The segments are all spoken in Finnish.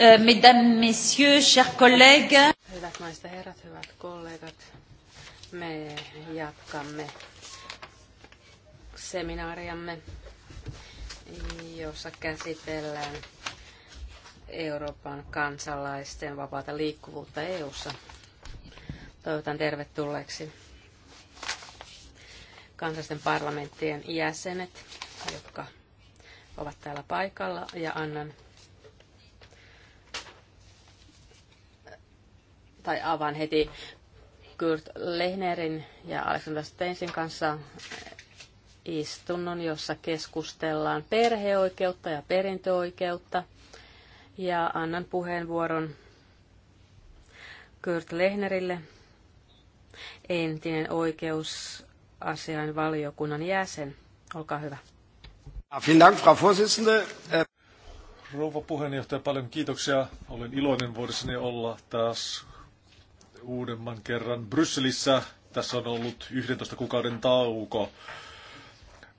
Euh, mesdames, messieurs, chers collègues. Hyvät naiset ja herrat, hyvät kollegat, me jatkamme seminaariamme, jossa käsitellään Euroopan kansalaisten vapaata liikkuvuutta EU:ssa. Toivotan tervetulleeksi kansallisten parlamenttien jäsenet, jotka ovat täällä paikalla ja annan tai avaan heti Kurt Lehnerin ja Alexander Steinsin kanssa istunnon, jossa keskustellaan perheoikeutta ja perintöoikeutta. Ja annan puheenvuoron Kurt Lehnerille, entinen oikeusasian valiokunnan jäsen. Olkaa hyvä. Vielen Dank, Frau Vorsitzende. Rouva puheenjohtaja, paljon kiitoksia. Olen iloinen voidessani olla taas uudemman kerran Brysselissä. Tässä on ollut 11 kuukauden tauko.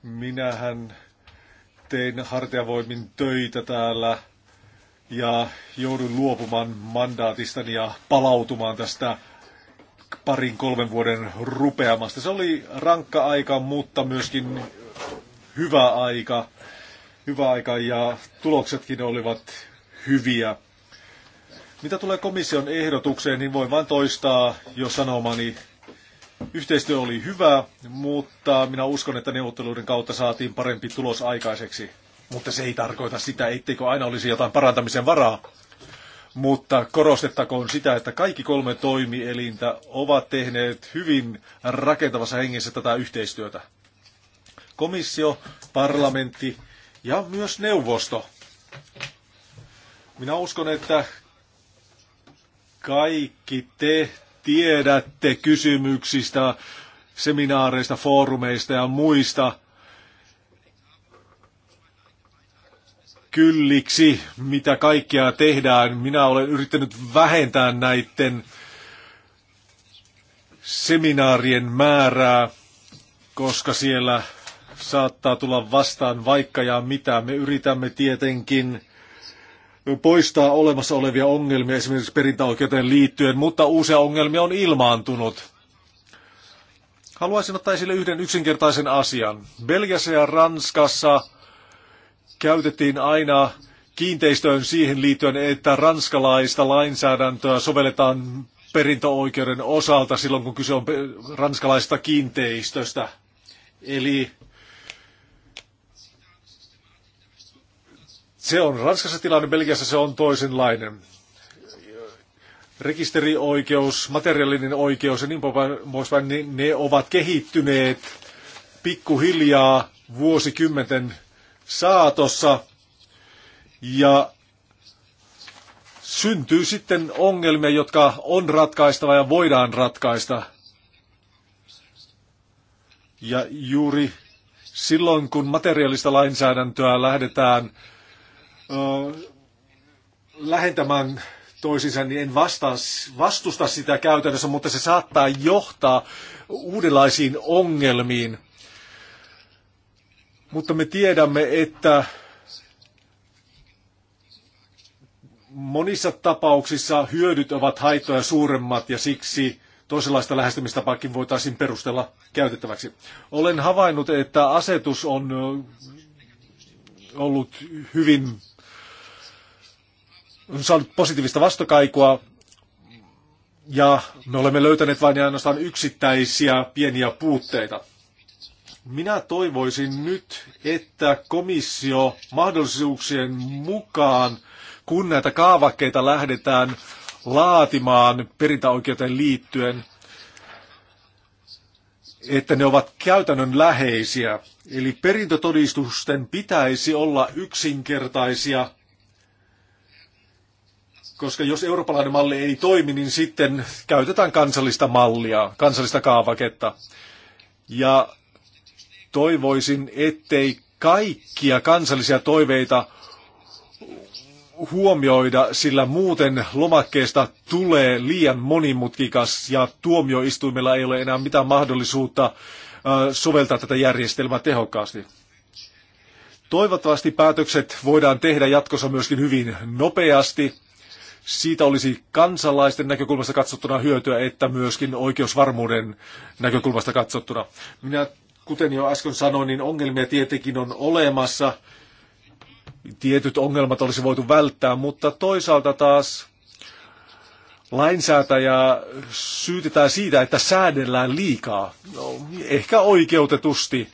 Minähän tein hartiavoimin töitä täällä ja joudun luopumaan mandaatistani ja palautumaan tästä parin kolmen vuoden rupeamasta. Se oli rankka aika, mutta myöskin hyvä aika. Hyvä aika ja tuloksetkin olivat hyviä. Mitä tulee komission ehdotukseen, niin voin vain toistaa jo sanomani. Yhteistyö oli hyvä, mutta minä uskon, että neuvotteluiden kautta saatiin parempi tulos aikaiseksi. Mutta se ei tarkoita sitä, etteikö aina olisi jotain parantamisen varaa. Mutta korostettakoon sitä, että kaikki kolme toimielintä ovat tehneet hyvin rakentavassa hengessä tätä yhteistyötä. Komissio, parlamentti ja myös neuvosto. Minä uskon, että kaikki te tiedätte kysymyksistä, seminaareista, foorumeista ja muista kylliksi, mitä kaikkea tehdään. Minä olen yrittänyt vähentää näiden seminaarien määrää, koska siellä saattaa tulla vastaan vaikka ja mitä. Me yritämme tietenkin poistaa olemassa olevia ongelmia esimerkiksi perintäoikeuteen liittyen, mutta uusia ongelmia on ilmaantunut. Haluaisin ottaa esille yhden yksinkertaisen asian. Belgiassa ja Ranskassa käytettiin aina kiinteistöön siihen liittyen, että ranskalaista lainsäädäntöä sovelletaan perintöoikeuden osalta silloin, kun kyse on ranskalaista kiinteistöstä. Eli Se on Ranskassa tilanne, Belgiassa se on toisenlainen. Rekisterioikeus, materiaalinen oikeus ja niin poispäin, niin ne ovat kehittyneet pikkuhiljaa vuosikymmenten saatossa. Ja syntyy sitten ongelmia, jotka on ratkaistava ja voidaan ratkaista. Ja juuri silloin, kun materiaalista lainsäädäntöä lähdetään lähentämään toisinsa niin en vastaa, vastusta sitä käytännössä, mutta se saattaa johtaa uudenlaisiin ongelmiin. Mutta me tiedämme, että monissa tapauksissa hyödyt ovat haittoja suuremmat ja siksi toisenlaista lähestymistapaakin voitaisiin perustella käytettäväksi. Olen havainnut, että asetus on ollut hyvin saanut positiivista vastakaikua ja me olemme löytäneet vain ja ainoastaan yksittäisiä pieniä puutteita. Minä toivoisin nyt, että komissio mahdollisuuksien mukaan, kun näitä kaavakkeita lähdetään laatimaan perintäoikeuteen liittyen, että ne ovat käytännön läheisiä. Eli perintötodistusten pitäisi olla yksinkertaisia koska jos eurooppalainen malli ei toimi, niin sitten käytetään kansallista mallia, kansallista kaavaketta. Ja toivoisin, ettei kaikkia kansallisia toiveita huomioida, sillä muuten lomakkeesta tulee liian monimutkikas ja tuomioistuimella ei ole enää mitään mahdollisuutta äh, soveltaa tätä järjestelmää tehokkaasti. Toivottavasti päätökset voidaan tehdä jatkossa myöskin hyvin nopeasti siitä olisi kansalaisten näkökulmasta katsottuna hyötyä, että myöskin oikeusvarmuuden näkökulmasta katsottuna. Minä, kuten jo äsken sanoin, niin ongelmia tietenkin on olemassa. Tietyt ongelmat olisi voitu välttää, mutta toisaalta taas lainsäätäjä syytetään siitä, että säädellään liikaa, no, ehkä oikeutetusti.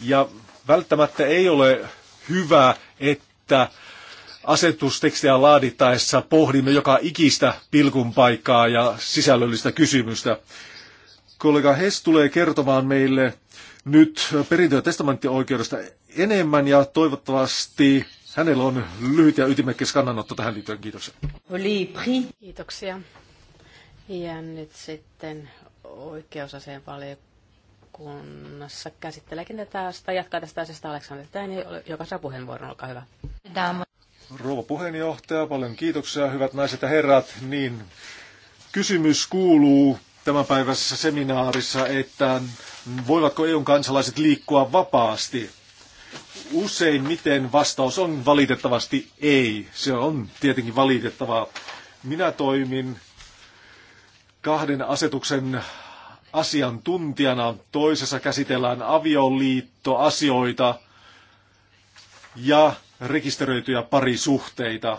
Ja välttämättä ei ole hyvä, että asetustekstiä laadittaessa pohdimme joka ikistä pilkun paikkaa ja sisällöllistä kysymystä. Kollega Hess tulee kertomaan meille nyt perintö- ja testamenttioikeudesta enemmän ja toivottavasti hänellä on lyhyt ja ytimekkäs kannanotto tähän liittyen. Kiitoksia. Kiitoksia. Ja nyt sitten oikeusaseen valiokunnassa käsitteleekin tätä asiaa. Jatkaa tästä asiasta Aleksander Täini, niin joka saa puheenvuoron. Olkaa hyvä. Rouva puheenjohtaja, paljon kiitoksia, hyvät naiset ja herrat. Niin, kysymys kuuluu tämänpäiväisessä seminaarissa, että voivatko EUn kansalaiset liikkua vapaasti? Usein miten vastaus on valitettavasti ei. Se on tietenkin valitettavaa. Minä toimin kahden asetuksen asiantuntijana. Toisessa käsitellään avioliittoasioita ja rekisteröityjä parisuhteita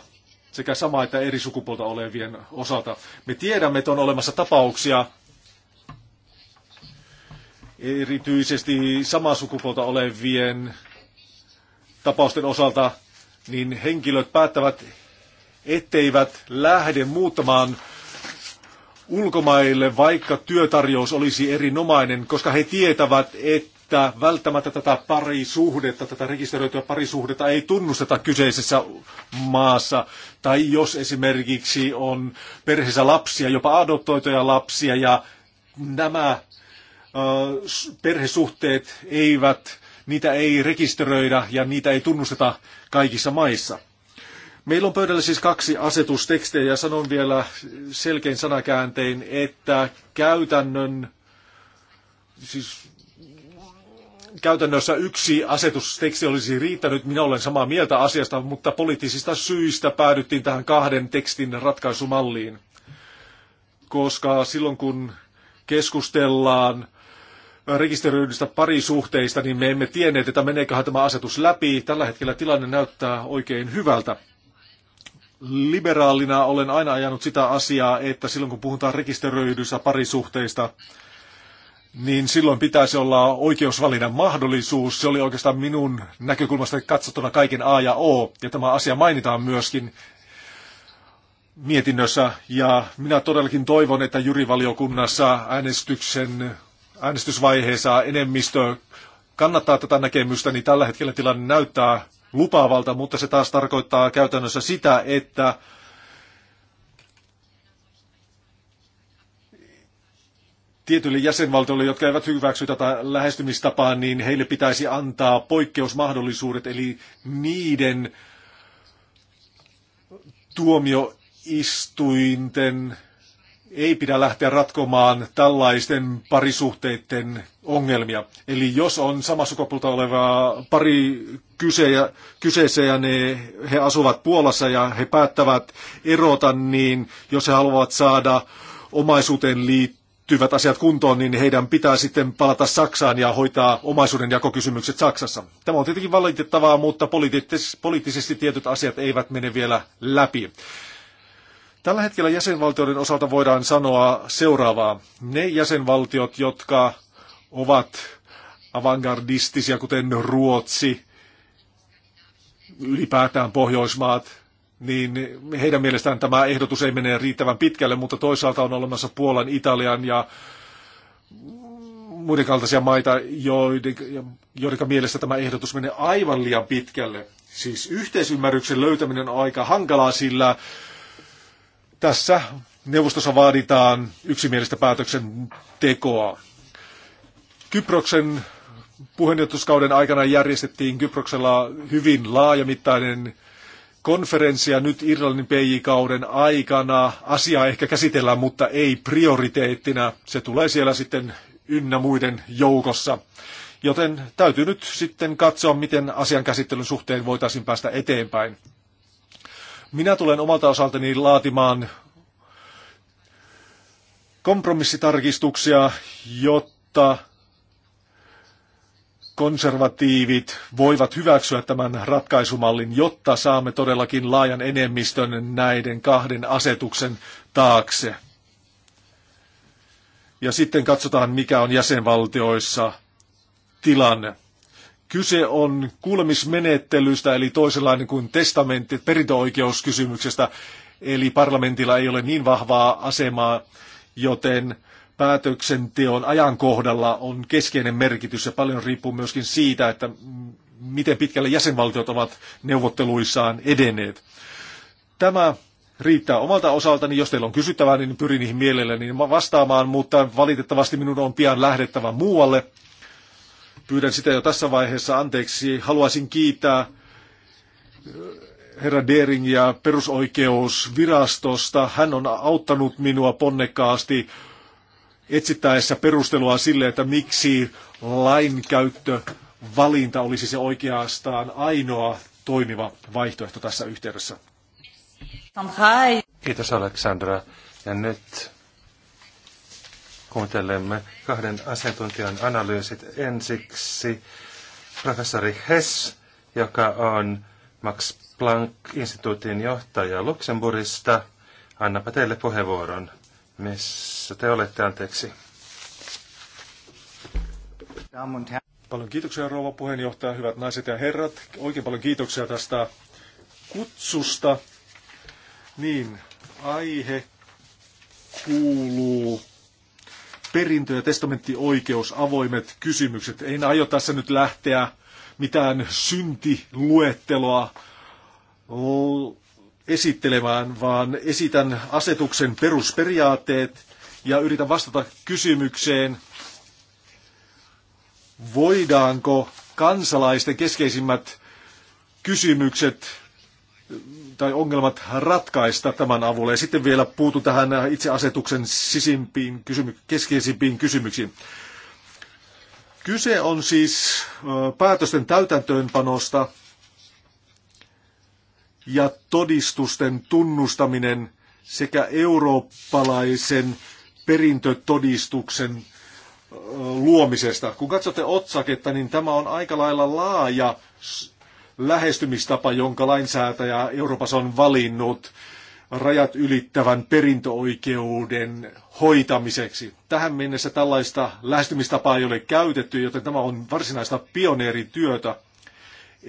sekä samaa että eri sukupuolta olevien osalta. Me tiedämme, että on olemassa tapauksia, erityisesti samaa sukupuolta olevien tapausten osalta, niin henkilöt päättävät, etteivät lähde muuttamaan ulkomaille, vaikka työtarjous olisi erinomainen, koska he tietävät, että että välttämättä tätä parisuhdetta, tätä rekisteröityä parisuhdetta ei tunnusteta kyseisessä maassa. Tai jos esimerkiksi on perheessä lapsia, jopa adoptoituja lapsia, ja nämä perhesuhteet eivät, niitä ei rekisteröidä ja niitä ei tunnusteta kaikissa maissa. Meillä on pöydällä siis kaksi asetustekstejä ja sanon vielä selkein sanakääntein, että käytännön, siis käytännössä yksi asetusteksti olisi riittänyt. Minä olen samaa mieltä asiasta, mutta poliittisista syistä päädyttiin tähän kahden tekstin ratkaisumalliin. Koska silloin kun keskustellaan rekisteröidystä parisuhteista, niin me emme tienneet, että meneeköhän tämä asetus läpi. Tällä hetkellä tilanne näyttää oikein hyvältä. Liberaalina olen aina ajanut sitä asiaa, että silloin kun puhutaan rekisteröidyistä parisuhteista, niin silloin pitäisi olla oikeusvalinnan mahdollisuus. Se oli oikeastaan minun näkökulmasta katsottuna kaiken A ja O, ja tämä asia mainitaan myöskin mietinnössä, ja minä todellakin toivon, että jurivaliokunnassa äänestyksen, äänestysvaiheessa enemmistö kannattaa tätä näkemystä, niin tällä hetkellä tilanne näyttää lupaavalta, mutta se taas tarkoittaa käytännössä sitä, että tietyille jäsenvaltioille, jotka eivät hyväksy tätä lähestymistapaa, niin heille pitäisi antaa poikkeusmahdollisuudet, eli niiden tuomioistuinten ei pidä lähteä ratkomaan tällaisten parisuhteiden ongelmia. Eli jos on sama sukupuolta olevaa pari kyseä, kyseessä ja ne, he asuvat Puolassa ja he päättävät erota, niin jos he haluavat saada omaisuuteen liittyen, liittyvät asiat kuntoon, niin heidän pitää sitten palata Saksaan ja hoitaa omaisuuden jakokysymykset Saksassa. Tämä on tietenkin valitettavaa, mutta poliittisesti tietyt asiat eivät mene vielä läpi. Tällä hetkellä jäsenvaltioiden osalta voidaan sanoa seuraavaa. Ne jäsenvaltiot, jotka ovat avantgardistisia, kuten Ruotsi, ylipäätään Pohjoismaat, niin heidän mielestään tämä ehdotus ei mene riittävän pitkälle, mutta toisaalta on olemassa Puolan, Italian ja muiden kaltaisia maita, joiden, joiden mielestä tämä ehdotus menee aivan liian pitkälle. Siis yhteisymmärryksen löytäminen on aika hankalaa, sillä tässä neuvostossa vaaditaan yksimielistä päätöksen tekoa. Kyproksen puheenjohtuskauden aikana järjestettiin Kyproksella hyvin laajamittainen konferenssia nyt Irlannin PJ-kauden aikana. Asiaa ehkä käsitellään, mutta ei prioriteettina. Se tulee siellä sitten ynnä muiden joukossa. Joten täytyy nyt sitten katsoa, miten asian käsittelyn suhteen voitaisiin päästä eteenpäin. Minä tulen omalta osaltani laatimaan kompromissitarkistuksia, jotta konservatiivit voivat hyväksyä tämän ratkaisumallin, jotta saamme todellakin laajan enemmistön näiden kahden asetuksen taakse. Ja sitten katsotaan, mikä on jäsenvaltioissa tilanne. Kyse on kuulemismenettelystä, eli toisenlainen kuin testamentti perintöoikeuskysymyksestä, eli parlamentilla ei ole niin vahvaa asemaa, joten päätöksenteon ajankohdalla on keskeinen merkitys ja paljon riippuu myöskin siitä, että miten pitkälle jäsenvaltiot ovat neuvotteluissaan edenneet. Tämä riittää omalta osaltani. Jos teillä on kysyttävää, niin pyrin niihin mielelläni vastaamaan, mutta valitettavasti minun on pian lähdettävä muualle. Pyydän sitä jo tässä vaiheessa anteeksi. Haluaisin kiittää eh, herra Dering ja perusoikeusvirastosta. Hän on auttanut minua ponnekkaasti etsittäessä perustelua sille, että miksi lainkäyttö valinta olisi se oikeastaan ainoa toimiva vaihtoehto tässä yhteydessä. Kiitos Aleksandra. Ja nyt kuuntelemme kahden asiantuntijan analyysit. Ensiksi professori Hess, joka on Max Planck-instituutin johtaja Luxemburgista. Annapa teille puheenvuoron missä te olette, anteeksi. Paljon kiitoksia rouva puheenjohtaja, hyvät naiset ja herrat. Oikein paljon kiitoksia tästä kutsusta. Niin, aihe kuuluu perintö- ja testamenttioikeus, avoimet kysymykset. En aio tässä nyt lähteä mitään syntiluetteloa esittelemään, vaan esitän asetuksen perusperiaatteet ja yritän vastata kysymykseen, voidaanko kansalaisten keskeisimmät kysymykset tai ongelmat ratkaista tämän avulla. Ja sitten vielä puutu tähän itse asetuksen sisimpiin kysymy- keskeisimpiin kysymyksiin. Kyse on siis päätösten täytäntöönpanosta ja todistusten tunnustaminen sekä eurooppalaisen perintötodistuksen luomisesta. Kun katsotte otsaketta, niin tämä on aika lailla laaja lähestymistapa, jonka lainsäätäjä Euroopassa on valinnut rajat ylittävän perintöoikeuden hoitamiseksi. Tähän mennessä tällaista lähestymistapaa ei ole käytetty, joten tämä on varsinaista pioneerityötä.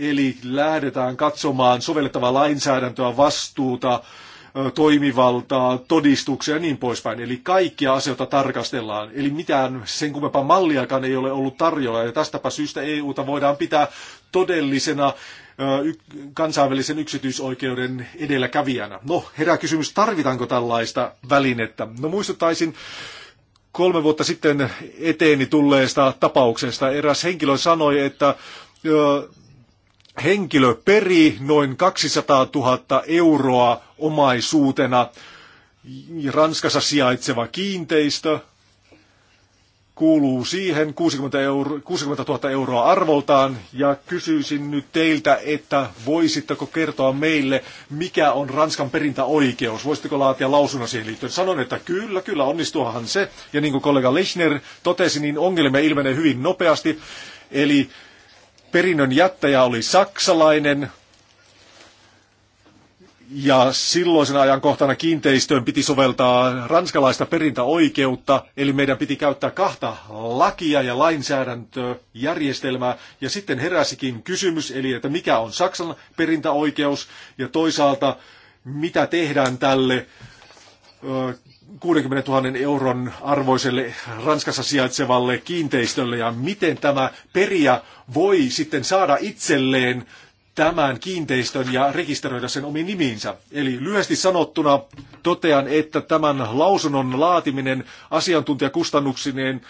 Eli lähdetään katsomaan sovellettavaa lainsäädäntöä, vastuuta, toimivaltaa, todistuksia ja niin poispäin. Eli kaikkia asioita tarkastellaan. Eli mitään sen kummempaa malliakaan ei ole ollut tarjolla. Ja tästäpä syystä EUta voidaan pitää todellisena kansainvälisen yksityisoikeuden edelläkävijänä. No, herää kysymys, tarvitaanko tällaista välinettä? No muistuttaisin kolme vuotta sitten eteeni tulleesta tapauksesta. Eräs henkilö sanoi, että henkilö peri noin 200 000 euroa omaisuutena Ranskassa sijaitseva kiinteistö, kuuluu siihen 60, euro, 60 000 euroa arvoltaan ja kysyisin nyt teiltä, että voisitteko kertoa meille, mikä on Ranskan perintäoikeus? Voisitteko laatia lausunnon siihen liittyen? Sanon, että kyllä, kyllä onnistuahan se. Ja niin kuin kollega Lechner totesi, niin ongelmia ilmenee hyvin nopeasti. Eli perinnön jättäjä oli saksalainen, ja silloisen ajankohtana kiinteistöön piti soveltaa ranskalaista perintäoikeutta, eli meidän piti käyttää kahta lakia ja lainsäädäntöjärjestelmää. Ja sitten heräsikin kysymys, eli että mikä on Saksan perintäoikeus ja toisaalta mitä tehdään tälle 60 000 euron arvoiselle Ranskassa sijaitsevalle kiinteistölle ja miten tämä peria voi sitten saada itselleen tämän kiinteistön ja rekisteröidä sen omiin nimiinsä. Eli lyhyesti sanottuna totean, että tämän lausunnon laatiminen asiantuntijakustannuksineen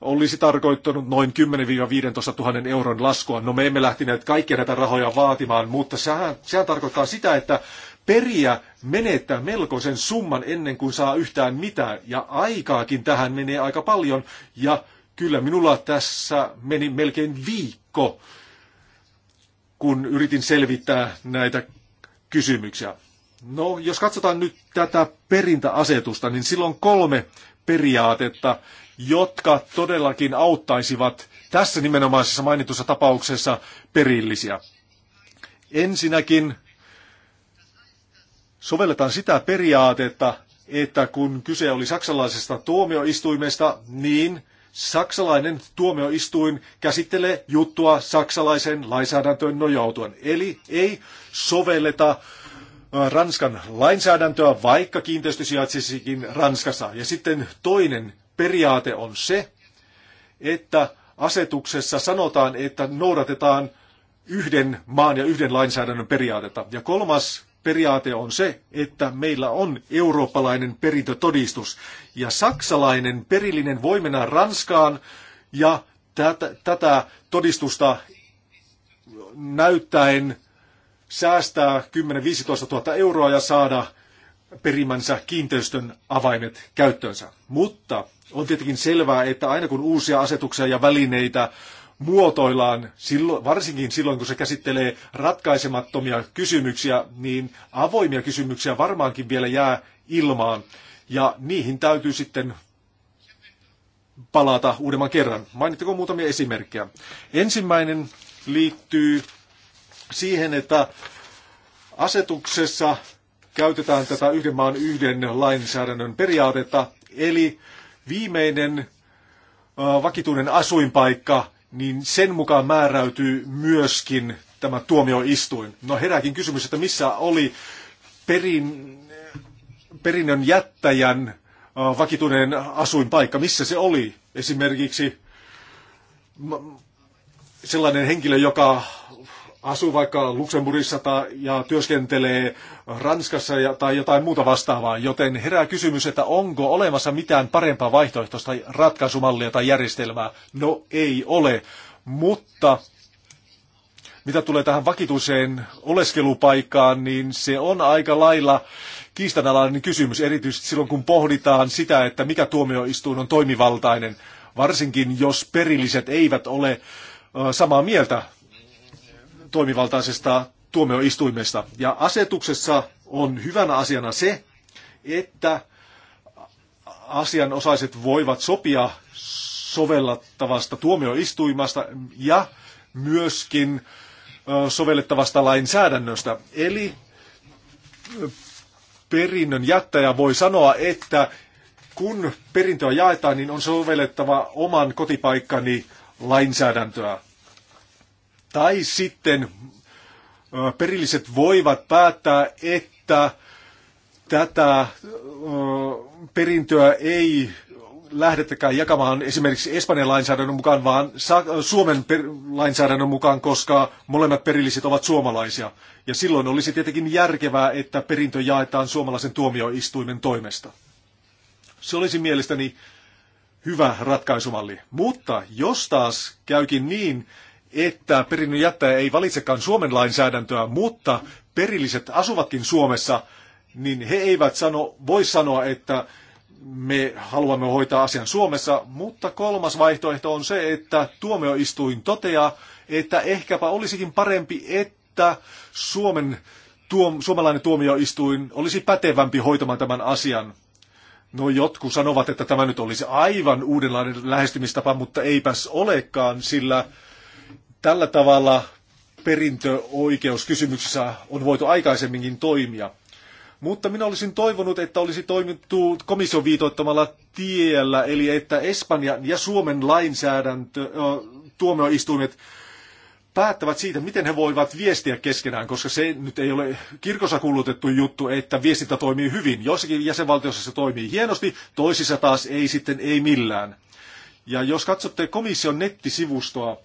olisi tarkoittanut noin 10-15 000 euron laskua. No me emme lähtineet kaikkia näitä rahoja vaatimaan, mutta sehän, sehän tarkoittaa sitä, että periä menettää melkoisen summan ennen kuin saa yhtään mitään. Ja aikaakin tähän menee aika paljon. Ja kyllä minulla tässä meni melkein viikko, kun yritin selvittää näitä kysymyksiä. No, jos katsotaan nyt tätä perintäasetusta, niin silloin kolme periaatetta, jotka todellakin auttaisivat tässä nimenomaisessa mainitussa tapauksessa perillisiä. Ensinnäkin sovelletaan sitä periaatetta, että kun kyse oli saksalaisesta tuomioistuimesta, niin saksalainen tuomioistuin käsittelee juttua saksalaisen lainsäädäntöön nojautuen. Eli ei sovelleta äh, Ranskan lainsäädäntöä, vaikka kiinteistö sijaitsisikin Ranskassa. Ja sitten toinen periaate on se, että asetuksessa sanotaan, että noudatetaan yhden maan ja yhden lainsäädännön periaatetta. Ja kolmas periaate on se, että meillä on eurooppalainen perintötodistus ja saksalainen perillinen voi mennä Ranskaan ja tätä, tätä todistusta näyttäen säästää 10-15 000 euroa ja saada perimänsä kiinteistön avaimet käyttöönsä. Mutta on tietenkin selvää, että aina kun uusia asetuksia ja välineitä muotoillaan, silloin, varsinkin silloin kun se käsittelee ratkaisemattomia kysymyksiä, niin avoimia kysymyksiä varmaankin vielä jää ilmaan. Ja niihin täytyy sitten palata uudemman kerran. Mainitteko muutamia esimerkkejä? Ensimmäinen liittyy siihen, että asetuksessa käytetään tätä yhden maan yhden lainsäädännön periaatetta, eli viimeinen vakituinen asuinpaikka niin sen mukaan määräytyy myöskin tämä tuomioistuin. No herääkin kysymys, että missä oli perin, perinnön jättäjän äh, vakituinen asuinpaikka, missä se oli? Esimerkiksi sellainen henkilö, joka asuu vaikka Luxemburgissa tai, ja työskentelee Ranskassa ja, tai jotain muuta vastaavaa, joten herää kysymys, että onko olemassa mitään parempaa vaihtoehtoista ratkaisumallia tai järjestelmää? No ei ole, mutta mitä tulee tähän vakituiseen oleskelupaikkaan, niin se on aika lailla kiistanalainen kysymys, erityisesti silloin kun pohditaan sitä, että mikä tuomioistuin on toimivaltainen, varsinkin jos perilliset eivät ole samaa mieltä toimivaltaisesta tuomioistuimesta. Ja asetuksessa on hyvänä asiana se, että asianosaiset voivat sopia sovellettavasta tuomioistuimasta ja myöskin sovellettavasta lainsäädännöstä. Eli perinnön jättäjä voi sanoa, että kun perintöä jaetaan, niin on sovellettava oman kotipaikkani lainsäädäntöä. Tai sitten perilliset voivat päättää, että tätä perintöä ei lähdettäkään jakamaan esimerkiksi Espanjan lainsäädännön mukaan, vaan Suomen lainsäädännön mukaan, koska molemmat perilliset ovat suomalaisia. Ja silloin olisi tietenkin järkevää, että perintö jaetaan suomalaisen tuomioistuimen toimesta. Se olisi mielestäni hyvä ratkaisumalli. Mutta jos taas käykin niin, että perinnön jättäjä ei valitsekaan Suomen lainsäädäntöä, mutta perilliset asuvatkin Suomessa, niin he eivät sano, voi sanoa, että me haluamme hoitaa asian Suomessa, mutta kolmas vaihtoehto on se, että tuomioistuin toteaa, että ehkäpä olisikin parempi, että Suomen tuom, suomalainen tuomioistuin olisi pätevämpi hoitamaan tämän asian. No jotkut sanovat, että tämä nyt olisi aivan uudenlainen lähestymistapa, mutta eipäs olekaan, sillä Tällä tavalla perintöoikeuskysymyksissä on voitu aikaisemminkin toimia. Mutta minä olisin toivonut, että olisi toimittu komission viitoittamalla tiellä, eli että Espanjan ja Suomen lainsäädäntö, tuomioistuimet päättävät siitä, miten he voivat viestiä keskenään, koska se nyt ei ole kirkossa kuulutettu juttu, että viestintä toimii hyvin. Joissakin jäsenvaltioissa se toimii hienosti, toisissa taas ei sitten ei millään. Ja jos katsotte komission nettisivustoa,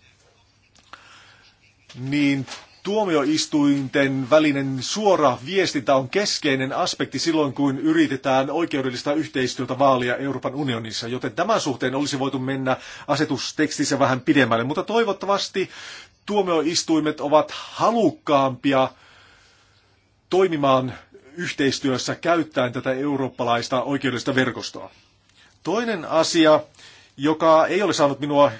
niin tuomioistuinten välinen suora viestintä on keskeinen aspekti silloin, kun yritetään oikeudellista yhteistyötä vaalia Euroopan unionissa, joten tämän suhteen olisi voitu mennä asetustekstissä vähän pidemmälle, mutta toivottavasti tuomioistuimet ovat halukkaampia toimimaan yhteistyössä käyttäen tätä eurooppalaista oikeudellista verkostoa. Toinen asia, joka ei ole saanut minua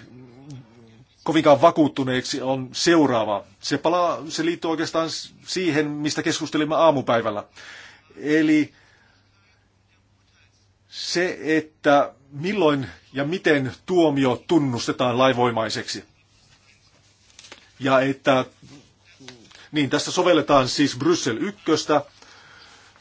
kovinkaan vakuuttuneeksi on seuraava. Se, palaa, se liittyy oikeastaan siihen, mistä keskustelimme aamupäivällä. Eli se, että milloin ja miten tuomio tunnustetaan laivoimaiseksi. Ja että niin, tässä sovelletaan siis Bryssel ykköstä.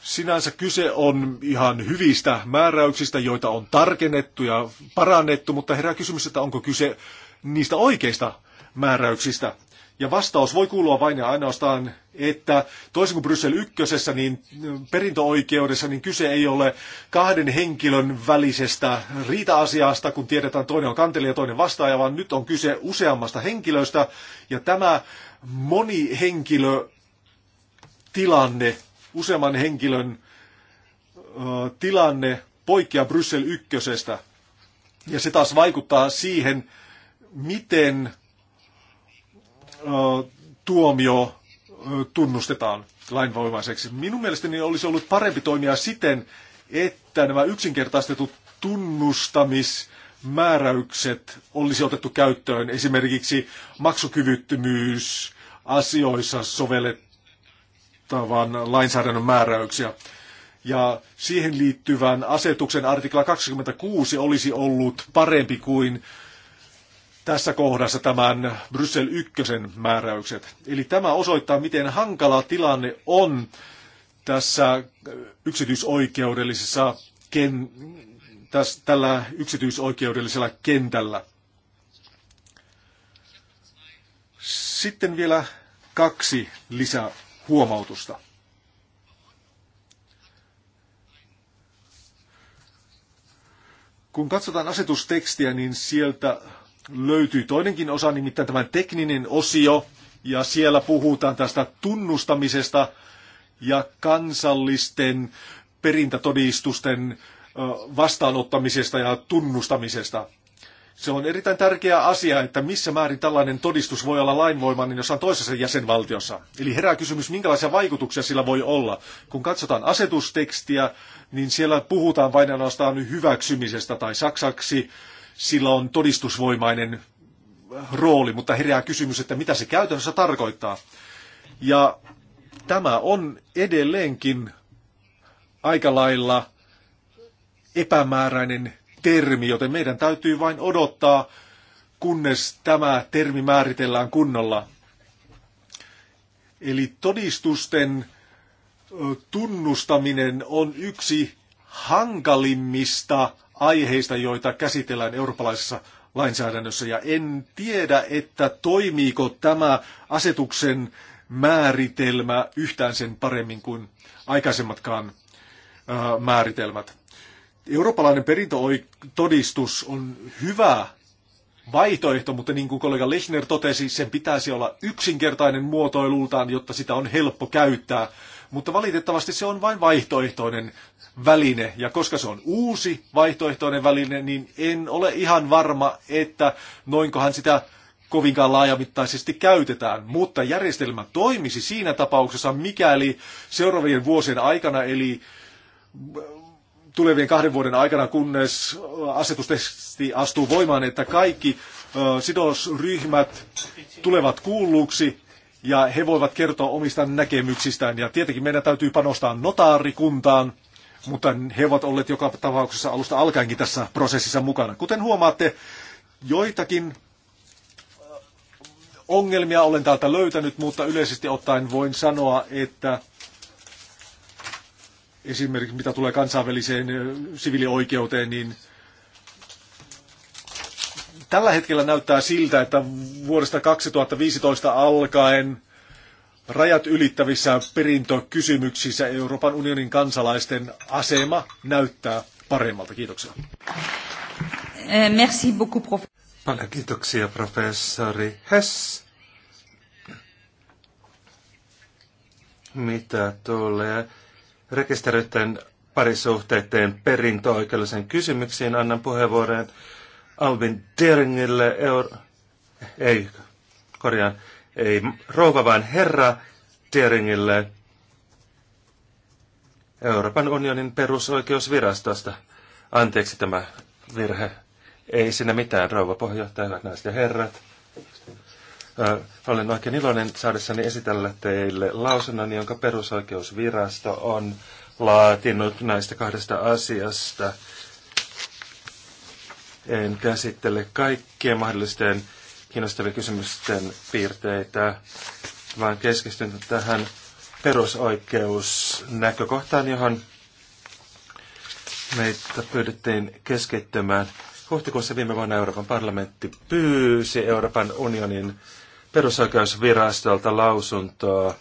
Sinänsä kyse on ihan hyvistä määräyksistä, joita on tarkennettu ja parannettu, mutta herää kysymys, että onko kyse niistä oikeista määräyksistä. Ja vastaus voi kuulua vain ja ainoastaan, että toisin kuin Bryssel ykkösessä, niin perintöoikeudessa niin kyse ei ole kahden henkilön välisestä riita-asiasta, kun tiedetään toinen on kantelija ja toinen vastaaja, vaan nyt on kyse useammasta henkilöstä. Ja tämä monihenkilötilanne, useamman henkilön ö, tilanne poikkeaa Bryssel ykkösestä. Ja se taas vaikuttaa siihen, miten tuomio tunnustetaan lainvoimaiseksi. Minun mielestäni olisi ollut parempi toimia siten, että nämä yksinkertaistetut tunnustamismääräykset olisi otettu käyttöön esimerkiksi maksukyvyttömyys asioissa sovellettavan lainsäädännön määräyksiä. Ja siihen liittyvän asetuksen artikla 26 olisi ollut parempi kuin tässä kohdassa tämän Bryssel 1 määräykset. Eli tämä osoittaa, miten hankala tilanne on tässä äh, yksityisoikeudellisessa ken, tällä yksityisoikeudellisella kentällä. Sitten vielä kaksi lisähuomautusta. Kun katsotaan asetustekstiä, niin sieltä löytyy toinenkin osa, nimittäin tämän tekninen osio, ja siellä puhutaan tästä tunnustamisesta ja kansallisten perintätodistusten vastaanottamisesta ja tunnustamisesta. Se on erittäin tärkeä asia, että missä määrin tällainen todistus voi olla lainvoimainen jossain toisessa jäsenvaltiossa. Eli herää kysymys, minkälaisia vaikutuksia sillä voi olla. Kun katsotaan asetustekstiä, niin siellä puhutaan vain ainoastaan hyväksymisestä tai saksaksi sillä on todistusvoimainen rooli, mutta herää kysymys, että mitä se käytännössä tarkoittaa. Ja tämä on edelleenkin aika lailla epämääräinen termi, joten meidän täytyy vain odottaa, kunnes tämä termi määritellään kunnolla. Eli todistusten tunnustaminen on yksi hankalimmista aiheista, joita käsitellään eurooppalaisessa lainsäädännössä. Ja en tiedä, että toimiiko tämä asetuksen määritelmä yhtään sen paremmin kuin aikaisemmatkaan määritelmät. Eurooppalainen perintötodistus on hyvä vaihtoehto, mutta niin kuin kollega Lechner totesi, sen pitäisi olla yksinkertainen muotoilultaan, jotta sitä on helppo käyttää mutta valitettavasti se on vain vaihtoehtoinen väline, ja koska se on uusi vaihtoehtoinen väline, niin en ole ihan varma, että noinkohan sitä kovinkaan laajamittaisesti käytetään, mutta järjestelmä toimisi siinä tapauksessa, mikäli seuraavien vuosien aikana, eli tulevien kahden vuoden aikana, kunnes asetustesti astuu voimaan, että kaikki sidosryhmät tulevat kuulluksi, ja he voivat kertoa omista näkemyksistään. Ja tietenkin meidän täytyy panostaa notaarikuntaan, mutta he ovat olleet joka tapauksessa alusta alkaenkin tässä prosessissa mukana. Kuten huomaatte, joitakin äh, ongelmia olen täältä löytänyt, mutta yleisesti ottaen voin sanoa, että esimerkiksi mitä tulee kansainväliseen äh, sivilioikeuteen, niin Tällä hetkellä näyttää siltä, että vuodesta 2015 alkaen rajat ylittävissä perintökysymyksissä Euroopan unionin kansalaisten asema näyttää paremmalta. Kiitoksia. Eh, merci beaucoup, prof. Paljon kiitoksia, professori Hess. Mitä tulee rekisteröiden parisuhteiden perintöoikeudellisen kysymyksiin, annan puheenvuoron Albin Deringille, euro, ei, korjaan, ei rouva vaan herra Deringille Euroopan unionin perusoikeusvirastosta. Anteeksi tämä virhe. Ei sinne mitään, rouva puheenjohtaja, hyvät naiset ja herrat. Ö, olen oikein iloinen saadessani esitellä teille lausunnon, jonka perusoikeusvirasto on laatinut näistä kahdesta asiasta, en käsittele kaikkien mahdollisten kiinnostavien kysymysten piirteitä, vaan keskistyn tähän perusoikeusnäkökohtaan, johon meitä pyydettiin keskittymään. Huhtikuussa viime vuonna Euroopan parlamentti pyysi Euroopan unionin perusoikeusvirastolta lausuntoa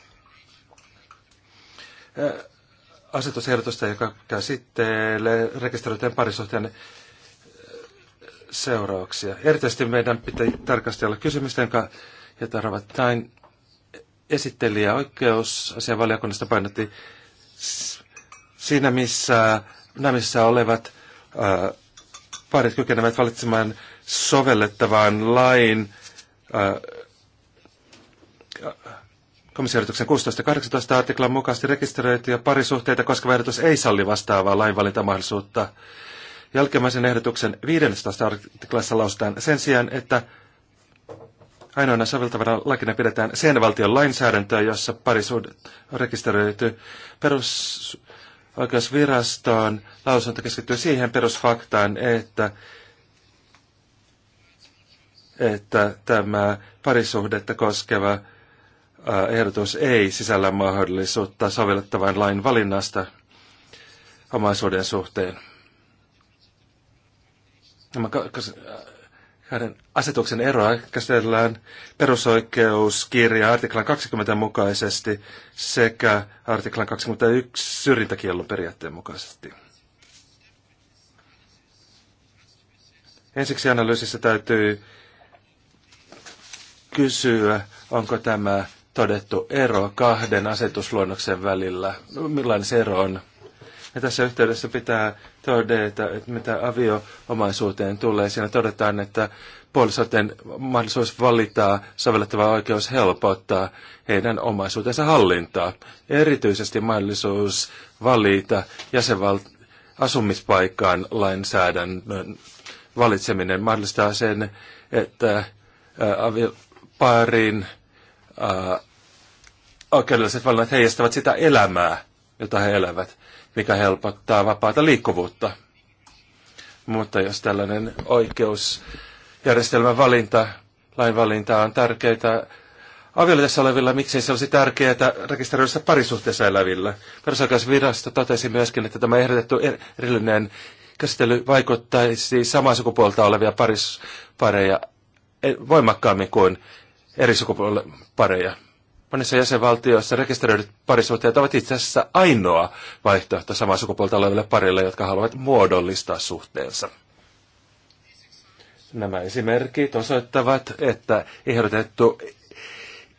asetusehdotusta, joka käsittelee rekisteröityjen parisuhteen seurauksia. Erityisesti meidän pitää tarkastella kysymystä, jonka Jetaravittain esittelijä oikeusasianvaliokunnasta painotti siinä, missä nämissä olevat ää, parit kykenevät valitsemaan sovellettavaan lain komissiorituksen 16.18 artiklan mukaisesti rekisteröityjä parisuhteita koskeva ehdotus ei salli vastaavaa lainvalintamahdollisuutta jälkimmäisen ehdotuksen 15 artiklassa lausutaan sen sijaan, että ainoana soveltavana lakina pidetään sen valtion lainsäädäntöä, jossa parisuudet on rekisteröity perusoikeusvirastoon. Lausunto keskittyy siihen perusfaktaan, että että tämä parisuhdetta koskeva ehdotus ei sisällä mahdollisuutta sovellettavan lain valinnasta omaisuuden suhteen. Nämä kahden asetuksen eroa käsitellään perusoikeuskirja artiklan 20 mukaisesti sekä artiklan 21 syrjintäkiellon periaatteen mukaisesti. Ensiksi analyysissä täytyy kysyä, onko tämä todettu ero kahden asetusluonnoksen välillä, millainen se ero on. Ja tässä yhteydessä pitää todeta, että mitä avioomaisuuteen tulee. Siinä todetaan, että puolisoiden mahdollisuus valittaa sovellettava oikeus helpottaa heidän omaisuutensa hallintaa. Erityisesti mahdollisuus valita jäsenval- asumispaikkaan lainsäädännön valitseminen mahdollistaa sen, että parin oikeudelliset valinnat heijastavat sitä elämää, jota he elävät mikä helpottaa vapaata liikkuvuutta. Mutta jos tällainen oikeusjärjestelmän valinta, lain valinta on tärkeää avioliitossa olevilla, miksei se olisi tärkeää rekisteröidyssä parisuhteessa elävillä. Perusoikeusvirasto totesi myöskin, että tämä ehdotettu er-, erillinen käsittely vaikuttaisi samaa sukupuolta olevia parispareja eh, voimakkaammin kuin eri sukupuolen pareja. Monissa jäsenvaltioissa rekisteröidyt parisuhteet ovat itse asiassa ainoa vaihtoehto samaa sukupuolta oleville parille, jotka haluavat muodollistaa suhteensa. Nämä esimerkit osoittavat, että ehdotettu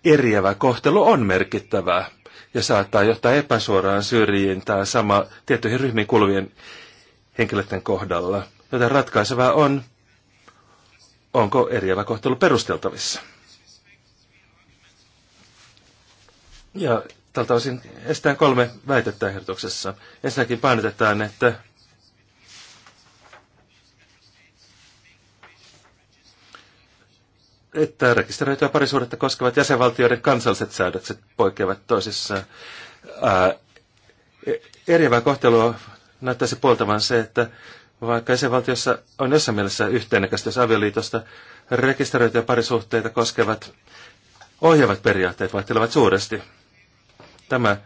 eriävä kohtelu on merkittävää ja saattaa johtaa epäsuoraan syrjintään sama tiettyihin ryhmiin kuuluvien henkilöiden kohdalla. Joten ratkaisevaa on, onko eriävä kohtelu perusteltavissa. Ja tältä osin esitän kolme väitettä ehdotuksessa. Ensinnäkin painotetaan, että että rekisteröityä parisuudetta koskevat jäsenvaltioiden kansalliset säädökset poikkeavat toisissaan. Ää, e, eriävää kohtelua näyttäisi puoltavan se, että vaikka jäsenvaltiossa on jossain mielessä yhteinen avioliitosta, rekisteröityjä parisuhteita koskevat ohjaavat periaatteet vaihtelevat suuresti. Tämä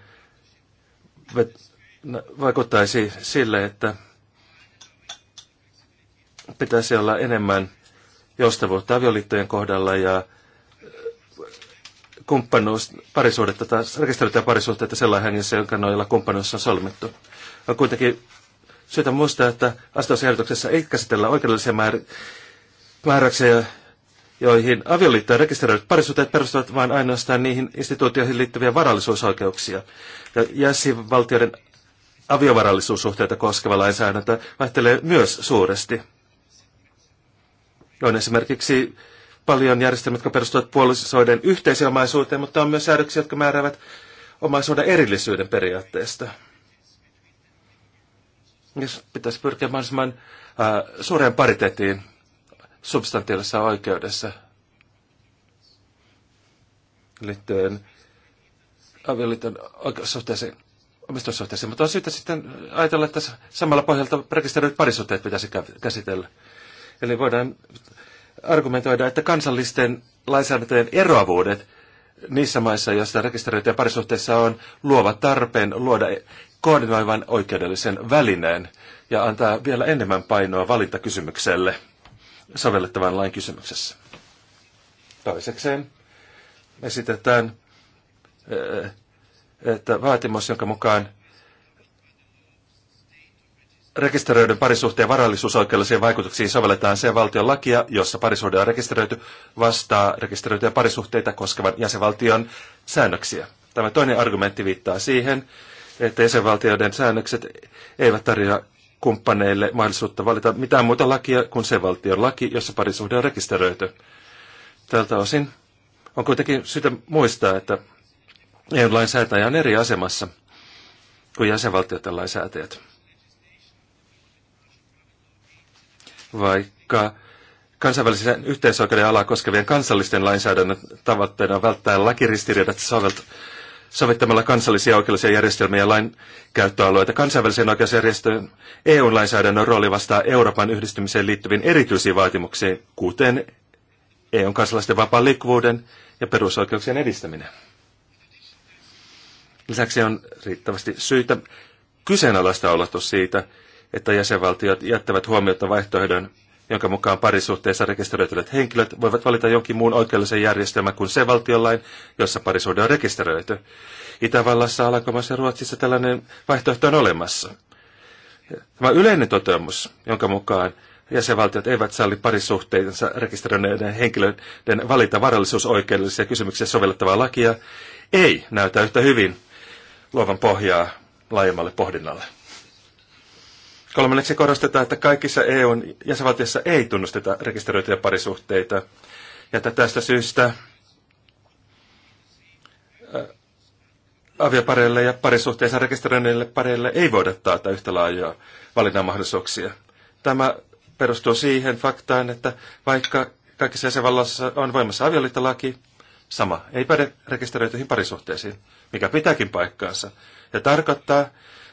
vaikuttaisi sille, että pitäisi olla enemmän joustavuutta avioliittojen kohdalla ja äh, kumppanuus, parisuudetta tai rekisteröityä parisuhteita sellainen hengessä, jonka noilla kumppanuus on solmittu. On kuitenkin syytä muistaa, että asetusehdotuksessa ei käsitellä oikeudellisia määr- määräyksiä, joihin ja rekisteröidyt parisuhteet perustuvat vain ainoastaan niihin instituutioihin liittyviä varallisuusoikeuksia. Ja jäsenvaltioiden aviovarallisuussuhteita koskeva lainsäädäntö vaihtelee myös suuresti. On esimerkiksi paljon järjestelmiä, jotka perustuvat puolisoiden yhteisomaisuuteen, mutta on myös säädöksiä, jotka määräävät omaisuuden erillisyyden periaatteesta. Jos pitäisi pyrkiä mahdollisimman äh, suureen pariteettiin substantiaalisessa oikeudessa liittyen avioliiton oikeussuhteeseen omistussuhteeseen, mutta on syytä sitten ajatella, että samalla pohjalta rekisteröidyt parisuhteet pitäisi käsitellä. Eli voidaan argumentoida, että kansallisten lainsäädäntöjen eroavuudet niissä maissa, joissa rekisteröityjä parisuhteissa on, luova tarpeen luoda koordinoivan oikeudellisen välineen ja antaa vielä enemmän painoa valintakysymykselle sovellettavan lain kysymyksessä. Toisekseen esitetään, eh, että vaatimus, jonka mukaan rekisteröidyn parisuhteen varallisuusoikeudellisiin vaikutuksiin sovelletaan se valtion lakia, jossa parisuhde on rekisteröity, vastaa rekisteröityjä parisuhteita koskevan jäsenvaltion säännöksiä. Tämä toinen argumentti viittaa siihen, että jäsenvaltioiden säännökset eivät tarjoa kumppaneille mahdollisuutta valita mitään muuta lakia kuin se valtion laki, jossa parisuhde on rekisteröity. Tältä osin on kuitenkin syytä muistaa, että EU-lainsäätäjä on eri asemassa kuin jäsenvaltioiden lainsäätäjät. Vaikka kansainvälisen yhteisoikeuden alaa koskevien kansallisten lainsäädännön tavoitteena on välttää lakiristiriidat sovittamalla kansallisia oikeudellisia järjestelmiä ja käyttöalueita kansainvälisen oikeusjärjestön EU-lainsäädännön rooli vastaa Euroopan yhdistymiseen liittyviin erityisiin vaatimuksiin, kuten eu kansalaisten vapaan liikkuvuuden ja perusoikeuksien edistäminen. Lisäksi on riittävästi syitä kyseenalaista olla siitä, että jäsenvaltiot jättävät huomiota vaihtoehdon jonka mukaan parisuhteessa rekisteröityneet henkilöt voivat valita jonkin muun oikeudellisen järjestelmän kuin se valtionlain, jossa parisuhde on rekisteröity. Itävallassa, Alankomaissa ja Ruotsissa tällainen vaihtoehto on olemassa. Tämä yleinen toteamus, jonka mukaan jäsenvaltiot eivät salli parisuhteensa rekisteröineiden henkilöiden valita varallisuusoikeudellisia kysymyksiä sovellettavaa lakia, ei näytä yhtä hyvin luovan pohjaa laajemmalle pohdinnalle. Kolmanneksi korostetaan, että kaikissa EUn jäsenvaltioissa ei tunnusteta rekisteröityjä parisuhteita. Ja tästä syystä aviopareille ja parisuhteessa rekisteröineille pareille ei voida taata yhtä laajoja valinnanmahdollisuuksia. Tämä perustuu siihen faktaan, että vaikka kaikissa jäsenvallassa on voimassa avioliittolaki, sama ei päde rekisteröityihin parisuhteisiin, mikä pitääkin paikkaansa. Ja tarkoittaa,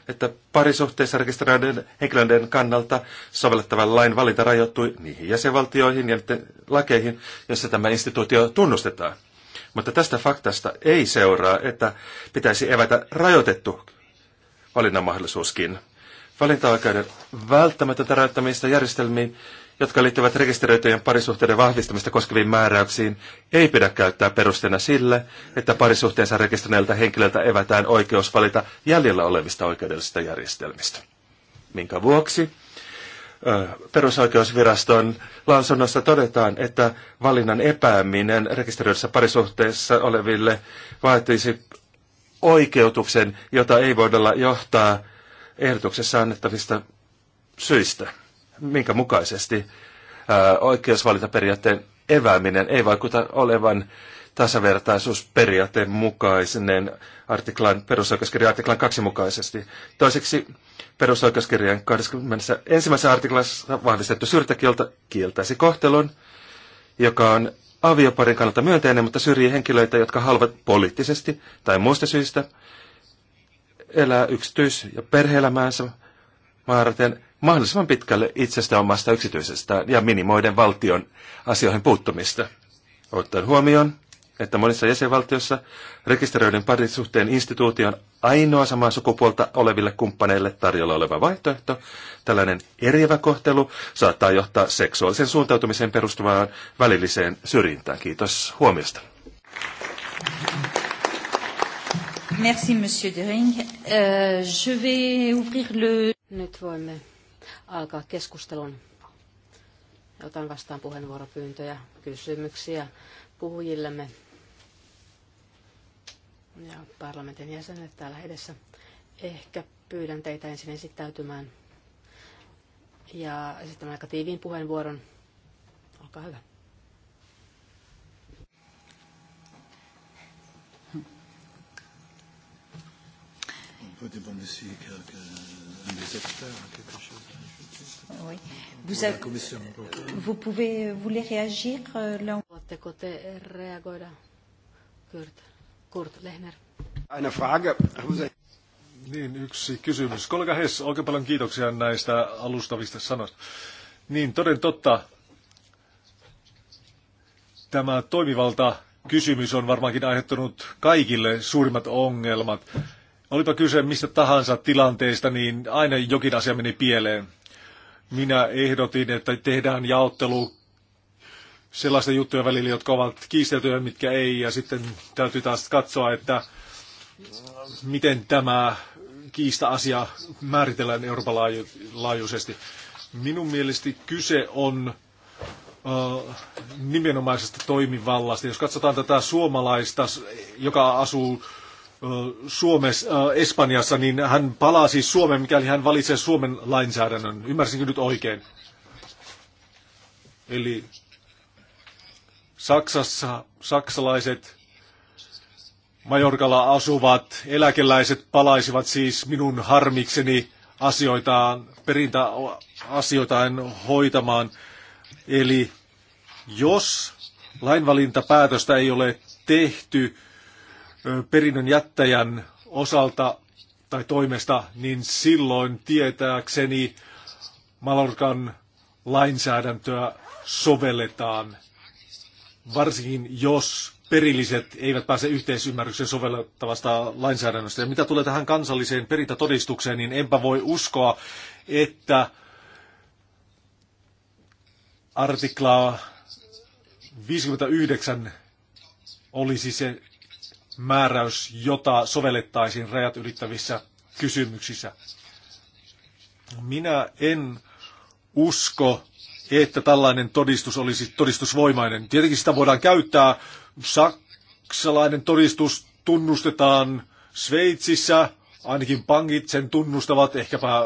että parisuhteessa rekisteröiden henkilöiden kannalta sovellettavan lain valinta rajoittui niihin jäsenvaltioihin ja lakeihin, joissa tämä instituutio tunnustetaan. Mutta tästä faktasta ei seuraa, että pitäisi evätä rajoitettu valinnanmahdollisuuskin. Valintaoikeuden välttämätöntä rajoittamista järjestelmiin jotka liittyvät rekisteröityjen parisuhteiden vahvistamista koskeviin määräyksiin, ei pidä käyttää perusteena sille, että parisuhteensa rekisteröineeltä henkilöltä evätään oikeus valita jäljellä olevista oikeudellisista järjestelmistä. Minkä vuoksi? Perusoikeusviraston lausunnossa todetaan, että valinnan epääminen rekisteröidyssä parisuhteessa oleville vaatisi oikeutuksen, jota ei voida johtaa ehdotuksessa annettavista syistä minkä mukaisesti oikeus valita periaatteen evääminen ei vaikuta olevan tasavertaisuusperiaatteen mukaisen artiklan, perusoikeuskirjan artiklan kaksi mukaisesti. Toiseksi perusoikeuskirjan 21. artiklassa vahvistettu syrjintäkielto kieltäisi kohtelun, joka on avioparin kannalta myönteinen, mutta syrjii henkilöitä, jotka haluavat poliittisesti tai muista syistä elää yksityis- ja perheelämäänsä määräten mahdollisimman pitkälle itsestä omasta yksityisestä ja minimoiden valtion asioihin puuttumista. Ottaen huomioon, että monissa jäsenvaltioissa rekisteröidyn parisuhteen instituutio on ainoa samaa sukupuolta oleville kumppaneille tarjolla oleva vaihtoehto. Tällainen eriävä kohtelu saattaa johtaa seksuaalisen suuntautumiseen perustuvaan välilliseen syrjintään. Kiitos huomiosta. Thank you. Merci, Monsieur Dering. Uh, je vais ouvrir le... Nyt voimme alkaa keskustelun. Otan vastaan puheenvuoropyyntöjä, kysymyksiä puhujillemme ja parlamentin jäsenille täällä edessä. Ehkä pyydän teitä ensin esittäytymään ja esittämään aika tiiviin puheenvuoron. Olkaa hyvä. peut demander euh, des experts quelque chose oui. vous, avez, vous pouvez euh, vous voulez réagir euh, là Aina Frage. Niin, yksi kysymys. Kollega Hess, oikein paljon kiitoksia näistä alustavista sanoista. Niin, toden totta, tämä toimivalta kysymys on varmaankin aiheuttanut kaikille suurimmat ongelmat. Olipa kyse mistä tahansa tilanteesta, niin aina jokin asia meni pieleen. Minä ehdotin, että tehdään jaottelu sellaisten juttujen välillä, jotka ovat kiisteltyjä, mitkä ei, ja sitten täytyy taas katsoa, että miten tämä kiista-asia määritellään Euroopan laaju- laajuisesti. Minun mielestä kyse on uh, nimenomaisesta toimivallasta. Jos katsotaan tätä suomalaista, joka asuu Suomessa, Espanjassa, niin hän palaa siis Suomeen, mikäli hän valitsee Suomen lainsäädännön. Ymmärsinkö nyt oikein? Eli Saksassa saksalaiset Majorkalla asuvat eläkeläiset palaisivat siis minun harmikseni asioitaan, perintäasioitaan hoitamaan. Eli jos lainvalintapäätöstä ei ole tehty, perinnön jättäjän osalta tai toimesta, niin silloin tietääkseni Malorkan lainsäädäntöä sovelletaan, varsinkin jos perilliset eivät pääse yhteisymmärryksen sovellettavasta lainsäädännöstä. Ja mitä tulee tähän kansalliseen perintätodistukseen, niin enpä voi uskoa, että artiklaa 59 olisi se määräys, jota sovellettaisiin rajat ylittävissä kysymyksissä. Minä en usko, että tällainen todistus olisi todistusvoimainen. Tietenkin sitä voidaan käyttää. Saksalainen todistus tunnustetaan Sveitsissä, ainakin pankit sen tunnustavat, ehkäpä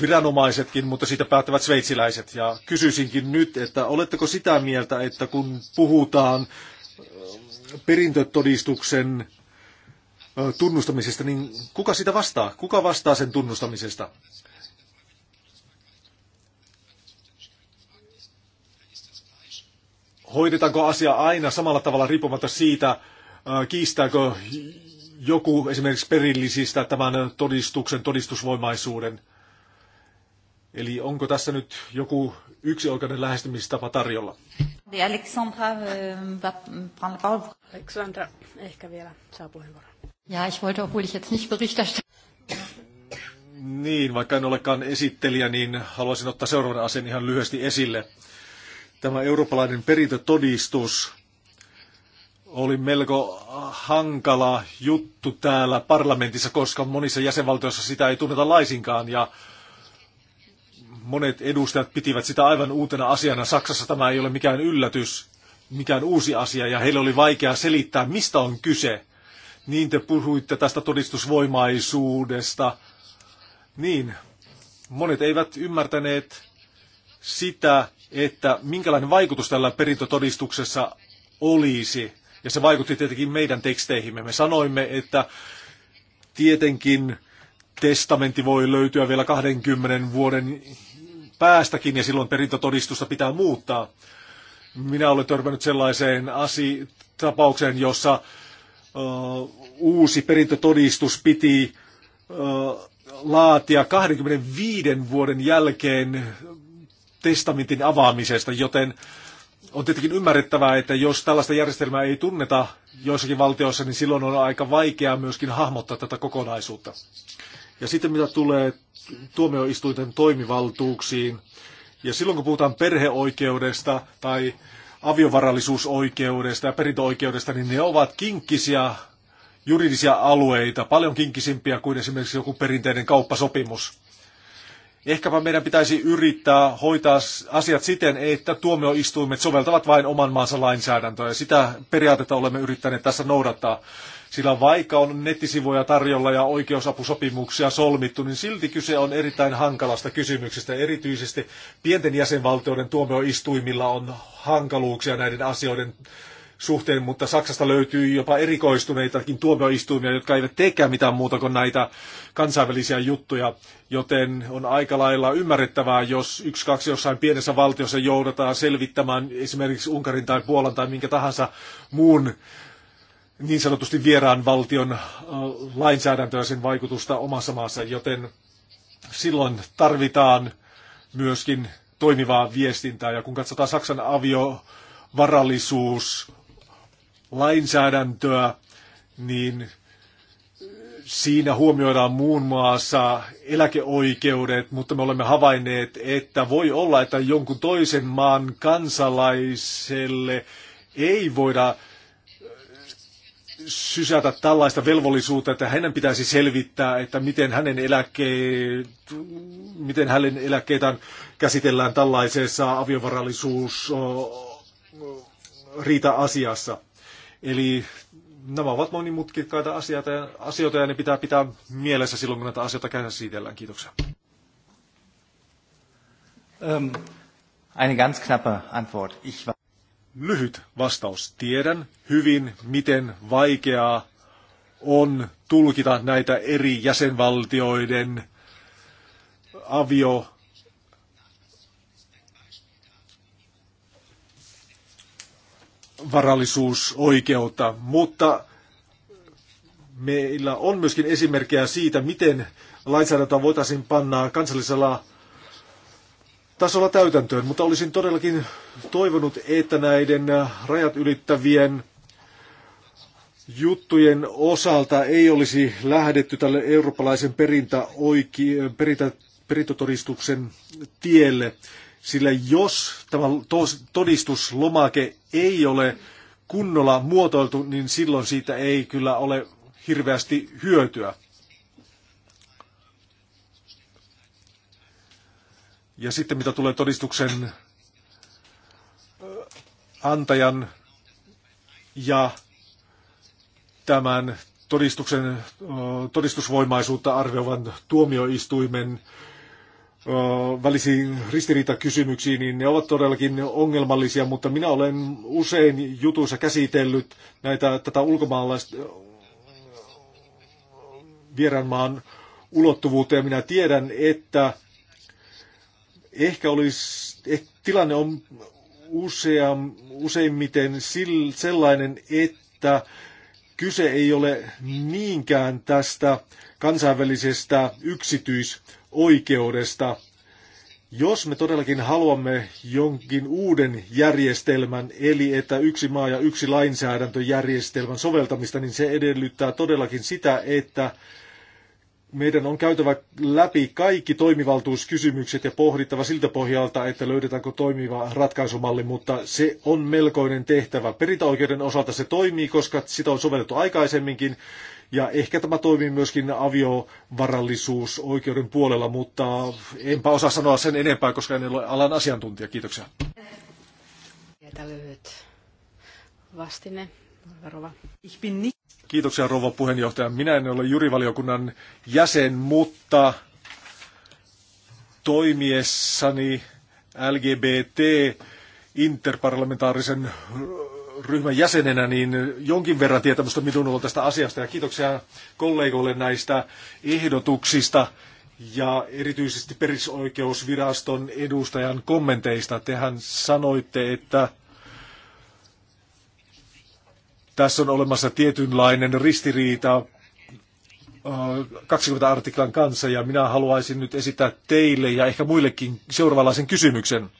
viranomaisetkin, mutta siitä päättävät sveitsiläiset. Ja kysyisinkin nyt, että oletteko sitä mieltä, että kun puhutaan perintötodistuksen tunnustamisesta, niin kuka sitä vastaa? Kuka vastaa sen tunnustamisesta? Hoidetaanko asia aina samalla tavalla riippumatta siitä, kiistääkö joku esimerkiksi perillisistä tämän todistuksen todistusvoimaisuuden? Eli onko tässä nyt joku yksioikeuden lähestymistapa tarjolla? Alexandra, äh, Alexandra ehkä vielä saa puheenvuoron. Ja, ich wollte, obwohl ich jetzt nicht Berichterstatter. Niin, vaikka en olekaan esittelijä, niin haluaisin ottaa seuraavan asian ihan lyhyesti esille. Tämä eurooppalainen perintötodistus oli melko hankala juttu täällä parlamentissa, koska monissa jäsenvaltioissa sitä ei tunneta laisinkaan ja monet edustajat pitivät sitä aivan uutena asiana. Saksassa tämä ei ole mikään yllätys, mikään uusi asia, ja heille oli vaikea selittää, mistä on kyse. Niin te puhuitte tästä todistusvoimaisuudesta. Niin, monet eivät ymmärtäneet sitä, että minkälainen vaikutus tällä perintötodistuksessa olisi. Ja se vaikutti tietenkin meidän teksteihimme. Me sanoimme, että tietenkin testamentti voi löytyä vielä 20 vuoden päästäkin ja silloin perintötodistusta pitää muuttaa. Minä olen törmännyt sellaiseen asi- tapaukseen, jossa ö, uusi perintötodistus piti ö, laatia 25 vuoden jälkeen testamentin avaamisesta, joten on tietenkin ymmärrettävää, että jos tällaista järjestelmää ei tunneta joissakin valtioissa, niin silloin on aika vaikeaa myöskin hahmottaa tätä kokonaisuutta. Ja sitten mitä tulee tuomioistuinten toimivaltuuksiin, ja silloin kun puhutaan perheoikeudesta tai aviovarallisuusoikeudesta ja perintöoikeudesta, niin ne ovat kinkkisiä juridisia alueita, paljon kinkkisimpiä kuin esimerkiksi joku perinteinen kauppasopimus. Ehkäpä meidän pitäisi yrittää hoitaa asiat siten, että tuomioistuimet soveltavat vain oman maansa lainsäädäntöä, ja sitä periaatetta olemme yrittäneet tässä noudattaa. Sillä vaikka on nettisivuja tarjolla ja oikeusapusopimuksia solmittu, niin silti kyse on erittäin hankalasta kysymyksestä. Erityisesti pienten jäsenvaltioiden tuomioistuimilla on hankaluuksia näiden asioiden suhteen, mutta Saksasta löytyy jopa erikoistuneitakin tuomioistuimia, jotka eivät teekään mitään muuta kuin näitä kansainvälisiä juttuja, joten on aika lailla ymmärrettävää, jos yksi, kaksi jossain pienessä valtiossa joudutaan selvittämään esimerkiksi Unkarin tai Puolan tai minkä tahansa muun niin sanotusti vieraan valtion lainsäädäntöä sen vaikutusta omassa maassa, joten silloin tarvitaan myöskin toimivaa viestintää. Ja kun katsotaan Saksan aviovarallisuus lainsäädäntöä, niin siinä huomioidaan muun muassa eläkeoikeudet, mutta me olemme havainneet, että voi olla, että jonkun toisen maan kansalaiselle ei voida sysätä tällaista velvollisuutta, että hänen pitäisi selvittää, että miten hänen, eläkkeet, miten hänen eläkkeitään käsitellään tällaisessa aviovarallisuus riita-asiassa. Eli nämä ovat monimutkikkaita asioita ja, asioita ja ne pitää pitää mielessä silloin, kun näitä asioita käsitellään. Kiitoksia. Ähm, eine ganz knappe Antwort. Ich war... Lyhyt vastaus. Tiedän hyvin, miten vaikeaa on tulkita näitä eri jäsenvaltioiden avio varallisuusoikeutta, mutta meillä on myöskin esimerkkejä siitä, miten lainsäädäntöä voitaisiin panna kansallisella tasolla täytäntöön, mutta olisin todellakin toivonut, että näiden rajat ylittävien juttujen osalta ei olisi lähdetty tälle eurooppalaisen perintäoiki, perintä, perintötodistuksen tielle, sillä jos tämä todistuslomake ei ole kunnolla muotoiltu, niin silloin siitä ei kyllä ole hirveästi hyötyä. Ja sitten mitä tulee todistuksen äh, antajan ja tämän todistuksen, äh, todistusvoimaisuutta arvioivan tuomioistuimen äh, välisiin ristiriitakysymyksiin, niin ne ovat todellakin ongelmallisia, mutta minä olen usein jutuissa käsitellyt näitä, tätä ulkomaalaista vieranmaan ulottuvuutta, ja minä tiedän, että Ehkä olisi, että eh, tilanne on useam, useimmiten sil, sellainen, että kyse ei ole niinkään tästä kansainvälisestä yksityisoikeudesta. Jos me todellakin haluamme jonkin uuden järjestelmän, eli että yksi maa ja yksi lainsäädäntöjärjestelmän soveltamista, niin se edellyttää todellakin sitä, että meidän on käytävä läpi kaikki toimivaltuuskysymykset ja pohdittava siltä pohjalta, että löydetäänkö toimiva ratkaisumalli, mutta se on melkoinen tehtävä. Perintäoikeuden osalta se toimii, koska sitä on sovellettu aikaisemminkin, ja ehkä tämä toimii myöskin aviovarallisuusoikeuden puolella, mutta enpä osaa sanoa sen enempää, koska en ole alan asiantuntija. Kiitoksia. Lyhyt vastine. Kiitoksia rouva puheenjohtaja. Minä en ole jurivaliokunnan jäsen, mutta toimiessani LGBT interparlamentaarisen ryhmän jäsenenä, niin jonkin verran tietämystä minulla tästä asiasta ja kiitoksia kollegoille näistä ehdotuksista ja erityisesti perisoikeusviraston edustajan kommenteista. Tehän sanoitte, että tässä on olemassa tietynlainen ristiriita 20 artiklan kanssa ja minä haluaisin nyt esittää teille ja ehkä muillekin seuraavanlaisen kysymyksen.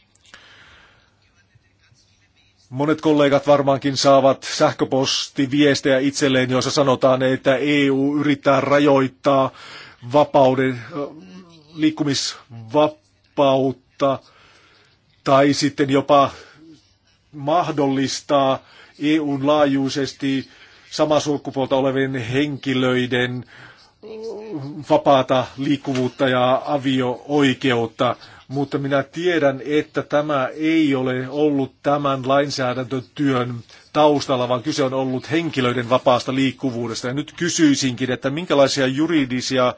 Monet kollegat varmaankin saavat sähköpostiviestejä itselleen, joissa sanotaan, että EU yrittää rajoittaa vapauden, liikkumisvapautta tai sitten jopa mahdollistaa EUn laajuisesti samaa sukupuolta olevien henkilöiden vapaata liikkuvuutta ja avio-oikeutta, mutta minä tiedän, että tämä ei ole ollut tämän lainsäädäntötyön taustalla, vaan kyse on ollut henkilöiden vapaasta liikkuvuudesta. Ja nyt kysyisinkin, että minkälaisia juridisia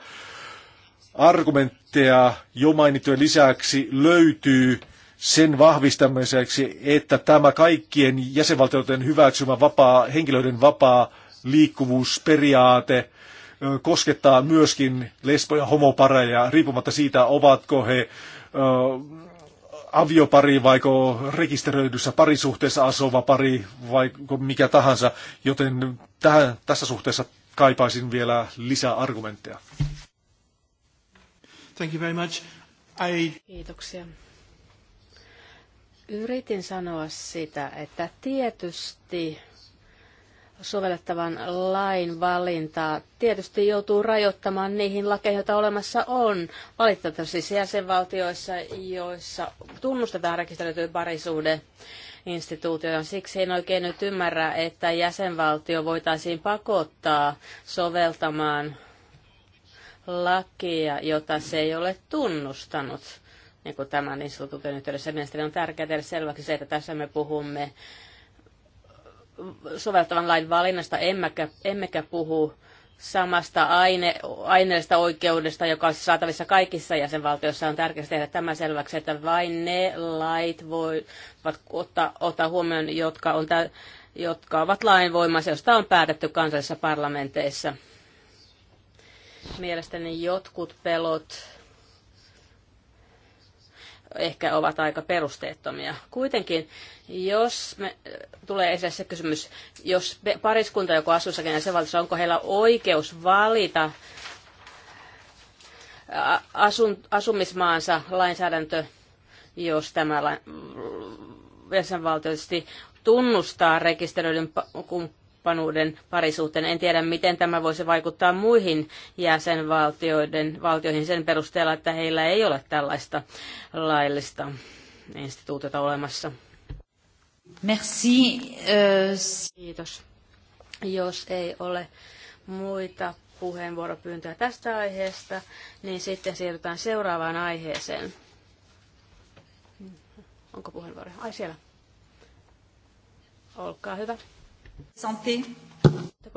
argumentteja jo mainittujen lisäksi löytyy sen vahvistamiseksi, että tämä kaikkien jäsenvaltioiden hyväksymä vapaa, henkilöiden vapaa liikkuvuusperiaate koskettaa myöskin lesbo- ja homopareja, riippumatta siitä, ovatko he ö, aviopari vaiko rekisteröidyssä parisuhteessa asuva pari vai mikä tahansa, joten tähän, tässä suhteessa kaipaisin vielä lisää argumentteja. Thank you very much. I... Kiitoksia. Yritin sanoa sitä, että tietysti sovellettavan lain valintaa tietysti joutuu rajoittamaan niihin lakeihin, joita olemassa on. Valitettavasti siis jäsenvaltioissa, joissa tunnustetaan rekisteröity parisuuden instituutio. Siksi en oikein nyt ymmärrä, että jäsenvaltio voitaisiin pakottaa soveltamaan lakia, jota se ei ole tunnustanut niin kuin tämän sanotun yhteydessä. Mielestäni on tärkeää tehdä selväksi se, että tässä me puhumme soveltavan lain valinnasta, emmekä, emmekä puhu samasta aine, aineellisesta oikeudesta, joka on saatavissa kaikissa jäsenvaltioissa, on tärkeää tehdä tämä selväksi, että vain ne lait voivat ottaa, ottaa huomioon, jotka, on tä, jotka ovat lainvoimaisia, joista on päätetty kansallisissa parlamenteissa. Mielestäni jotkut pelot ehkä ovat aika perusteettomia. Kuitenkin, jos me, tulee esille se kysymys, jos pariskunta, joka asuu se valtiossa, onko heillä oikeus valita asun, asumismaansa lainsäädäntö, jos tämä jäsenvaltiollisesti tunnustaa rekisteröidyn kumppanuuden parisuhteen. En tiedä, miten tämä voisi vaikuttaa muihin jäsenvaltioiden valtioihin sen perusteella, että heillä ei ole tällaista laillista instituutiota olemassa. Merci. Euh, Kiitos. Jos ei ole muita puheenvuoropyyntöjä tästä aiheesta, niin sitten siirrytään seuraavaan aiheeseen. Onko puheenvuoro? Ai siellä. Olkaa hyvä. Santé.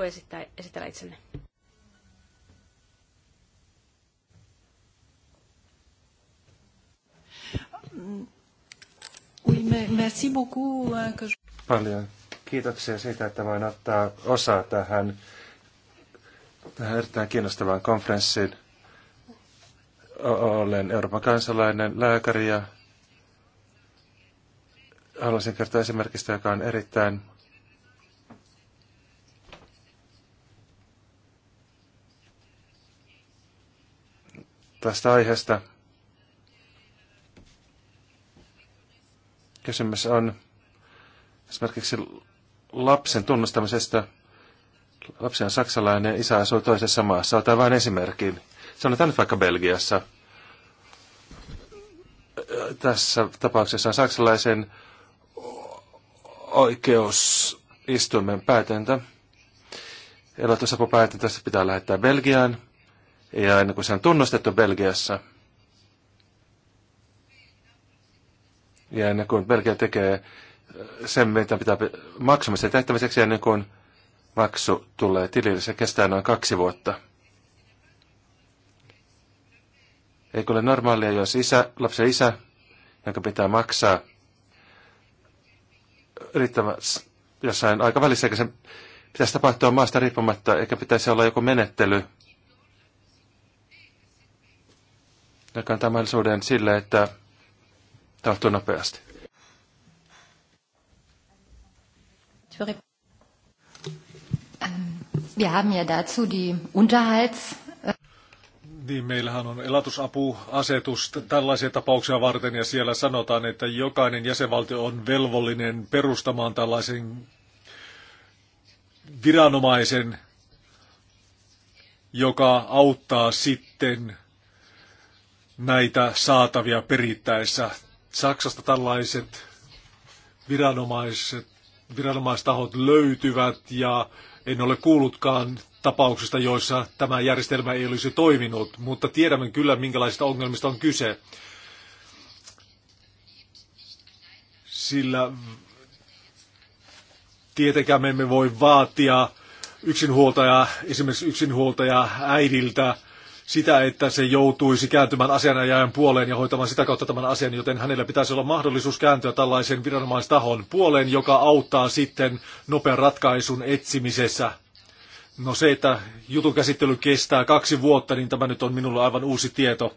esittää, esitellä itsenne? merci beaucoup. Euh, Paljon kiitoksia siitä, että voin ottaa osaa tähän, tähän erittäin kiinnostavaan konferenssiin. Olen Euroopan kansalainen lääkäri ja haluaisin kertoa esimerkistä, joka on erittäin tästä aiheesta. Kysymys on esimerkiksi lapsen tunnustamisesta. Lapsi on saksalainen ja isä asuu toisessa maassa. Otan vain esimerkin. Sanotaan nyt vaikka Belgiassa. Tässä tapauksessa on saksalaisen oikeusistuimen päätäntä. Elotusapupäätäntä pitää lähettää Belgiaan ja ennen kuin se on tunnustettu Belgiassa, ja ennen kuin Belgia tekee äh, sen, mitä pitää maksamisen tehtämiseksi, ennen kuin maksu tulee tilille, se kestää noin kaksi vuotta. Ei ole normaalia, jos isä, lapsen isä, jonka pitää maksaa äh, riittävästi jossain aikavälissä, eikä sen pitäisi tapahtua maasta riippumatta, eikä pitäisi olla joku menettely, Jatkan tämän mahdollisuuden sille, että tapahtuu nopeasti. Wir haben ja dazu die Unterhalts niin meillähän on elatusapuasetus tällaisia tapauksia varten ja siellä sanotaan, että jokainen jäsenvaltio on velvollinen perustamaan tällaisen viranomaisen, joka auttaa sitten näitä saatavia perittäessä. Saksasta tällaiset viranomaiset, viranomaistahot löytyvät ja en ole kuullutkaan tapauksista, joissa tämä järjestelmä ei olisi toiminut, mutta tiedämme kyllä, minkälaisista ongelmista on kyse. Sillä tietenkään me emme voi vaatia yksinhuoltaja esimerkiksi yksinhuoltaja äidiltä, sitä, että se joutuisi kääntymään asianajajan puoleen ja hoitamaan sitä kautta tämän asian, joten hänellä pitäisi olla mahdollisuus kääntyä tällaisen viranomaistahon puoleen, joka auttaa sitten nopean ratkaisun etsimisessä. No se, että jutun käsittely kestää kaksi vuotta, niin tämä nyt on minulle aivan uusi tieto.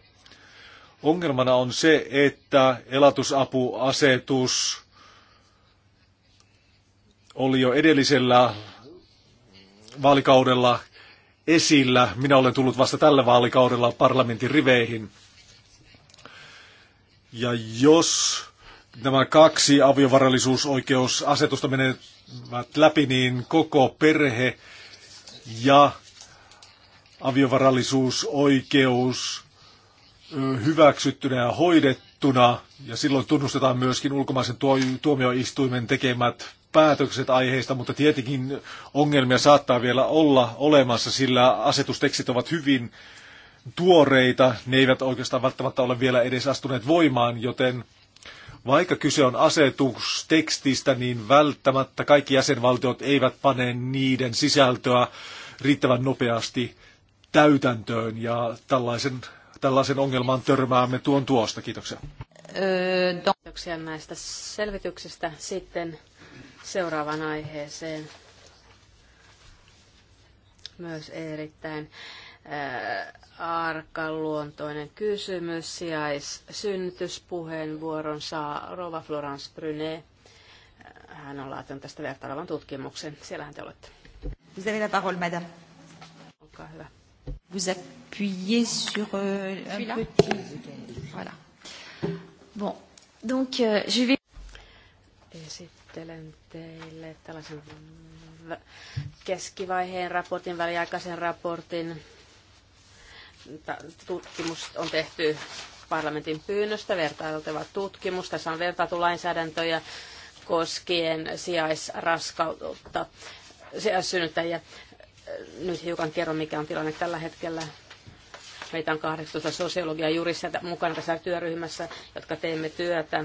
Ongelmana on se, että elatusapuasetus oli jo edellisellä vaalikaudella esillä. Minä olen tullut vasta tällä vaalikaudella parlamentin riveihin. Ja jos nämä kaksi aviovarallisuusoikeusasetusta menevät läpi, niin koko perhe ja aviovarallisuusoikeus hyväksyttynä ja hoidettuna, ja silloin tunnustetaan myöskin ulkomaisen tuomioistuimen tekemät päätökset aiheista, mutta tietenkin ongelmia saattaa vielä olla olemassa, sillä asetustekstit ovat hyvin tuoreita, ne eivät oikeastaan välttämättä ole vielä edes astuneet voimaan, joten vaikka kyse on asetustekstistä, niin välttämättä kaikki jäsenvaltiot eivät pane niiden sisältöä riittävän nopeasti täytäntöön ja tällaisen, tällaisen ongelman törmäämme tuon tuosta. Kiitoksia. Kiitoksia näistä selvityksistä. Sitten seuraavaan aiheeseen. Myös erittäin äh, arkaluontoinen kysymys. Sijais synnytyspuheenvuoron saa Rova Florence Brunet. Äh, hän on laatinut tästä vertailevan tutkimuksen. Siellähän te olette. Vous avez la parole, madame. Olkaa hyvä. Vous appuyez sur euh, un petit... Voilà. Bon, donc euh, je vais... Esit esittelen teille tällaisen keskivaiheen raportin, väliaikaisen raportin. Tutkimus on tehty parlamentin pyynnöstä, vertailtava tutkimus. Tässä on vertailtu lainsäädäntöjä koskien sijaisraskautta, sijaissynnyttäjiä. Nyt hiukan kerron, mikä on tilanne tällä hetkellä. Meitä on 18 sosiologian jurissa mukana tässä työryhmässä, jotka teemme työtä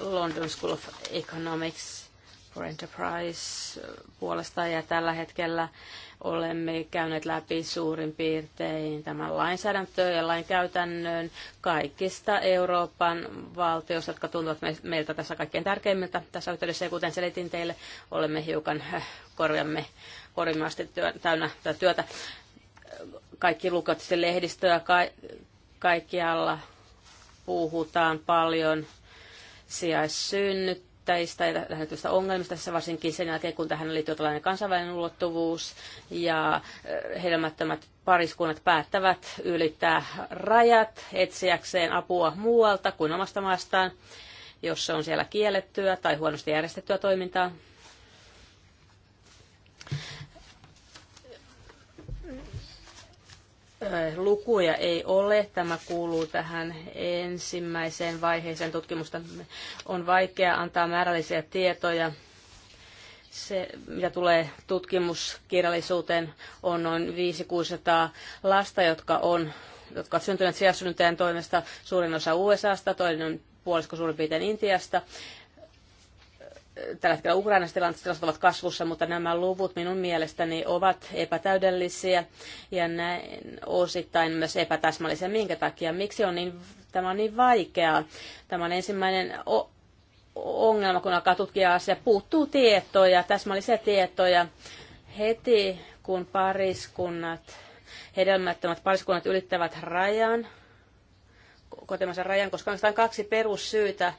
London School of Economics for Enterprise puolesta ja tällä hetkellä olemme käyneet läpi suurin piirtein tämän lainsäädäntöön ja lainkäytännön kaikista Euroopan valtioista, jotka tuntuvat meiltä tässä kaikkein tärkeimmiltä tässä yhteydessä. Ja kuten selitin teille, olemme hiukan äh, korjamme korjaimasti täynnä tätä työtä. Kaikki lukevat lehdistöä, ka, kaikkialla puhutaan paljon – sijaissynnyttäjistä ja lähetystä ongelmista, tässä varsinkin sen jälkeen, kun tähän liittyy tällainen kansainvälinen ulottuvuus ja eh, hedelmättömät pariskunnat päättävät ylittää rajat etsiäkseen apua muualta kuin omasta maastaan, jos se on siellä kiellettyä tai huonosti järjestettyä toimintaa. Äh, lukuja ei ole. Tämä kuuluu tähän ensimmäiseen vaiheeseen tutkimusta. On vaikea antaa määrällisiä tietoja. Se, mitä tulee tutkimuskirjallisuuteen, on noin 500-600 lasta, jotka on jotka ovat syntyneet sijaissynnyttäjän toimesta, suurin osa USAsta, toinen puolisko suurin piirtein Intiasta, tällä hetkellä Ukrainassa tilanteet ovat kasvussa, mutta nämä luvut minun mielestäni ovat epätäydellisiä ja näin osittain myös epätäsmällisiä. Minkä takia? Miksi on niin, tämä on niin vaikeaa? Tämä on ensimmäinen ongelma, kun alkaa tutkia asiaa. Puuttuu tietoja, täsmällisiä tietoja. Heti kun pariskunnat, hedelmättömät pariskunnat ylittävät rajan, kotimaisen rajan, koska on kaksi perussyytä –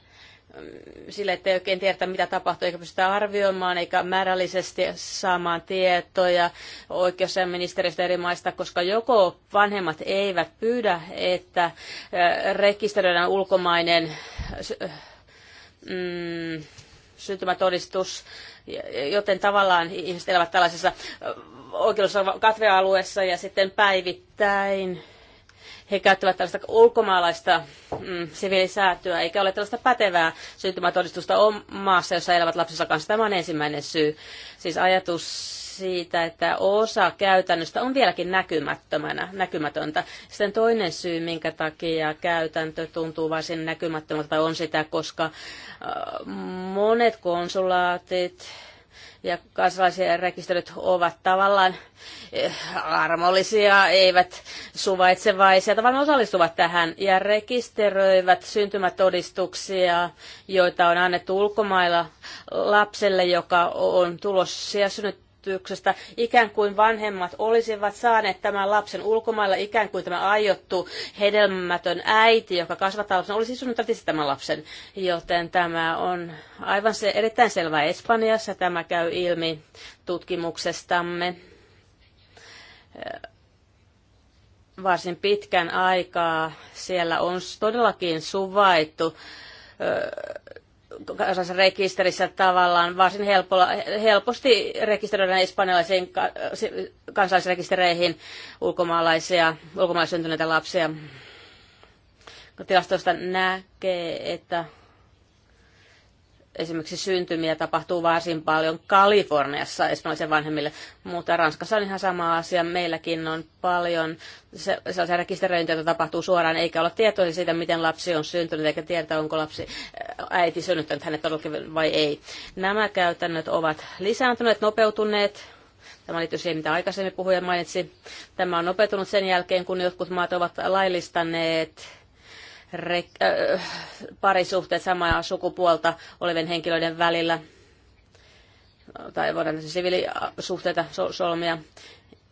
sille, että ei oikein tiedetä, mitä tapahtuu, eikä pystytä arvioimaan, eikä määrällisesti saamaan tietoja oikeusministeristä eri maista, koska joko vanhemmat eivät pyydä, että rekisteröidään ulkomainen mm, syntymätodistus, joten tavallaan ihmiset elävät tällaisessa oikeudellisessa katvealueessa ja sitten päivittäin he käyttävät tällaista ulkomaalaista mm, siviilisäätyä, eikä ole tällaista pätevää syntymätodistusta maassa, jossa elävät lapsensa kanssa. Tämä on ensimmäinen syy. Siis ajatus siitä, että osa käytännöstä on vieläkin näkymättömänä, näkymätöntä. Sitten toinen syy, minkä takia käytäntö tuntuu varsin näkymättömältä, on sitä, koska äh, monet konsulaatit, ja kansalaisen rekisterit ovat tavallaan eh, armollisia, eivät suvaitsevaisia, vaan osallistuvat tähän ja rekisteröivät syntymätodistuksia, joita on annettu ulkomailla lapselle, joka on tulossa ja synnyt menetyksestä, ikään kuin vanhemmat olisivat saaneet tämän lapsen ulkomailla, ikään kuin tämä aiottu hedelmätön äiti, joka kasvattaa lapsen, olisi synnyttänyt tämän lapsen. Joten tämä on aivan se, erittäin selvä Espanjassa, tämä käy ilmi tutkimuksestamme varsin pitkän aikaa siellä on todellakin suvaittu rekisterissä tavallaan varsin helpolla, helposti rekisteröidään espanjalaisiin kansallisrekistereihin ulkomaalaisia, ulkomaalaisyntyneitä lapsia. Tilastoista näkee, että esimerkiksi syntymiä tapahtuu varsin paljon Kaliforniassa espanjalaisen vanhemmille, mutta Ranskassa on ihan sama asia. Meilläkin on paljon sellaisia rekisteröintiä, joita tapahtuu suoraan, eikä olla tietoinen siitä, miten lapsi on syntynyt, eikä tietää onko lapsi äiti synnyttänyt hänet todellakin vai ei. Nämä käytännöt ovat lisääntyneet, nopeutuneet, Tämä liittyy siihen, mitä aikaisemmin puhuja mainitsi. Tämä on nopeutunut sen jälkeen, kun jotkut maat ovat laillistaneet re- äh, parisuhteet samaa sukupuolta olevien henkilöiden välillä, tai voidaan siviilisuhteita solmia.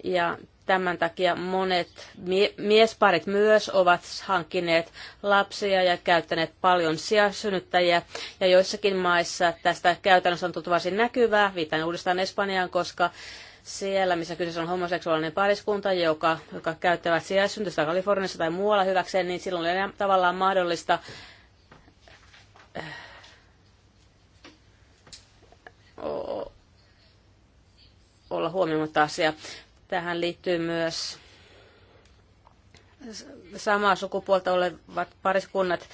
Ja tämän takia monet mie- miesparit myös ovat hankkineet lapsia ja käyttäneet paljon sijasynnyttäjiä. Ja joissakin maissa tästä käytännössä on tullut varsin näkyvää, viitan uudestaan Espanjaan, koska siellä, missä kyseessä on homoseksuaalinen pariskunta, joka, joka käyttävät sijaissyntystä Kaliforniassa tai muualla hyväkseen, niin silloin on enää tavallaan mahdollista eh, olla huomioimatta asia Tähän liittyy myös samaa sukupuolta olevat pariskunnat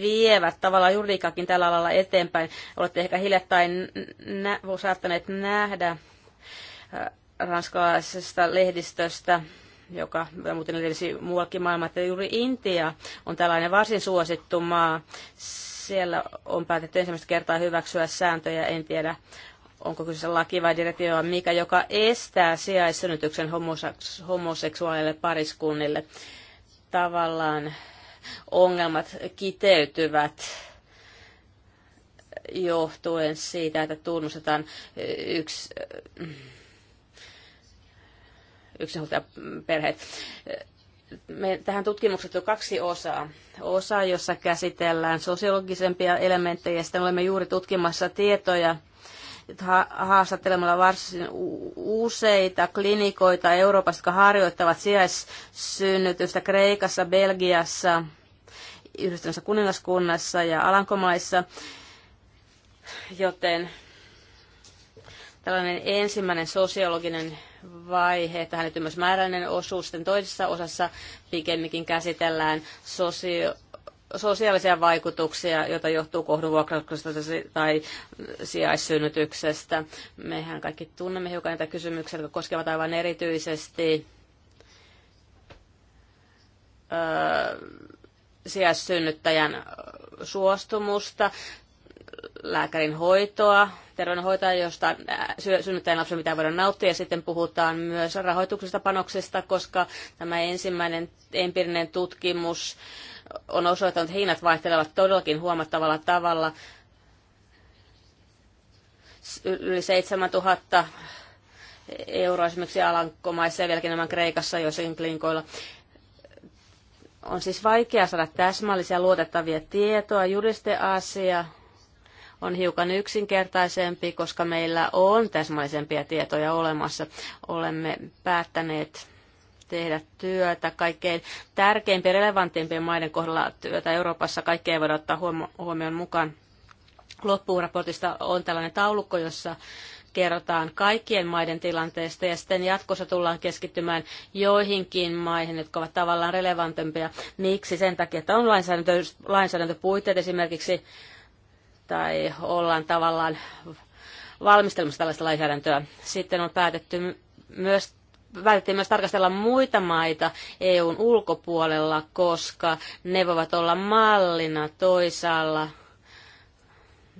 vievät tavallaan juridiikakin tällä alalla eteenpäin. Olette ehkä hiljattain nä- saattaneet nähdä Äh, ranskalaisesta lehdistöstä, joka muuten levisi muuallakin maailmaa, että juuri Intia on tällainen varsin suosittu maa. Siellä on päätetty ensimmäistä kertaa hyväksyä sääntöjä, en tiedä onko kyseessä laki vai direktiivi mikä, joka estää sijaissynnytyksen homoseksuaalille pariskunnille. Tavallaan ongelmat kiteytyvät johtuen siitä, että tunnustetaan yksi yksinhuoltajaperheet. Me, tähän tutkimukset on kaksi osaa. Osa, jossa käsitellään sosiologisempia elementtejä, ja sitten olemme juuri tutkimassa tietoja haastattelemalla varsin useita klinikoita Euroopassa, jotka harjoittavat sijaissynnytystä Kreikassa, Belgiassa, Yhdistyneessä kuningaskunnassa ja Alankomaissa. Joten tällainen ensimmäinen sosiologinen vaihe. Tähän liittyy myös määrällinen osuus. Sitten toisessa osassa pikemminkin käsitellään sosio sosiaalisia vaikutuksia, joita johtuu kohdunvuokrauksesta tai sijaissynnytyksestä. Mehän kaikki tunnemme hiukan näitä kysymyksiä, jotka koskevat aivan erityisesti öö, sijaissynnyttäjän suostumusta, lääkärin hoitoa, terveydenhoitoa, josta äh, synnyttäjän lapsen mitä voidaan nauttia. Ja sitten puhutaan myös rahoituksesta panoksesta, koska tämä ensimmäinen empiirinen tutkimus on osoittanut, että hinnat vaihtelevat todellakin huomattavalla tavalla. Yli 7000 euroa esimerkiksi Alankomaissa ja vieläkin nämä Kreikassa joissakin klinikoilla on siis vaikea saada täsmällisiä luotettavia tietoa. Juristeasia on hiukan yksinkertaisempi, koska meillä on täsmällisempiä tietoja olemassa. Olemme päättäneet tehdä työtä kaikkein tärkeimpien, relevantimpien maiden kohdalla työtä Euroopassa. Kaikkea ei voida ottaa huomioon mukaan. Loppuraportista on tällainen taulukko, jossa kerrotaan kaikkien maiden tilanteesta ja sitten jatkossa tullaan keskittymään joihinkin maihin, jotka ovat tavallaan relevantempia. Miksi? Sen takia, että on lainsäädäntö, lainsäädäntöpuitteet esimerkiksi tai ollaan tavallaan valmistelmassa tällaista lainsäädäntöä. Sitten on päätetty myös Päätettiin myös tarkastella muita maita EUn ulkopuolella, koska ne voivat olla mallina toisaalla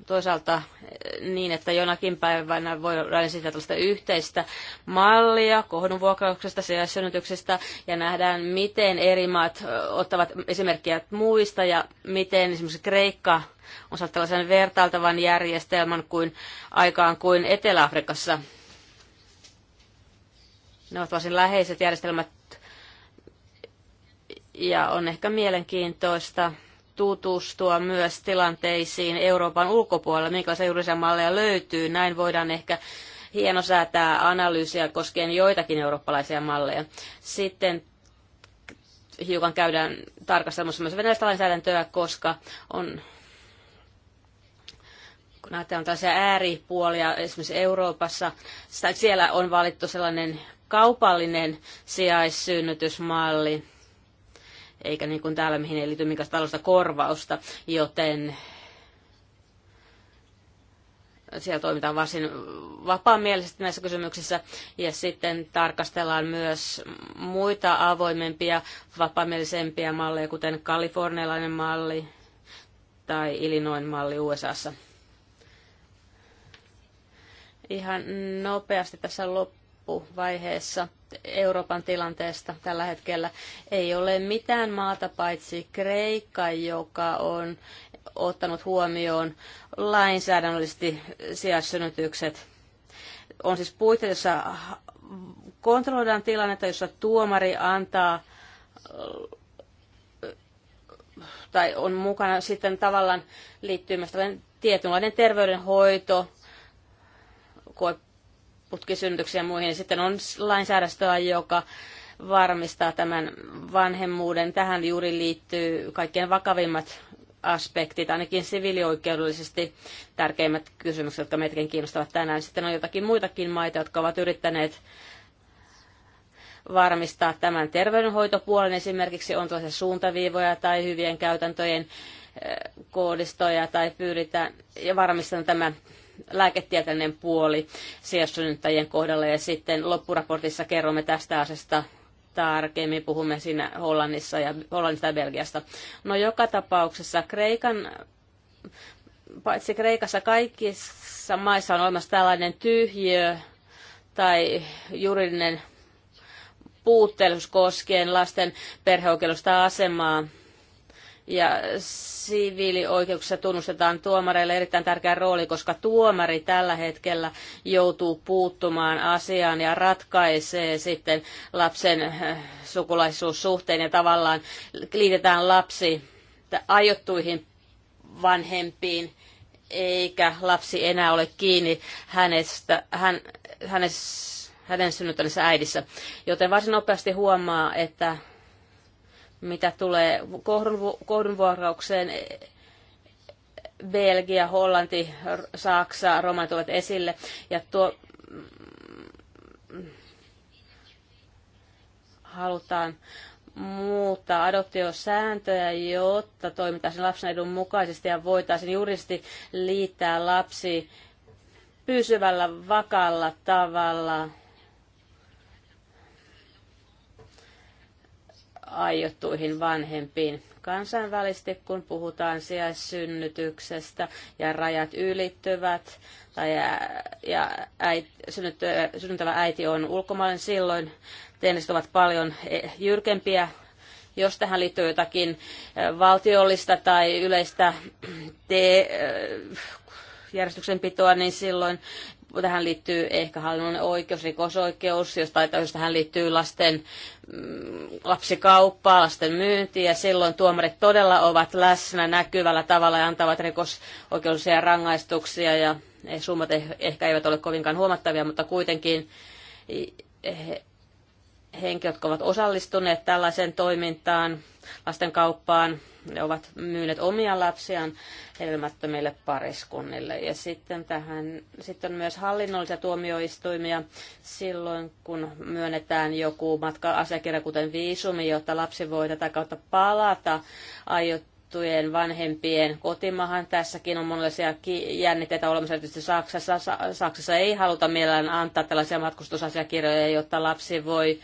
toisaalta eh, niin, että jonakin päivänä voidaan esittää tällaista yhteistä mallia kohdunvuokrauksesta, sijaissynnytyksestä ja nähdään, miten eri maat ottavat esimerkkiä muista ja miten esimerkiksi Kreikka on saanut tällaisen vertailtavan järjestelmän kuin aikaan kuin Etelä-Afrikassa. Ne ovat varsin läheiset järjestelmät ja on ehkä mielenkiintoista tutustua myös tilanteisiin Euroopan ulkopuolella, minkälaisia juridisia malleja löytyy. Näin voidaan ehkä hieno säätää analyysiä koskien joitakin eurooppalaisia malleja. Sitten hiukan käydään tarkastelussa myös venäläistä lainsäädäntöä, koska on kun ajatellaan tällaisia ääripuolia esimerkiksi Euroopassa, siellä on valittu sellainen kaupallinen sijaissynnytysmalli, eikä niin kuin täällä, mihin ei liity minkäänlaista taloudellista korvausta, joten siellä toimitaan varsin vapaamielisesti näissä kysymyksissä. Ja sitten tarkastellaan myös muita avoimempia, vapaamielisempiä malleja, kuten kalifornialainen malli tai Illinoin malli USAssa. Ihan nopeasti tässä loppuun loppuvaiheessa Euroopan tilanteesta tällä hetkellä. Ei ole mitään maata paitsi Kreikka, joka on ottanut huomioon lainsäädännöllisesti sijaissynnytykset. On siis puitteissa jossa kontrolloidaan tilannetta, jossa tuomari antaa tai on mukana sitten tavallaan myös tietynlainen terveydenhoito, putkisynnytyksiä ja muihin. Ja sitten on lainsäädäntöä, joka varmistaa tämän vanhemmuuden. Tähän juuri liittyy kaikkein vakavimmat aspektit, ainakin siviilioikeudellisesti tärkeimmät kysymykset, jotka meitäkin kiinnostavat tänään. Sitten on jotakin muitakin maita, jotka ovat yrittäneet varmistaa tämän terveydenhoitopuolen. Esimerkiksi on tuossa suuntaviivoja tai hyvien käytäntöjen eh, koodistoja tai pyritään ja varmistetaan tämä lääketieteellinen puoli sijaissynnyttäjien kohdalla ja sitten loppuraportissa kerromme tästä asiasta tarkemmin. Puhumme siinä Hollannissa ja, Hollannista ja Belgiasta. No joka tapauksessa Kreikan paitsi Kreikassa kaikissa maissa on olemassa tällainen tyhjö tai juridinen puutteellisuus koskien lasten perheoikeudellista asemaa ja siviilioikeuksissa tunnustetaan tuomareille erittäin tärkeä rooli, koska tuomari tällä hetkellä joutuu puuttumaan asiaan ja ratkaisee sitten lapsen äh, sukulaisuussuhteen ja tavallaan liitetään lapsi aiottuihin vanhempiin eikä lapsi enää ole kiinni hänestä, hän, hänes, hänen synnyttäneessä äidissä. Joten varsin nopeasti huomaa, että mitä tulee kohdunvuoraukseen, Belgia, Hollanti, Saksa, Roma tuovat esille. Ja tuo mm, halutaan muuttaa adoptiosääntöjä, jotta toimitaan lapsen edun mukaisesti ja voitaisiin juristi liittää lapsi pysyvällä, vakalla tavalla aiottuihin vanhempiin. Kansainvälisesti, kun puhutaan sijaissynnytyksestä ja rajat ylittyvät tai ja äiti, synnyttävä äiti on ulkomaalainen silloin teenniset ovat paljon e, jyrkempiä. Jos tähän liittyy jotakin valtiollista tai yleistä te- järjestyksenpitoa, niin silloin tähän liittyy ehkä hallinnollinen oikeus, rikosoikeus, jos, tai jos tähän liittyy lasten mm, lapsikauppaa, lasten myyntiä. Silloin tuomarit todella ovat läsnä näkyvällä tavalla ja antavat rikosoikeudellisia rangaistuksia ja summat eh-, ehkä eivät ole kovinkaan huomattavia, mutta kuitenkin henkilöt, jotka ovat osallistuneet tällaiseen toimintaan, lasten kauppaan, ne ovat myyneet omia lapsiaan helmättömille pariskunnille. Ja sitten tähän sitten on myös hallinnollisia tuomioistuimia silloin, kun myönnetään joku matka-asiakirja, kuten viisumi, jotta lapsi voi tätä kautta palata aiottujen vanhempien kotimaahan. Tässäkin on monenlaisia jännitteitä olemassa, erityisesti Saksassa. Saksassa ei haluta mielellään antaa tällaisia matkustusasiakirjoja, jotta lapsi voi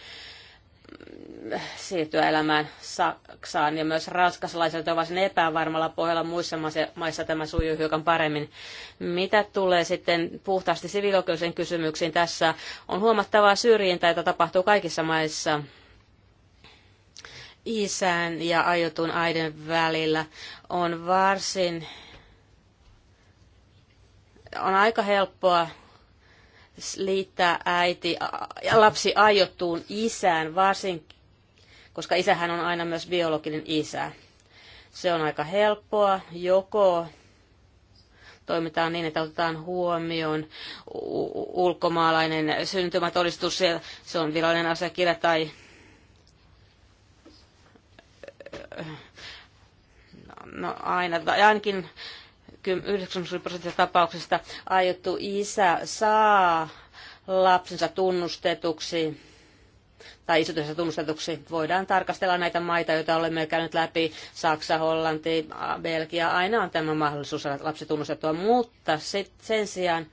siirtyä elämään Saksaan ja myös ranskaslaiset ovat sen epävarmalla pohjalla muissa maissa tämä sujuu hiukan paremmin. Mitä tulee sitten puhtaasti siviilioikeuden kysymyksiin tässä, on huomattavaa syrjintää, jota tapahtuu kaikissa maissa isän ja aiotun aiden välillä on varsin on aika helppoa liittää äiti ja lapsi aiottuun isään, varsinkin, koska isähän on aina myös biologinen isä. Se on aika helppoa, joko toimitaan niin, että otetaan huomioon ulkomaalainen syntymätodistus, se on virallinen asiakirja tai no, no aina, tai ainakin 90 prosenttia tapauksista aiottu isä saa lapsensa tunnustetuksi tai isotyössä tunnustetuksi. Voidaan tarkastella näitä maita, joita olemme käyneet läpi, Saksa, Hollanti, Belgia, aina on tämä mahdollisuus saada lapsi tunnustettua, mutta sit sen sijaan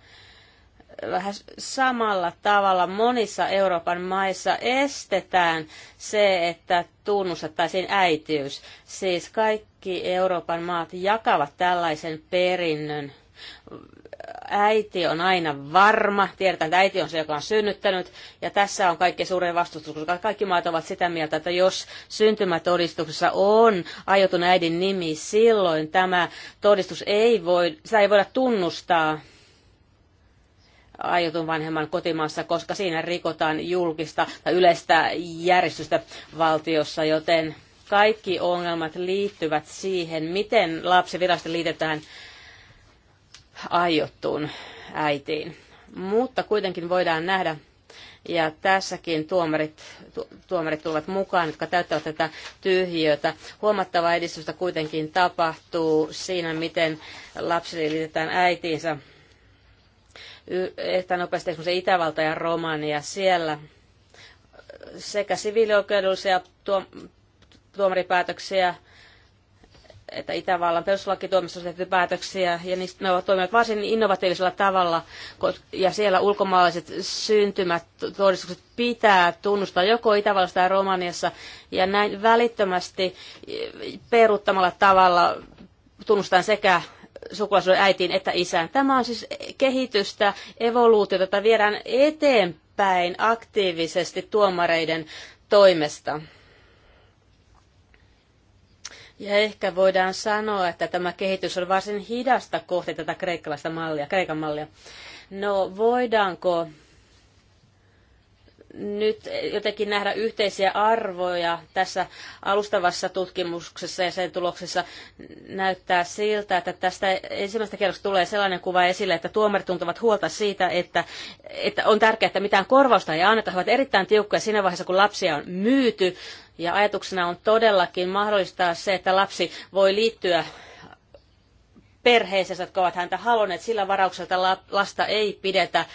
vähän samalla tavalla monissa Euroopan maissa estetään se, että tunnustettaisiin äitiys. Siis kaikki kaikki Euroopan maat jakavat tällaisen perinnön. Äiti on aina varma, tiedetään, että äiti on se, joka on synnyttänyt, ja tässä on kaikki suurin vastustus, koska kaikki maat ovat sitä mieltä, että jos syntymätodistuksessa on aiotun äidin nimi, silloin tämä todistus ei voi, sitä ei voida tunnustaa aiotun vanhemman kotimaassa, koska siinä rikotaan julkista tai yleistä järjestystä valtiossa, joten kaikki ongelmat liittyvät siihen, miten lapsi virallisesti liitetään aiottuun äitiin. Mutta kuitenkin voidaan nähdä, ja tässäkin tuomarit, tu, tuomarit tulevat mukaan, jotka täyttävät tätä tyhjiötä. Huomattavaa edistystä kuitenkin tapahtuu siinä, miten lapsi liitetään äitiinsä. Ehkä nopeasti esimerkiksi Itävalta ja Romania siellä sekä siviilioikeudellisia tuomaripäätöksiä, että Itävallan perustuslakituomissa on tehty päätöksiä, ja niistä ne ovat toimineet varsin innovatiivisella tavalla, ja siellä ulkomaalaiset syntymät todistukset pitää tunnustaa joko Itävallassa tai Romaniassa, ja näin välittömästi peruuttamalla tavalla tunnustan sekä sukulaisuuden äitiin että isään. Tämä on siis kehitystä, evoluutiota, jota viedään eteenpäin aktiivisesti tuomareiden toimesta. Ja ehkä voidaan sanoa, että tämä kehitys on varsin hidasta kohti tätä kreikkalaista mallia, kreikan mallia. No voidaanko nyt jotenkin nähdä yhteisiä arvoja tässä alustavassa tutkimuksessa ja sen tuloksessa näyttää siltä, että tästä ensimmäistä kerrosta tulee sellainen kuva esille, että tuomarit tuntuvat huolta siitä, että, että on tärkeää, että mitään korvausta ei anneta. He ovat erittäin tiukkoja siinä vaiheessa, kun lapsia on myyty. Ja ajatuksena on todellakin mahdollistaa se, että lapsi voi liittyä perheeseensä, jotka ovat häntä halunneet sillä varaukselta, lasta ei pidetä äh,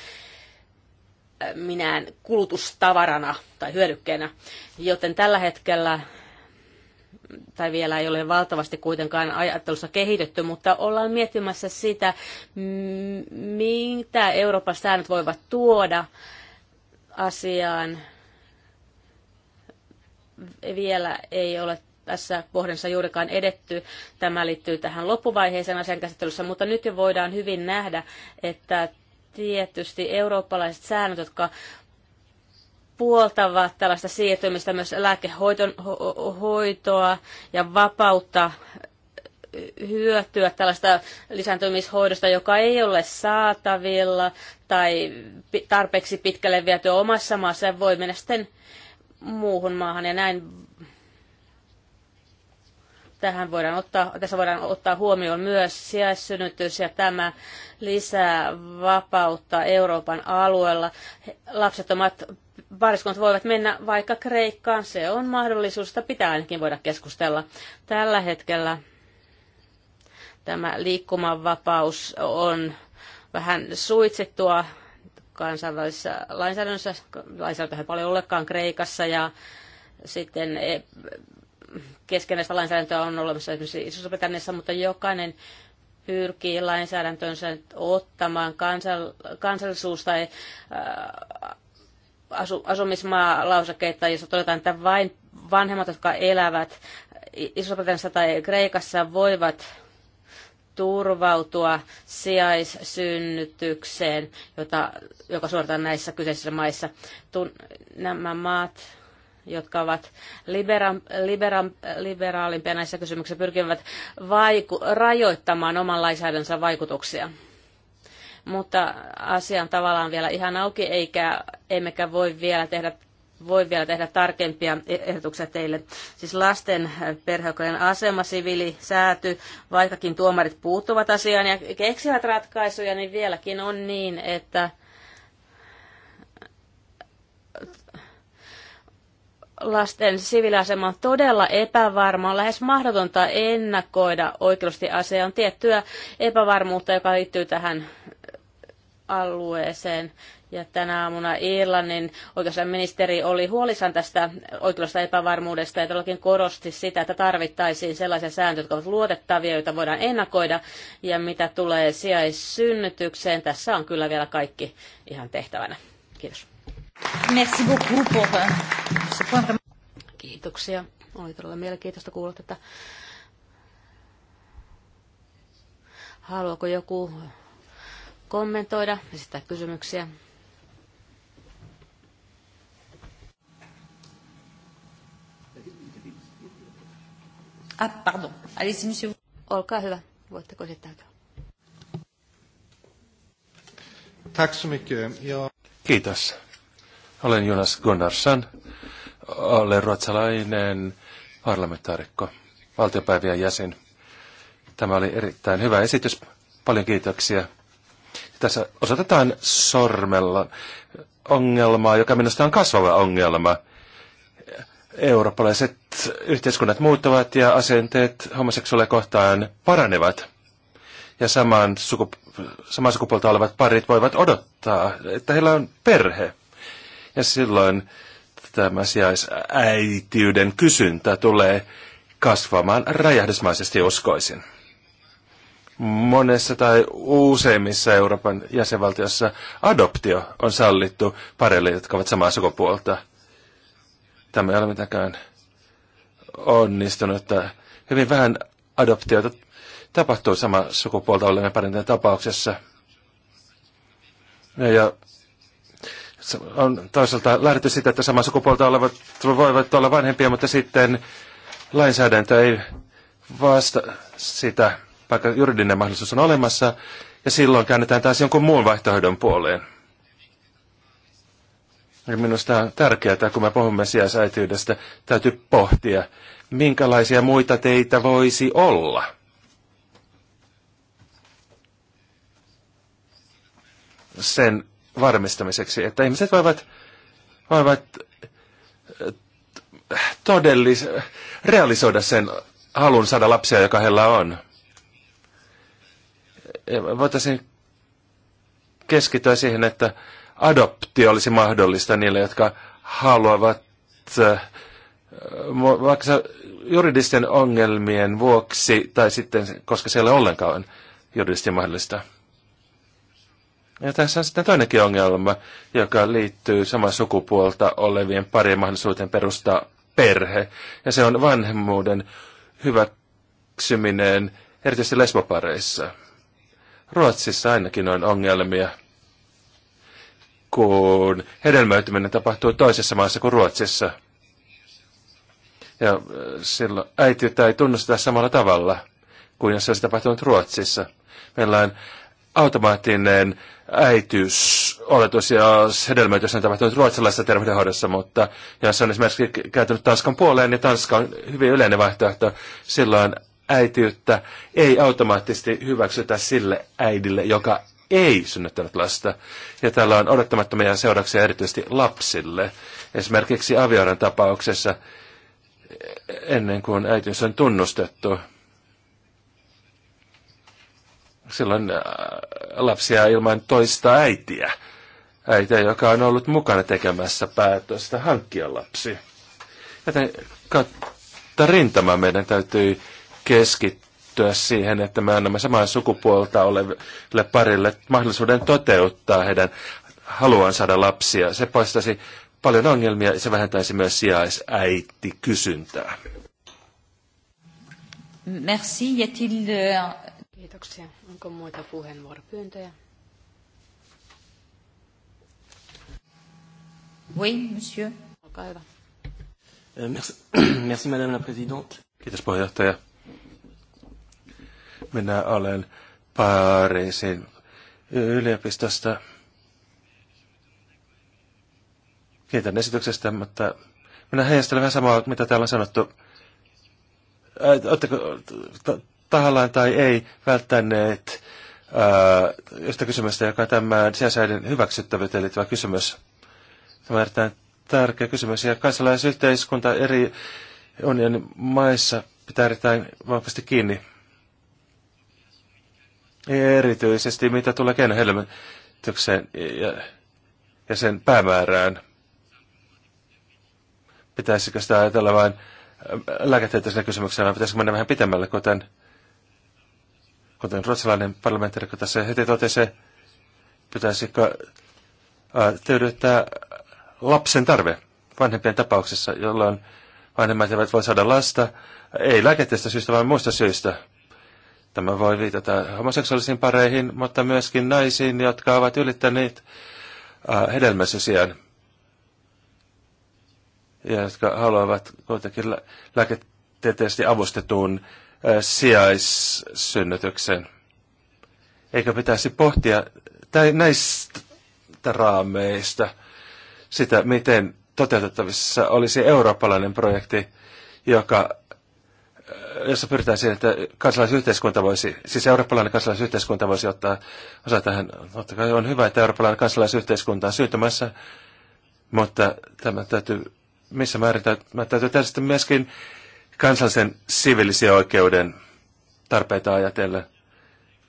minään kulutustavarana tai hyödykkeenä. Joten tällä hetkellä, tai vielä ei ole valtavasti kuitenkaan ajattelussa kehitetty, mutta ollaan miettimässä sitä, mitä Euroopan säännöt voivat tuoda asiaan vielä ei ole tässä pohdinnassa juurikaan edetty. Tämä liittyy tähän loppuvaiheeseen asian käsittelyssä, mutta nyt jo voidaan hyvin nähdä, että tietysti eurooppalaiset säännöt, jotka puoltavat tällaista siirtymistä myös lääkehoitoa ja vapautta hyötyä tällaista lisääntymishoidosta, joka ei ole saatavilla tai tarpeeksi pitkälle viety omassa maassa ja voi mennä sitten muuhun maahan ja näin tähän voidaan ottaa, tässä voidaan ottaa huomioon myös sijaissynnytys ja tämä lisää vapautta Euroopan alueella. Lapsettomat pariskunnat voivat mennä vaikka Kreikkaan, se on mahdollisuus, sitä pitää ainakin voida keskustella. Tällä hetkellä tämä liikkumavapaus on vähän suitsittua kansainvälisessä lainsäädännössä, lainsäädäntöä ei paljon ollekaan Kreikassa ja sitten e, keskeistä lainsäädäntöä on olemassa esimerkiksi Iso-Britanniassa, mutta jokainen pyrkii lainsäädäntönsä ottamaan kansal- kansallisuus tai asu- asumismaa-lausekkeita, jossa todetaan, että vain vanhemmat, jotka elävät Iso-Britanniassa tai Kreikassa, voivat turvautua sijaissynnytykseen, jota, joka suoritetaan näissä kyseisissä maissa. Tun, nämä maat, jotka ovat liberan, liberan, liberaalimpia näissä kysymyksissä, pyrkivät vaiku, rajoittamaan oman lainsäädännönsä vaikutuksia. Mutta asia on tavallaan vielä ihan auki, eikä, emmekä voi vielä tehdä voi vielä tehdä tarkempia e- ehdotuksia teille. Siis lasten perheokojen asema, siviili, sääty, vaikkakin tuomarit puuttuvat asiaan ja keksivät ratkaisuja, niin vieläkin on niin, että lasten siviiliasema on todella epävarma, on lähes mahdotonta ennakoida oikeusti asiaa. On tiettyä epävarmuutta, joka liittyy tähän alueeseen. Ja tänä aamuna Irlannin oikeusministeri oli huolissaan tästä oikeudesta epävarmuudesta ja todellakin korosti sitä, että tarvittaisiin sellaisia sääntöjä, jotka ovat luotettavia, joita voidaan ennakoida. Ja mitä tulee sijaissynnytykseen, tässä on kyllä vielä kaikki ihan tehtävänä. Kiitos. Merci beaucoup pour euh, Kiitoksia. Oli todella mielenkiintoista kuulla tätä. Haluaako joku kommentoida, esittää kysymyksiä? Ah, pardon. Allez-y, monsieur. Olkaa hyvä. Ja... Kiitos. Olen Jonas Gunnarsson. Olen ruotsalainen parlamentaarikko, valtiopäivien jäsen. Tämä oli erittäin hyvä esitys. Paljon kiitoksia. Tässä osoitetaan sormella ongelmaa, joka minusta on kasvava ongelma – eurooppalaiset yhteiskunnat muuttuvat ja asenteet homoseksuaaleja kohtaan paranevat. Ja saman suku, samaa sukupuolta olevat parit voivat odottaa, että heillä on perhe. Ja silloin tämä sijaisäitiyden kysyntä tulee kasvamaan räjähdysmaisesti uskoisin. Monessa tai useimmissa Euroopan jäsenvaltiossa adoptio on sallittu pareille, jotka ovat samaa sukupuolta – Tämä ei ole mitenkään onnistunut. Hyvin vähän adoptioita tapahtuu sama sukupuolta olevien parintien tapauksessa. Ja on toisaalta lähdetty sitä, että sama sukupuolta olevat voivat olla vanhempia, mutta sitten lainsäädäntö ei vasta sitä, vaikka juridinen mahdollisuus on olemassa, ja silloin käännetään taas jonkun muun vaihtoehdon puoleen. Ja minusta on tärkeää, kun me puhumme sijaisäityydestä, täytyy pohtia, minkälaisia muita teitä voisi olla. Sen varmistamiseksi, että ihmiset voivat, voivat äh, todellis, realisoida sen halun saada lapsia, joka heillä on. Voitaisiin keskittyä siihen, että adoptio olisi mahdollista niille, jotka haluavat äh, vaikka juridisten ongelmien vuoksi tai sitten, koska siellä ollenkaan on juridisesti mahdollista. Ja tässä on sitten toinenkin ongelma, joka liittyy samaa sukupuolta olevien parien mahdollisuuteen perustaa perhe. Ja se on vanhemmuuden hyväksyminen erityisesti lesbopareissa. Ruotsissa ainakin on ongelmia kun hedelmöityminen tapahtuu toisessa maassa kuin Ruotsissa. Ja äh, silloin äitiyttä ei tunnusteta samalla tavalla kuin jos se olisi tapahtunut Ruotsissa. Meillä on automaattinen oletus ja hedelmöitys on tapahtunut ruotsalaisessa terveydenhoidossa, mutta jos se on esimerkiksi kääntynyt Tanskan puoleen, niin Tanska on hyvin yleinen vaihtoehto. Silloin äitiyttä ei automaattisesti hyväksytä sille äidille, joka ei synnyttänyt lasta. Ja tällä on odottamattomia seurauksia erityisesti lapsille. Esimerkiksi avioiden tapauksessa eh, ennen kuin äitiys on tunnustettu. Silloin eh, lapsia ilman toista äitiä. Äitiä, joka on ollut mukana tekemässä päätöstä hankkia lapsi. Joten kautta rintamaa meidän täytyy keskittyä päätyä siihen, että me annamme samaa sukupuolta oleville parille mahdollisuuden toteuttaa heidän haluan saada lapsia. Se poistaisi paljon ongelmia ja se vähentäisi myös sijaisäiti kysyntää. Merci. Euh, Kiitoksia. Onko muita puheenvuoropyyntöjä? Oui, monsieur. Olkaa hyvä. Euh, merci, merci madame la présidente. Kiitos puheenjohtaja minä olen Pariisin yliopistosta. Kiitän esityksestä, mutta minä heijastelen vähän samaa, mitä täällä on sanottu. Oletteko tahallaan tai ei välttäneet ää, josta kysymystä, joka on tämän sisäisen hyväksyttävyyteen liittyvä kysymys? Tämä on erittäin tärkeä kysymys. Ja kansalaisyhteiskunta eri unionin maissa pitää erittäin vahvasti kiinni Erityisesti mitä tulee keinohelmitykseen ja, ja sen päämäärään. Pitäisikö sitä ajatella vain äh, lääketieteellisenä kysymyksenä, vai pitäisikö mennä vähän pitemmälle, kuten, kuten ruotsalainen parlamentaarikko tässä heti totesi, pitäisikö äh, tyydyttää lapsen tarve vanhempien tapauksessa, jolloin vanhemmat eivät voi saada lasta, ei lääketieteellisestä syystä, vaan muista syistä Tämä voi viitata homoseksuaalisiin pareihin, mutta myöskin naisiin, jotka ovat ylittäneet äh, Ja jotka haluavat kuitenkin lä- lääketieteellisesti avustetun äh, sijaissynnytyksen. Eikö pitäisi pohtia tai näistä raameista sitä, miten toteutettavissa olisi eurooppalainen projekti, joka jossa pyritään siihen, että kansalaisyhteiskunta voisi, siis eurooppalainen kansalaisyhteiskunta voisi ottaa osa tähän. Totta kai on hyvä, että eurooppalainen kansalaisyhteiskunta on syntymässä, mutta tämä täytyy, missä määrin tämä täytyy tietysti myöskin kansallisen sivillisen oikeuden tarpeita ajatellen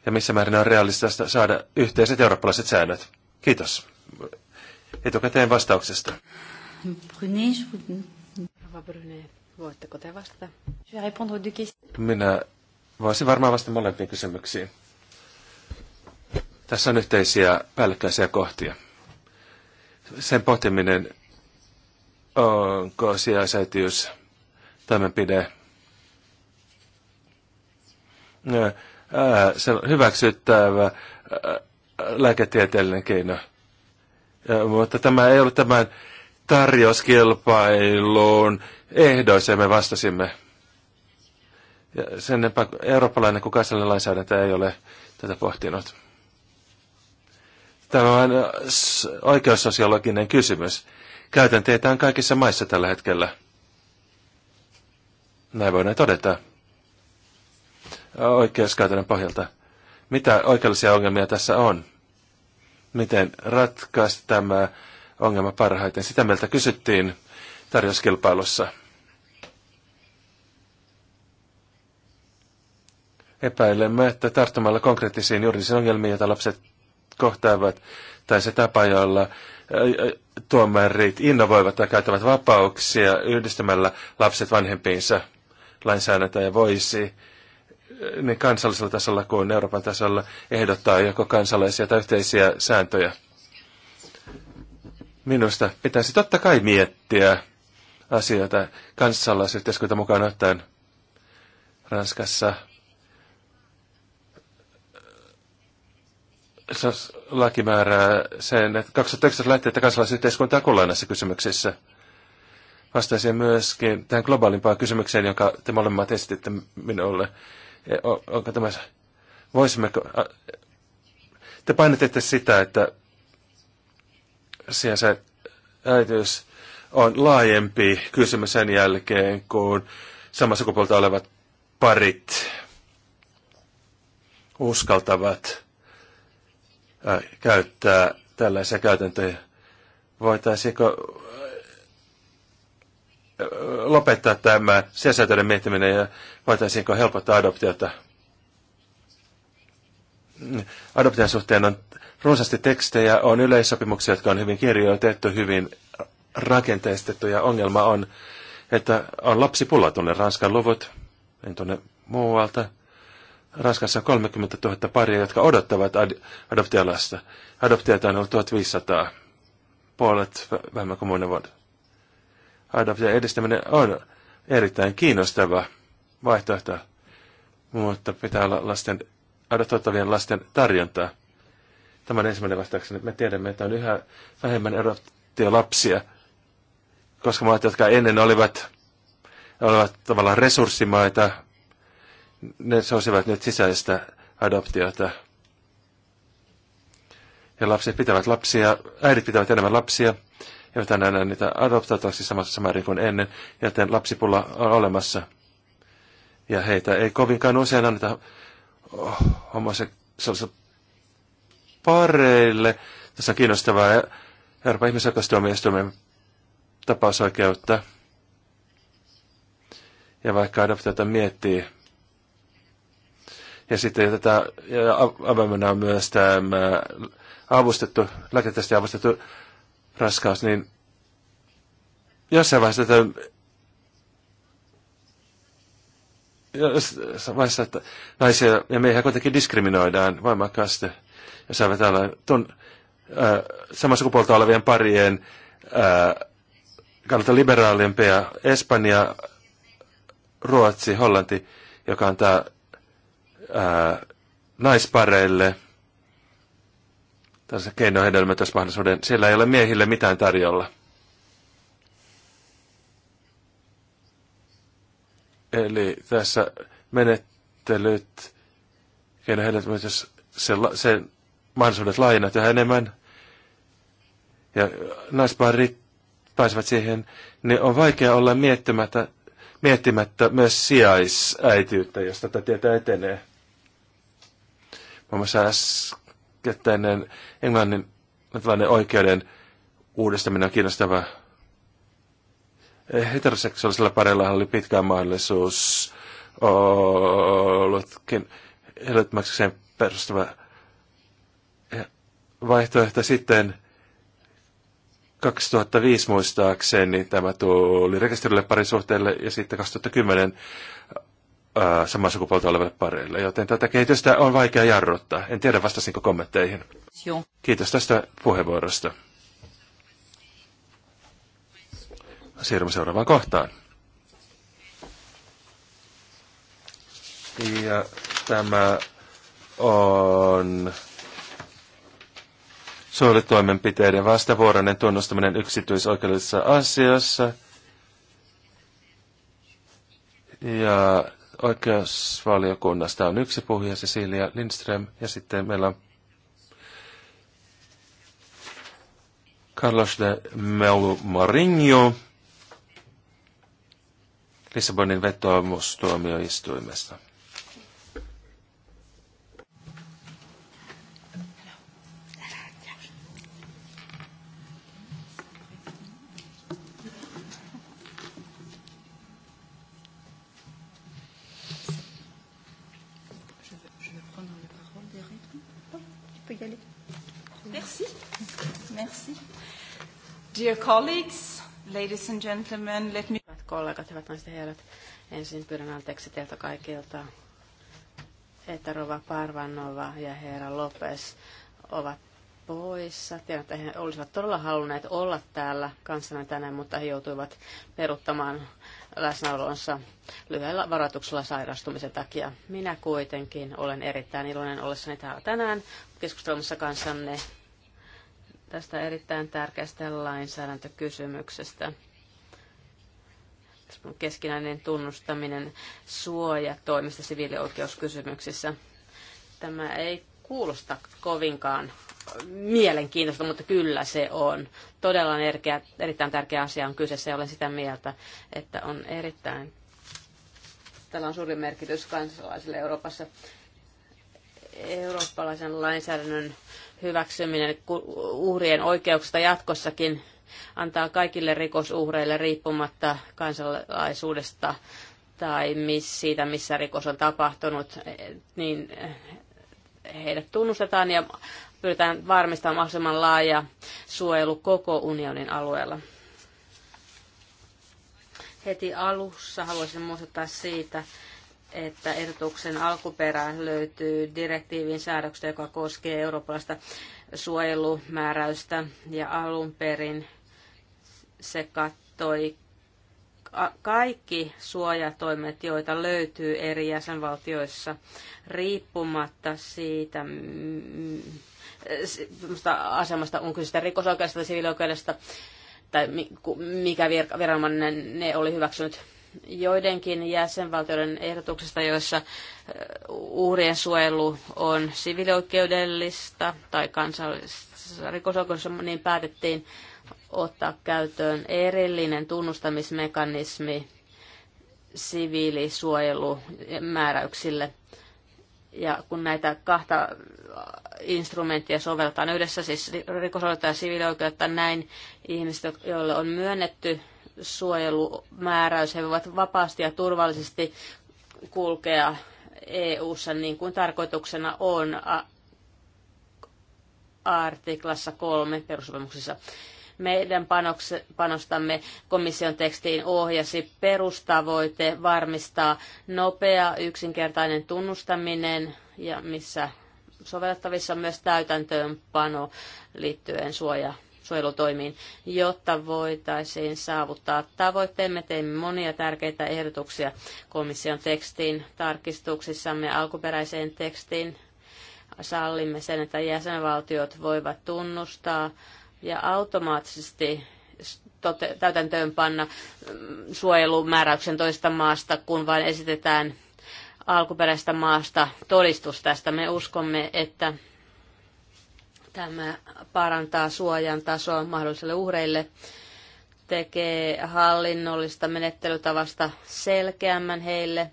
ja missä määrin on realistista saada yhteiset eurooppalaiset säännöt. Kiitos etukäteen vastauksesta. Brune, Voitteko te vastata? Minä voisin varmaan vastata molempiin kysymyksiin. Tässä on yhteisiä päällekkäisiä kohtia. Sen pohtiminen, onko sijaisäitiys toimenpide se on hyväksyttävä lääketieteellinen keino. Mutta tämä ei ollut tämän tarjouskilpailun ehdoissa ja me vastasimme. Ja sen epä, eurooppalainen kuin kansallinen lainsäädäntö ei ole tätä pohtinut. Tämä on oikeussosiologinen kysymys. Käytänteitä on kaikissa maissa tällä hetkellä. Näin voidaan todeta oikeuskäytännön pohjalta. Mitä oikeellisia ongelmia tässä on? Miten ratkaista tämä ongelma parhaiten? Sitä meiltä kysyttiin tarjouskilpailussa. epäilemme, että tarttumalla konkreettisiin juridisiin ongelmiin, joita lapset kohtaavat, tai se tapa, jolla tuomarit innovoivat tai käyttävät vapauksia yhdistämällä lapset vanhempiinsa ja voisi niin kansallisella tasolla kuin Euroopan tasolla ehdottaa joko kansalaisia tai yhteisiä sääntöjä. Minusta pitäisi totta kai miettiä asioita kansalaisyhteiskunta mukaan ottaen Ranskassa Sos laki määrää sen, että 2019 lähtee, että kansalaisyhteiskunta on kuullaan näissä kysymyksissä. Vastaisin myöskin tähän globaalimpaan kysymykseen, jonka te molemmat esititte minulle. E, onko tämä, voisimmeko, te painotitte sitä, että siellä se äitiys on laajempi kysymys sen jälkeen, kun samassa sukupuolta olevat parit uskaltavat käyttää tällaisia käytäntöjä. Voitaisiinko lopettaa tämä sisäisyyden miettiminen ja voitaisiinko helpottaa adoptiota? Adoption suhteen on runsaasti tekstejä, on yleissopimuksia, jotka on hyvin kirjoitettu, hyvin rakenteistettu ja ongelma on, että on lapsipulla tunne Ranskan luvut, en tunne muualta. Ranskassa on 30 000 paria, jotka odottavat ad- adoptialasta. Adoptioita on ollut 1500, puolet vähemmän kuin muina vuonna. Adoption edistäminen on erittäin kiinnostava vaihtoehto, mutta pitää olla lasten, adoptoittavien lasten tarjontaa. Tämä on ensimmäinen vastaukseni. Me tiedämme, että on yhä vähemmän adoptiolapsia, koska maat, jotka ennen olivat, olivat tavallaan resurssimaita, ne sosivat nyt sisäistä adoptiota. Ja lapset pitävät lapsia, äidit pitävät enemmän lapsia, eivät aina enää niitä adoptoitavaksi samassa määrin kuin ennen, joten lapsipulla on olemassa. Ja heitä ei kovinkaan usein anneta homoseksuaalisille pareille. Tässä on kiinnostavaa Euroopan ihmisoikeustuomioistuimen tapausoikeutta. Ja vaikka adoptiota miettii, ja sitten tätä avaimena on myös tämä avustettu, lääketieteellisesti avustettu raskaus, niin jossain vaiheessa tätä jossain vaiheessa, että naisia ja miehiä kuitenkin diskriminoidaan voimakkaasti. Ja saavat täällä tuon samassa samaa sukupuolta olevien parien ää, kannalta liberaalimpia Espanja, Ruotsi, Hollanti, joka on tämä ää, naispareille tässä keinohedelmätösmahdollisuuden. Siellä ei ole miehille mitään tarjolla. Eli tässä menettelyt, keinohedelmätös, se se mahdollisuudet laajennat yhä enemmän. Ja naisparit pääsevät siihen, niin on vaikea olla miettimättä, miettimättä myös sijaisäitiyttä, jos tätä tietä etenee. Muun muassa äskettäinen englannin oikeuden uudistaminen on kiinnostava. Eh, heteroseksuaalisella pareilla oli pitkään mahdollisuus ollutkin elämäkseen perustuva vaihtoehto sitten 2005 muistaakseni tämä tuli rekisterille parisuhteelle ja sitten 2010 Samassa sukupuolta oleville pareille, joten tätä kehitystä on vaikea jarruttaa. En tiedä, vastasinko kommentteihin. Joo. Kiitos tästä puheenvuorosta. Siirrymme seuraavaan kohtaan. Ja tämä on suojelutoimenpiteiden vastavuoroinen tunnustaminen yksityisoikeudellisessa asiassa. Ja oikeusvaliokunnasta on yksi puhuja, Cecilia Lindström, ja sitten meillä on Carlos de Melu Marinho, Lissabonin vetoomustuomioistuimesta. Dear colleagues, ladies and gentlemen, let me... Hyvät kollegat, hyvät naiset ja herrat, ensin pyydän anteeksi teiltä kaikilta, että Rova Parvanova ja herra Lopes ovat poissa. Tiedän, että he olisivat todella halunneet olla täällä kanssani tänään, mutta he joutuivat peruttamaan läsnäolonsa lyhyellä varoituksella sairastumisen takia. Minä kuitenkin olen erittäin iloinen ollessani täällä tänään keskustelemassa kanssanne tästä erittäin tärkeästä lainsäädäntökysymyksestä. Keskinäinen tunnustaminen suoja-toimista siviilioikeuskysymyksissä. Tämä ei kuulosta kovinkaan mielenkiintoista, mutta kyllä se on. Todella on erkeä, erittäin tärkeä asia on kyseessä ja olen sitä mieltä, että on erittäin, tällä on suuri merkitys kansalaisille Euroopassa. Eurooppalaisen lainsäädännön hyväksyminen uhrien oikeuksista jatkossakin antaa kaikille rikosuhreille riippumatta kansalaisuudesta tai miss, siitä, missä rikos on tapahtunut, niin heidät tunnustetaan ja pyritään varmistamaan mahdollisimman laaja suojelu koko unionin alueella. Heti alussa haluaisin muistuttaa siitä, että ehdotuksen alkuperä löytyy direktiivin säädöksestä, joka koskee eurooppalaista suojelumääräystä. Ja alun perin se kattoi kaikki suojatoimet, joita löytyy eri jäsenvaltioissa, riippumatta siitä asemasta, onko sitä rikosoikeudesta tai tai mikä viranomainen ne oli hyväksynyt joidenkin jäsenvaltioiden ehdotuksesta, joissa uhrien suojelu on sivilioikeudellista tai kansallisessa rikosoikeudessa, niin päätettiin ottaa käyttöön erillinen tunnustamismekanismi siviilisuojelumääräyksille. Ja kun näitä kahta instrumenttia sovelletaan yhdessä, siis rikosoikeutta ja siviilioikeutta, näin ihmiset, joille on myönnetty suojelumääräys. He voivat vapaasti ja turvallisesti kulkea EU-ssa niin kuin tarkoituksena on artiklassa kolme perusopimuksessa. Meidän panostamme komission tekstiin ohjasi perustavoite varmistaa nopea yksinkertainen tunnustaminen ja missä sovellettavissa on myös täytäntöönpano liittyen suoja suojelutoimiin, jotta voitaisiin saavuttaa tavoitteemme. Teimme monia tärkeitä ehdotuksia komission tekstiin, tarkistuksissamme alkuperäiseen tekstiin. Sallimme sen, että jäsenvaltiot voivat tunnustaa ja automaattisesti tote- täytäntöönpanna mm, suojelumääräyksen toista maasta, kun vain esitetään alkuperäistä maasta todistus tästä. Me uskomme, että Tämä parantaa suojan tasoa mahdollisille uhreille, tekee hallinnollista menettelytavasta selkeämmän heille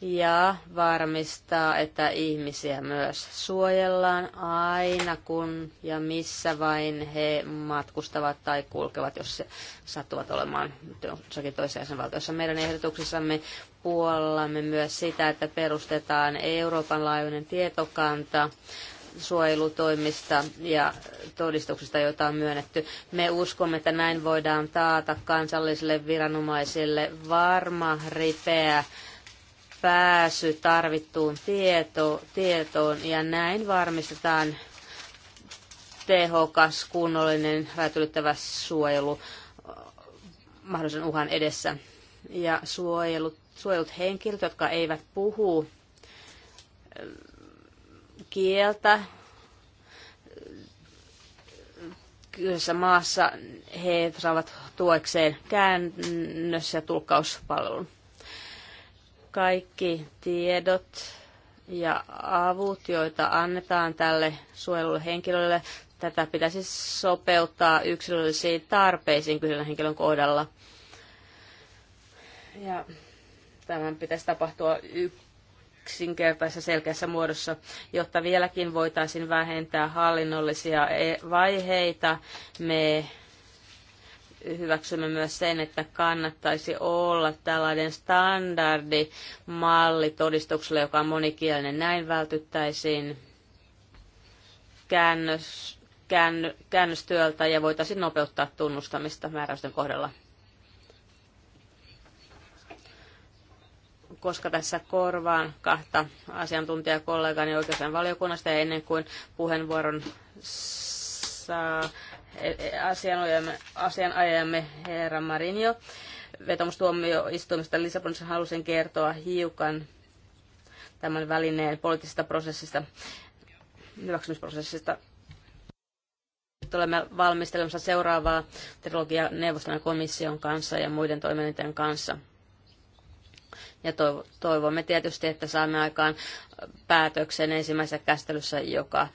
ja varmistaa, että ihmisiä myös suojellaan aina kun ja missä vain he matkustavat tai kulkevat, jos se sattuvat olemaan jossakin toisessa jäsenvaltiossa. Meidän ehdotuksessamme puolellamme myös sitä, että perustetaan Euroopan laajuinen tietokanta suojelutoimista ja todistuksista, joita on myönnetty. Me uskomme, että näin voidaan taata kansallisille viranomaisille varma, ripeä pääsy tarvittuun tieto, tietoon ja näin varmistetaan tehokas, kunnollinen, räätylyttävä suojelu mahdollisen uhan edessä. Ja suojelut, suojelut henkilöt, jotka eivät puhu kieltä kyseisessä maassa, he saavat tuekseen käännös- ja tulkkauspalvelun. Kaikki tiedot ja avut, joita annetaan tälle suojelulle henkilölle, tätä pitäisi sopeuttaa yksilöllisiin tarpeisiin kyseisen henkilön kohdalla. Ja tämän pitäisi tapahtua yksilöllisesti yksinkertaisessa selkeässä muodossa, jotta vieläkin voitaisiin vähentää hallinnollisia e- vaiheita. Me hyväksymme myös sen, että kannattaisi olla tällainen standardi malli todistukselle, joka on monikielinen. Näin vältyttäisiin käännös, käännö, käännöstyöltä ja voitaisiin nopeuttaa tunnustamista määräysten kohdalla. koska tässä korvaan kahta asiantuntijakollegani oikeuden valiokunnasta ja ennen kuin puheenvuoron saa e, e, asianajajamme, herra Marinio vetomustuomioistuimesta Lissabonissa halusin kertoa hiukan tämän välineen poliittisesta prosessista, hyväksymisprosessista. Nyt olemme valmistelemassa seuraavaa trilogia neuvoston komission kanssa ja muiden toimijoiden kanssa. Ja toivomme tietysti, että saamme aikaan päätöksen ensimmäisessä käsittelyssä, joka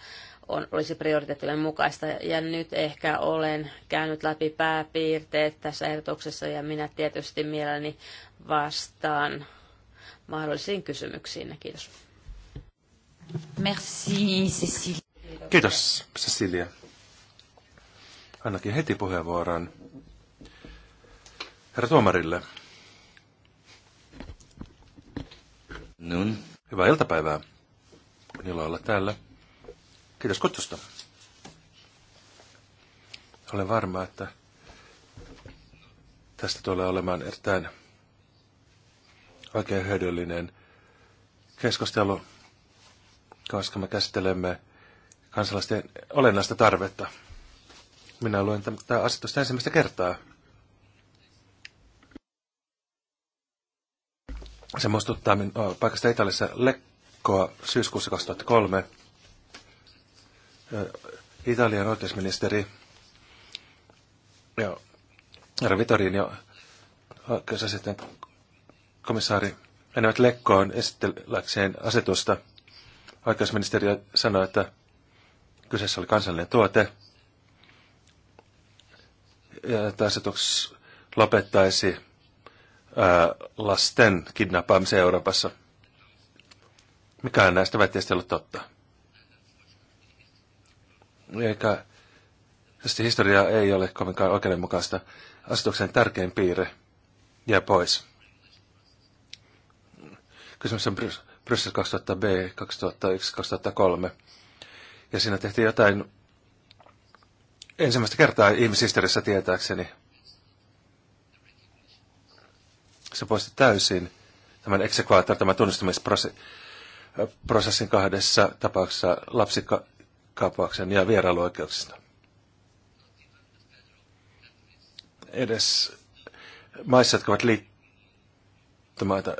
on, olisi prioriteettien mukaista. Ja nyt ehkä olen käynyt läpi pääpiirteet tässä ehdotuksessa ja minä tietysti mielelläni vastaan mahdollisiin kysymyksiin. Kiitos. Merci, Cecilia. Kiitos, Cecilia. Annakin heti puheenvuoron herra tuomarille. Nun. Hyvää iltapäivää. On ilo olla täällä. Kiitos kutsusta. Olen varma, että tästä tulee olemaan erittäin oikein hyödyllinen keskustelu, koska me käsittelemme kansalaisten olennaista tarvetta. Minä luen tämän asetusta ensimmäistä kertaa. Se muistuttaa min, oh, paikasta Italiassa Lekkoa syyskuussa 2003. Italian oikeusministeri ja Vitorin ja sitten komissaari menevät Lekkoon esitelläkseen asetusta. Oikeusministeri sanoi, että kyseessä oli kansallinen tuote. Ja että asetus lopettaisi lasten kidnappaamiseen Euroopassa. Mikään näistä väitteistä ei ollut totta. Eikä, tästä historiaa ei ole kovinkaan oikeudenmukaista. Asetuksen tärkein piirre jää pois. Kysymys on Bryssel 2000B 2001-2003. Ja siinä tehtiin jotain ensimmäistä kertaa ihmishistoriassa tietääkseni. se poisti täysin tämän eksekvaator, tämän tunnistamisprosessin kahdessa tapauksessa lapsikapauksen ja vierailuoikeuksista. Edes maissa, jotka ovat liittomaita,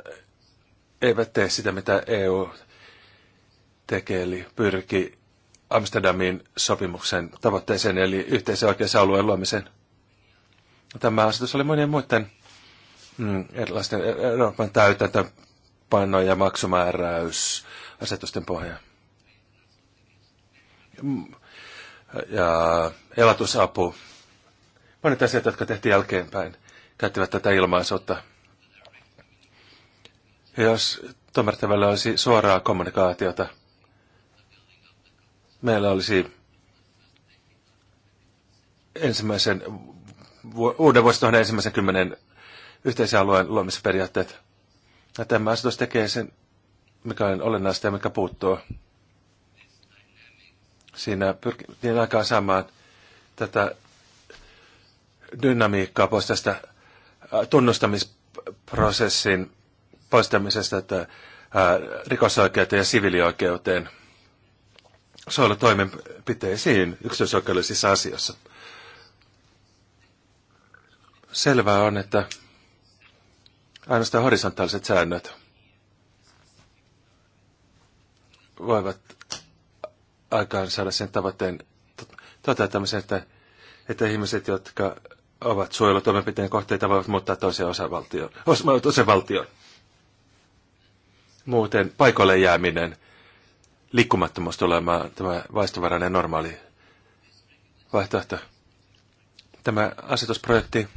eivät tee sitä, mitä EU tekee, eli pyrki Amsterdamin sopimuksen tavoitteeseen, eli yhteisen oikeusalueen luomiseen. Tämä asetus oli monien muiden Mm, erilaisten e- Euroopan täytäntöpano- ja maksumääräysasetusten pohja. Mm. Ja elatusapu. Monet asiat, jotka tehtiin jälkeenpäin, käyttivät tätä ilmaisuutta. Ja jos tomertavalle olisi suoraa kommunikaatiota, meillä olisi ensimmäisen, uuden vuosituhannen ensimmäisen kymmenen yhteisen alueen luomisperiaatteet. Ja tämä asetus tekee sen, mikä on olennaista ja mikä puuttuu. Siinä pyrkii aikaan saamaan tätä dynamiikkaa pois tästä äh, tunnustamisprosessin poistamisesta että äh, rikosoikeuteen ja sivilioikeuteen toimenpiteisiin yksityisoikeudellisissa asioissa. Selvää on, että Ainoastaan horisontaaliset säännöt voivat aikaan saada sen tavoitteen toteuttamisen, että, että ihmiset, jotka ovat suojelutoimenpiteen kohteita, voivat muuttaa toiseen osavaltioon. Os, toiseen valtioon. Muuten paikoille jääminen, liikkumattomuus tulemaan tämä vaistovarainen normaali vaihtoehto. Tämä asetusprojekti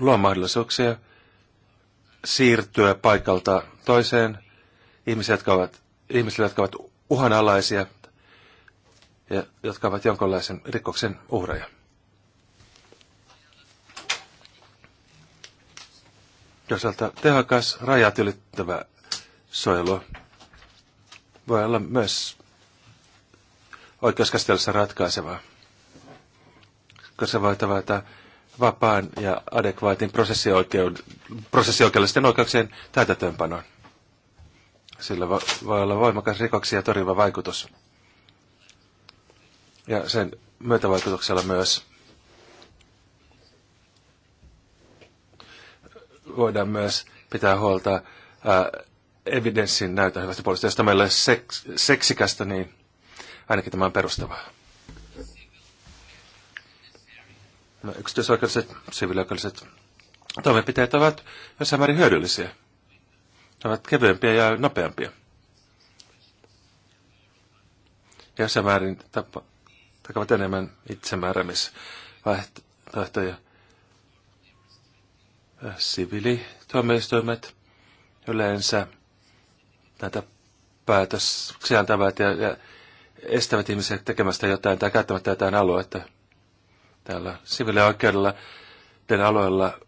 luo mahdollisuuksia siirtyä paikalta toiseen ihmisiä, jotka ovat, ihmisille, jotka ovat uhanalaisia ja jotka ovat jonkinlaisen rikoksen uhreja. Toisaalta tehokas rajat ylittävä suojelu voi olla myös oikeuskastelussa ratkaisevaa. Koska voi tavata vapaan ja adekvaatin prosessioikeudellisten oikeuksien täytäntöönpanoon. Sillä voi olla voimakas rikoksia torjuva vaikutus. Ja sen myötävaikutuksella myös voidaan myös pitää huolta ää, evidenssin näytön hyvästä puolesta. Jos tämä ei ole seks, seksikästä, niin ainakin tämä on perustavaa. No, yksityisoikeudelliset, siviilioikeudelliset toimenpiteet ovat jossain määrin hyödyllisiä. Ne ovat kevyempiä ja nopeampia. Ja jossain määrin tapa, takavat enemmän itsemääräämisvaihtoehtoja. Siviilituomioistuimet yleensä näitä päätöksiä antavat ja, ja estävät ihmisiä tekemästä jotain tai käyttämättä jotain aluetta täällä siviilioikeudella teidän alueella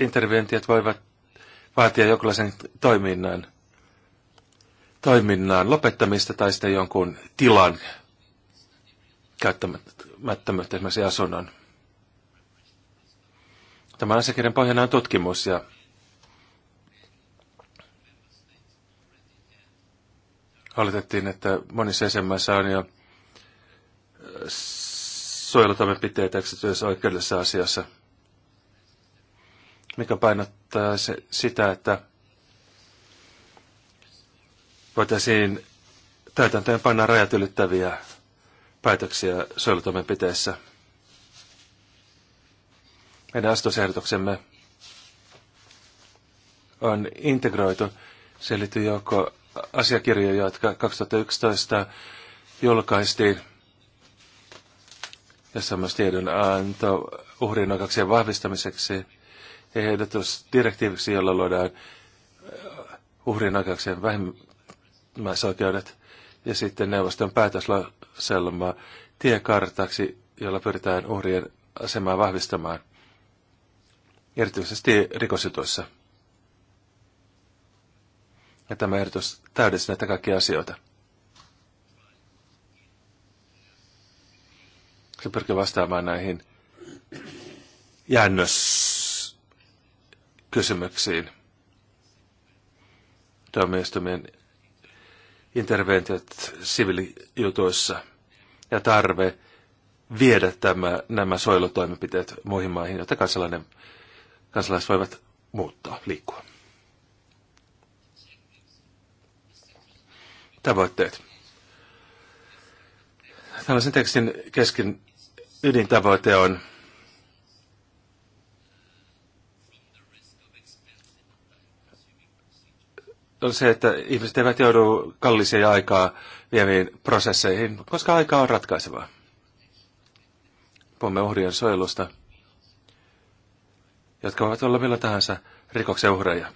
interventiot voivat vaatia jonkinlaisen toiminnan, toiminnan lopettamista tai sitten jonkun tilan käyttämättömyyttä, esimerkiksi asunnon. Tämä asiakirjan pohjana on tutkimus ja oletettiin, että monissa jäsenmaissa on jo suojelutoimenpiteitä oikeudellisessa asiassa, mikä painottaa se, sitä, että voitaisiin täytäntöön panna rajat ylittäviä päätöksiä suojelutoimenpiteissä. Meidän astusehdotuksemme on integroitu. Se liittyy joukko asiakirjoja, jotka 2011 julkaistiin – tässä on myös anto uhrin oikeuksien vahvistamiseksi ja ehdotus direktiiviksi, jolla luodaan äh, uhrin oikeuksien vähimmäisoikeudet ja sitten neuvoston päätöslauselma tiekartaksi, jolla pyritään uhrien asemaa vahvistamaan, erityisesti rikosituissa. Ja tämä ehdotus täydensi näitä kaikkia asioita. Se pyrkii vastaamaan näihin jäännöskysymyksiin. Tuomioistuimien interventiot siviilijutuissa ja tarve viedä tämä, nämä soilutoimenpiteet muihin maihin, jotta kansalainen, kansalaiset voivat muuttaa, liikkua. Tavoitteet. Tällaisen tekstin kesken ydintavoite on on se, että ihmiset eivät joudu kallisia aikaa vieviin prosesseihin, koska aika on ratkaisevaa. Puhumme uhrien suojelusta, jotka voivat olla millä tahansa rikoksen uhreja.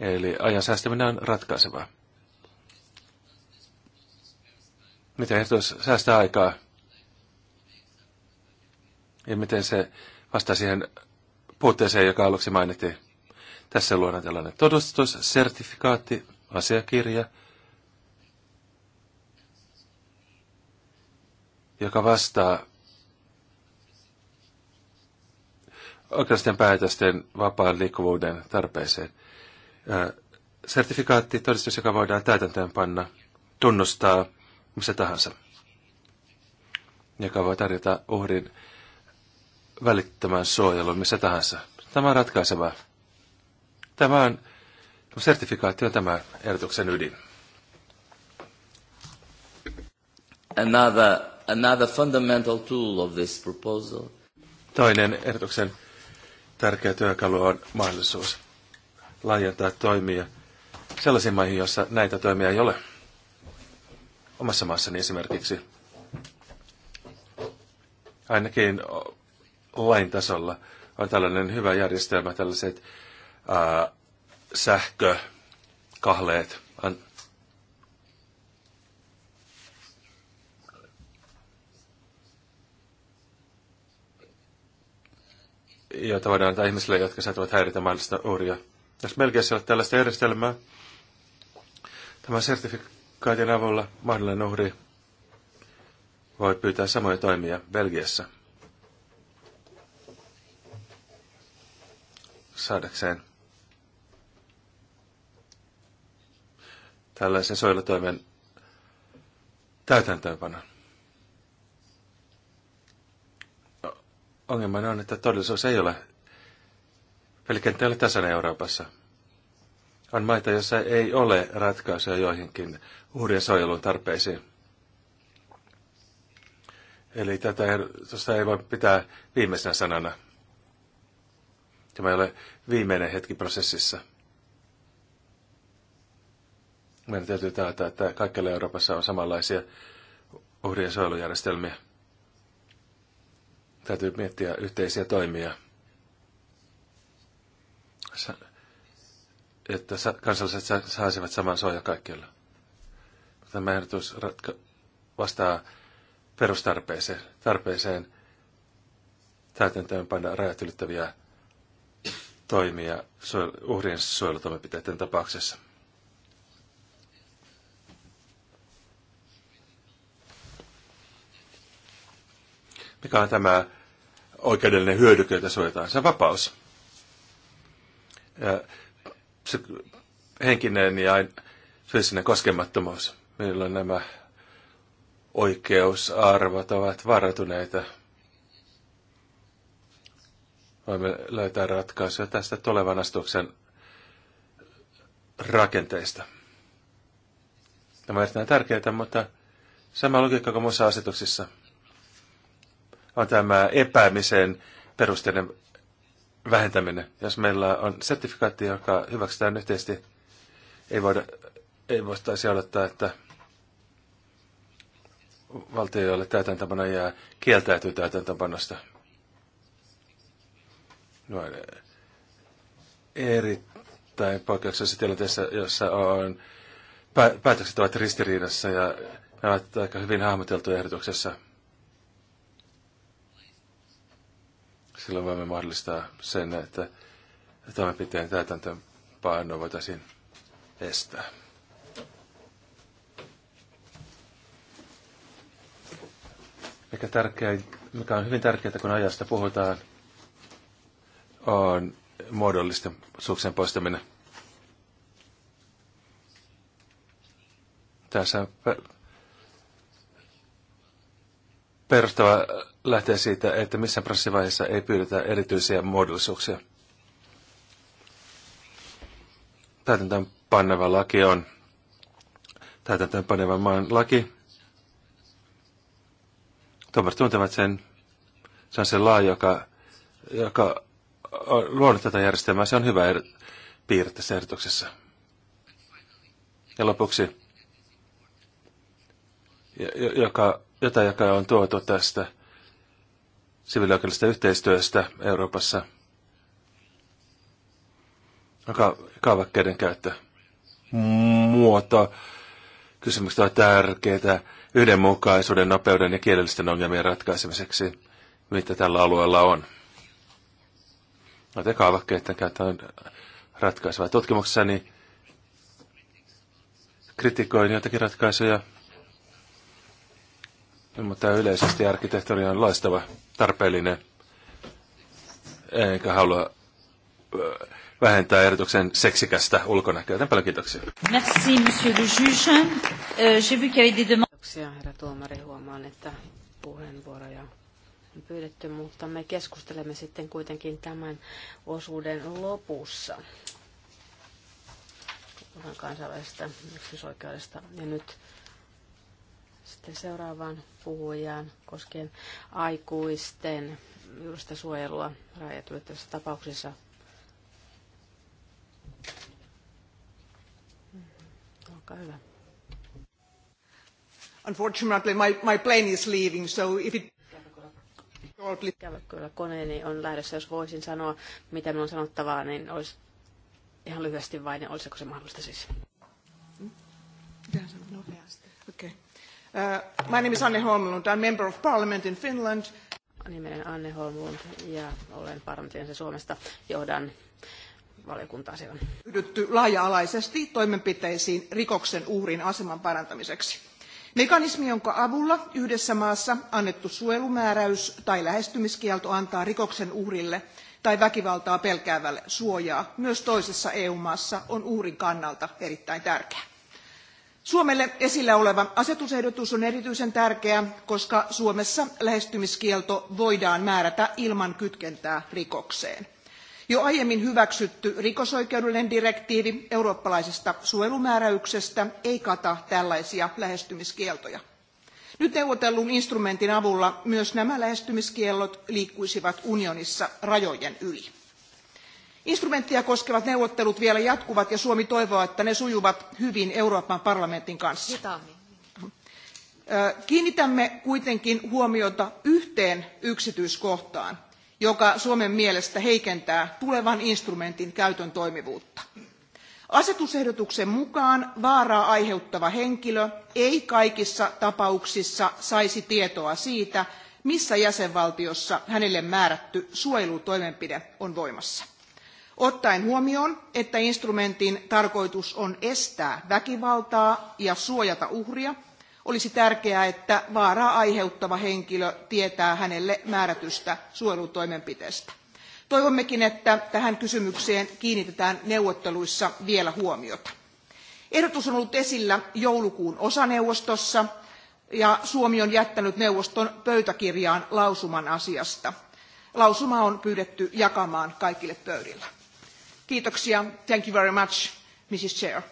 Eli ajan säästäminen on ratkaisevaa. miten ehdotus säästää aikaa ja miten se vastaa siihen puutteeseen, joka aluksi mainittiin. Tässä luodaan tällainen todistus, sertifikaatti, asiakirja, joka vastaa oikeudellisten päätösten vapaan liikkuvuuden tarpeeseen. Sertifikaatti, todistus, joka voidaan täytäntöön panna, tunnustaa missä tahansa, joka voi tarjota uhrin välittömän suojelun missä tahansa. Tämä on ratkaisevaa. Tämä on, tämä sertifikaatti on tämä ehdotuksen ydin. Another, another fundamental tool of this proposal. Toinen ehdotuksen tärkeä työkalu on mahdollisuus laajentaa toimia sellaisiin maihin, joissa näitä toimia ei ole omassa maassani esimerkiksi, ainakin lain tasolla, on tällainen hyvä järjestelmä, tällaiset ää, sähkökahleet. An- joita voidaan antaa ihmisille, jotka saattavat häiritä mahdollista uuria. Jos melkein ei ole tällaista järjestelmää, tämä sertifikaatti Kaitin Navolla, mahdollinen uhri voi pyytää samoja toimia Belgiassa saadakseen tällaisen suojelutoimen täytäntöönpano. Ongelma on, että todellisuus ei ole, pelikenttä ei Euroopassa. On maita, joissa ei ole ratkaisuja joihinkin uhrien suojelun tarpeisiin. Eli tätä ehdotusta ei voi pitää viimeisenä sanana. Tämä ei ole viimeinen hetki prosessissa. Meidän täytyy taata, että kaikkialla Euroopassa on samanlaisia uhrien suojelujärjestelmiä. Täytyy miettiä yhteisiä toimia. Että kansalaiset saisivat saman suojan kaikkialla. Tämä ehdotus ratka- vastaa perustarpeeseen tarpeeseen täytäntöönpanna rajat ylittäviä toimia uhrien suojelutoimenpiteiden tapauksessa. Mikä on tämä oikeudellinen hyödyke, jota suojataan? Se on vapaus. Ja se henkinen ja fyysinen koskemattomuus milloin nämä oikeusarvot ovat varatuneita. Voimme löytää ratkaisuja tästä tulevan astuksen rakenteista. Tämä on erittäin tärkeää, mutta sama logiikka kuin muissa asetuksissa on tämä epäämisen perusteiden vähentäminen. Jos meillä on sertifikaatti, joka hyväksytään yhteisesti, ei voida ei voitaisi odottaa, että valtio, jolle täytäntöpano jää, kieltäytyy täytäntöpanosta. No, erittäin poikkeuksellisessa tilanteessa, jossa on, pä- päätökset ovat ristiriidassa ja ne ovat aika hyvin hahmoteltu ehdotuksessa. Silloin voimme mahdollistaa sen, että toimenpiteen täytäntöpano voitaisiin estää. mikä, tärkein, mikä on hyvin tärkeää, kun ajasta puhutaan, on muodollisten suksen poistaminen. Tässä perustava lähtee siitä, että missään prosessivaiheessa ei pyydetä erityisiä muodollisuuksia. Täytäntöön paneva laki on täytäntöön panevan maan laki, Tuomarit tuntevat sen. Se on se laa, joka, joka on luonut tätä järjestelmää. Se on hyvä er, piirre tässä ehdotuksessa. Ja lopuksi, joka, jota joka on tuotu tästä sivilioikeudellisesta yhteistyöstä Euroopassa, ka- kaavakkeiden käyttö, muoto, kysymykset ovat tärkeitä yhdenmukaisuuden, nopeuden ja kielellisten ongelmien ratkaisemiseksi, mitä tällä alueella on. Noita kaavakkeiden käyttö on ratkaisevaa. Tutkimuksessani kritikoin joitakin ratkaisuja, mutta yleisesti arkkitehtuuri on loistava, tarpeellinen, enkä halua vähentää erityksen seksikästä ulkonäköä. Joten paljon kiitoksia. Merci, monsieur le juge. Uh, J'ai vu qu'il y avait des demandes. Kiitoksia, herra tuomari. Huomaan, että puheenvuoroja on pyydetty, mutta me keskustelemme sitten kuitenkin tämän osuuden lopussa puhutaan kansainvälisestä yksityisoikeudesta. Ja nyt sitten seuraavaan puhujaan koskien aikuisten juurista suojelua rajatulittavissa tapauksissa. Olkaa hyvä. Unfortunately, my, my plane is leaving, so if it... Ikävä kyllä koneeni niin on lähdössä, jos voisin sanoa, mitä minun on sanottavaa, niin olisi ihan lyhyesti vain, niin olisiko se mahdollista siis? nopeasti. Okay. Uh, äh, my name is Anne Holmlund, I'm member of parliament in Finland. Nimeni niin, Anne Holmlund ja olen parlamentin Suomesta, johdan valiokuntaa siellä. Yhdytty laaja-alaisesti toimenpiteisiin rikoksen uhrin aseman parantamiseksi Mekanismi, jonka avulla yhdessä maassa annettu suojelumääräys tai lähestymiskielto antaa rikoksen uhrille tai väkivaltaa pelkäävälle suojaa myös toisessa EU-maassa, on uhrin kannalta erittäin tärkeä. Suomelle esillä oleva asetusehdotus on erityisen tärkeä, koska Suomessa lähestymiskielto voidaan määrätä ilman kytkentää rikokseen. Jo aiemmin hyväksytty rikosoikeudellinen direktiivi eurooppalaisesta suojelumääräyksestä ei kata tällaisia lähestymiskieltoja. Nyt neuvotellun instrumentin avulla myös nämä lähestymiskiellot liikkuisivat unionissa rajojen yli. Instrumenttia koskevat neuvottelut vielä jatkuvat ja Suomi toivoo, että ne sujuvat hyvin Euroopan parlamentin kanssa. Kiinnitämme kuitenkin huomiota yhteen yksityiskohtaan, joka Suomen mielestä heikentää tulevan instrumentin käytön toimivuutta. Asetusehdotuksen mukaan vaaraa aiheuttava henkilö ei kaikissa tapauksissa saisi tietoa siitä, missä jäsenvaltiossa hänelle määrätty suojelutoimenpide on voimassa. Ottaen huomioon, että instrumentin tarkoitus on estää väkivaltaa ja suojata uhria, olisi tärkeää, että vaaraa aiheuttava henkilö tietää hänelle määrätystä suojelutoimenpiteestä. Toivommekin, että tähän kysymykseen kiinnitetään neuvotteluissa vielä huomiota. Ehdotus on ollut esillä joulukuun osaneuvostossa ja Suomi on jättänyt neuvoston pöytäkirjaan lausuman asiasta. Lausuma on pyydetty jakamaan kaikille pöydillä. Kiitoksia. Thank you very much, Mrs. Chair.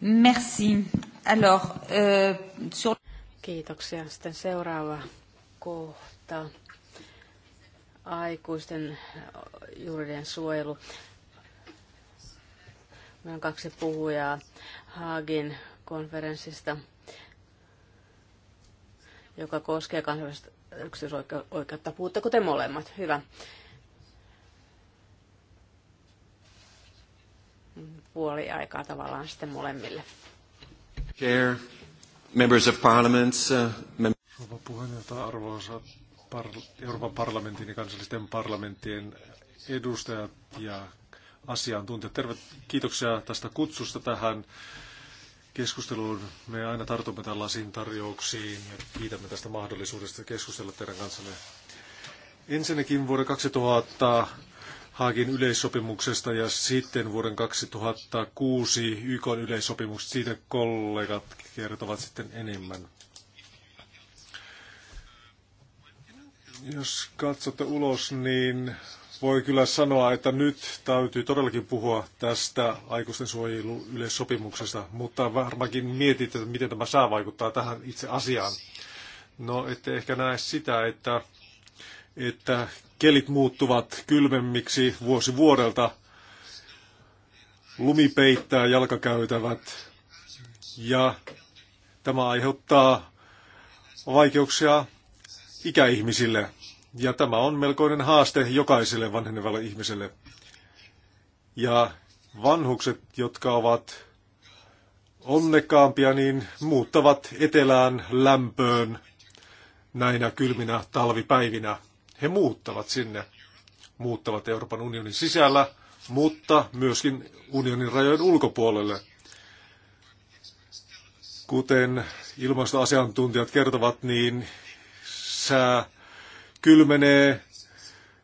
Merci. Alors, euh, sur... Kiitoksia. Sitten seuraava kohta. Aikuisten juridien suojelu. Meillä on kaksi puhujaa Haagin konferenssista, joka koskee kansainvälistä yksityisoikeutta. Puhutteko te molemmat? Hyvä. puoli aikaa tavallaan sitten molemmille. Chair, members of parliaments, uh, Rouva puheenjohtaja, arvoisa par- Euroopan parlamentin ja kansallisten parlamenttien edustajat ja asiantuntijat. Terve, kiitoksia tästä kutsusta tähän keskusteluun. Me aina tartumme tällaisiin tarjouksiin ja kiitämme tästä mahdollisuudesta keskustella teidän kanssanne. Ensinnäkin vuoden 2000 Haagin yleissopimuksesta ja sitten vuoden 2006 YK yleissopimuksesta. Siitä kollegat kertovat sitten enemmän. Jos katsotte ulos, niin voi kyllä sanoa, että nyt täytyy todellakin puhua tästä aikuisten suojeluyleissopimuksesta, mutta varmaankin mietit, että miten tämä saa vaikuttaa tähän itse asiaan. No, ette ehkä näe sitä, että että kelit muuttuvat kylmemmiksi vuosi vuodelta. Lumi peittää jalkakäytävät ja tämä aiheuttaa vaikeuksia ikäihmisille. Ja tämä on melkoinen haaste jokaiselle vanhenevalle ihmiselle. Ja vanhukset, jotka ovat onnekkaampia, niin muuttavat etelään lämpöön näinä kylminä talvipäivinä. He muuttavat sinne, muuttavat Euroopan unionin sisällä, mutta myöskin unionin rajojen ulkopuolelle. Kuten ilmastoasiantuntijat kertovat, niin sää kylmenee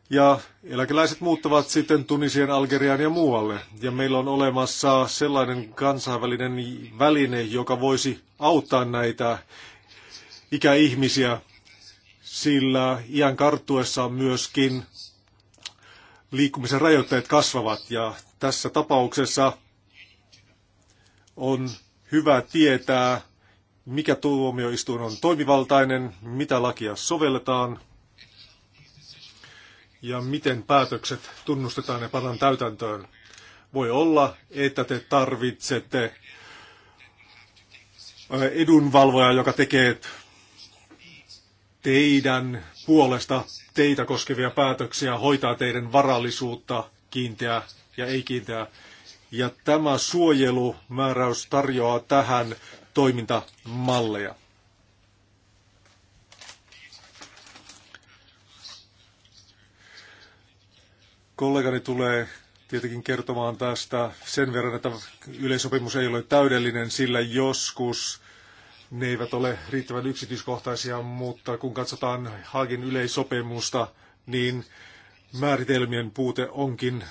ja eläkeläiset muuttavat sitten Tunisien, Algeriaan ja muualle. Ja meillä on olemassa sellainen kansainvälinen väline, joka voisi auttaa näitä ikäihmisiä sillä iän karttuessa myöskin liikkumisen rajoitteet kasvavat ja tässä tapauksessa on hyvä tietää, mikä tuomioistuin on toimivaltainen, mitä lakia sovelletaan ja miten päätökset tunnustetaan ja pannaan täytäntöön. Voi olla, että te tarvitsette edunvalvoja, joka tekee teidän puolesta teitä koskevia päätöksiä, hoitaa teidän varallisuutta, kiinteää ja ei-kiinteää. Ja tämä suojelumääräys tarjoaa tähän toimintamalleja. Kollegani tulee tietenkin kertomaan tästä sen verran, että yleisopimus ei ole täydellinen, sillä joskus ne eivät ole riittävän yksityiskohtaisia, mutta kun katsotaan Haagin yleisopimusta, niin määritelmien puute onkin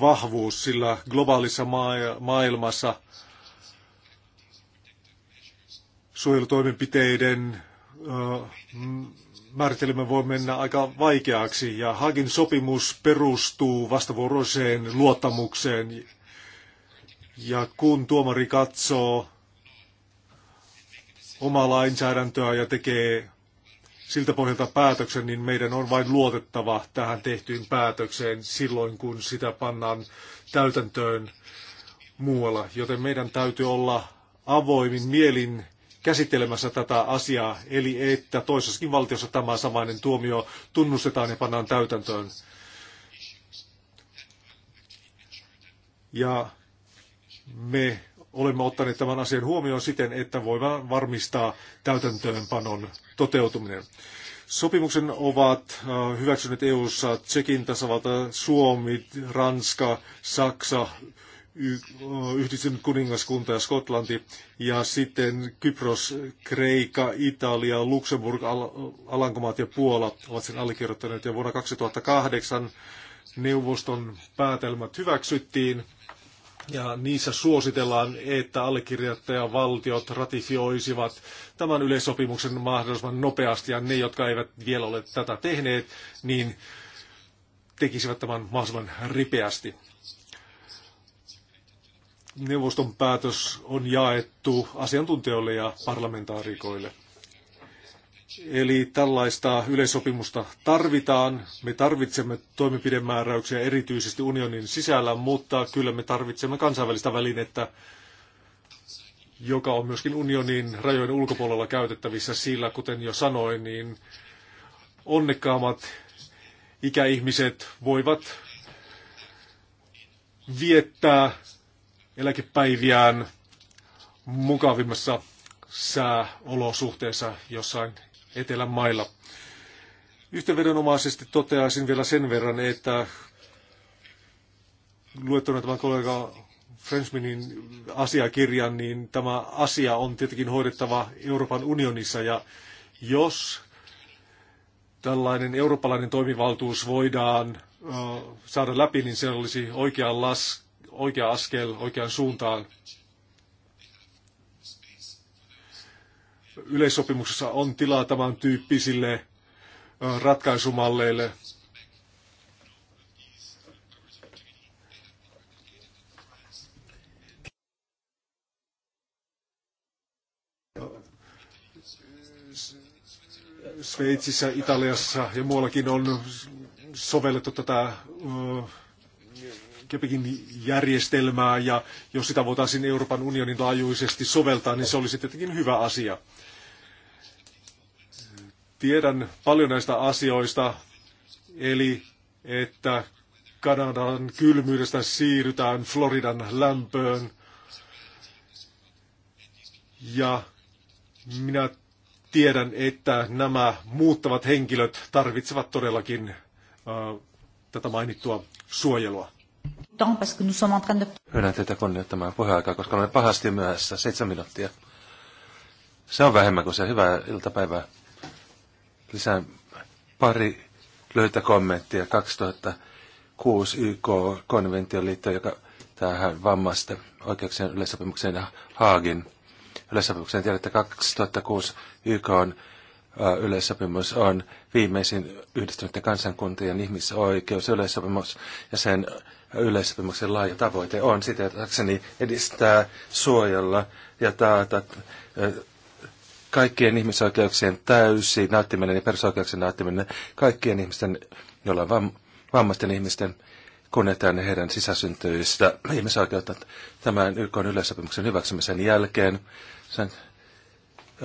vahvuus, sillä globaalissa maailmassa suojelutoimenpiteiden määritelmä voi mennä aika vaikeaksi ja Hagin sopimus perustuu vastavuoroiseen luottamukseen ja kun tuomari katsoo omaa lainsäädäntöä ja tekee siltä pohjalta päätöksen, niin meidän on vain luotettava tähän tehtyyn päätökseen silloin, kun sitä pannaan täytäntöön muualla. Joten meidän täytyy olla avoimin mielin käsittelemässä tätä asiaa, eli että toisessakin valtiossa tämä samainen tuomio tunnustetaan ja pannaan täytäntöön. Ja me olemme ottaneet tämän asian huomioon siten, että voimme varmistaa täytäntöönpanon toteutuminen. Sopimuksen ovat äh, hyväksyneet EU-ssa Tsekin tasavalta, Suomi, Ranska, Saksa, äh, Yhdistynyt kuningaskunta ja Skotlanti, ja sitten Kypros, Kreikka, Italia, Luxemburg, Alankomaat ja Puola ovat sen allekirjoittaneet, ja vuonna 2008 neuvoston päätelmät hyväksyttiin ja niissä suositellaan, että allekirjoittajavaltiot ratifioisivat tämän yleissopimuksen mahdollisimman nopeasti, ja ne, jotka eivät vielä ole tätä tehneet, niin tekisivät tämän mahdollisimman ripeästi. Neuvoston päätös on jaettu asiantuntijoille ja parlamentaarikoille. Eli tällaista yleissopimusta tarvitaan. Me tarvitsemme toimenpidemääräyksiä erityisesti unionin sisällä, mutta kyllä me tarvitsemme kansainvälistä välinettä, joka on myöskin unionin rajojen ulkopuolella käytettävissä, sillä kuten jo sanoin, niin onnekkaammat ikäihmiset voivat viettää eläkepäiviään mukavimmassa sääolosuhteessa jossain etelän mailla. Yhteenvedonomaisesti toteaisin vielä sen verran, että luettuna tämän kollega Frenchmanin asiakirjan, niin tämä asia on tietenkin hoidettava Euroopan unionissa. Ja jos tällainen eurooppalainen toimivaltuus voidaan saada läpi, niin se olisi oikea, las, oikea askel oikeaan suuntaan yleissopimuksessa on tilaa tämän tyyppisille ratkaisumalleille. Sveitsissä, Italiassa ja muuallakin on sovellettu tätä Kepekin järjestelmää ja jos sitä voitaisiin Euroopan unionin laajuisesti soveltaa, niin se olisi tietenkin hyvä asia. Tiedän paljon näistä asioista, eli että Kanadan kylmyydestä siirrytään Floridan lämpöön. Ja minä tiedän, että nämä muuttavat henkilöt tarvitsevat todellakin uh, tätä mainittua suojelua. Pyydän teitä kunnioittamaan puheaikaa, koska olen pahasti myöhässä, seitsemän minuuttia. Se on vähemmän kuin se hyvää iltapäivää. Lisään pari löytä kommenttia 2006 YK-konvention liittyen, joka tähän vammaisten oikeuksien yleissopimukseen ja Haagin yleissopimukseen. Tiedätte, 2006 YK on yleissopimus on viimeisin yhdistyneiden kansankuntien ihmisoikeus yleissopimus ja sen yleissopimuksen laaja tavoite on sitä, edistää, suojella ja taata kaikkien ihmisoikeuksien täysi nauttiminen ja perusoikeuksien nauttiminen, kaikkien ihmisten, joilla on vam- vammaisten ihmisten kunnioitetaan heidän sisäsyntyistä ihmisoikeutta tämän YK yleissopimuksen hyväksymisen jälkeen. Sen,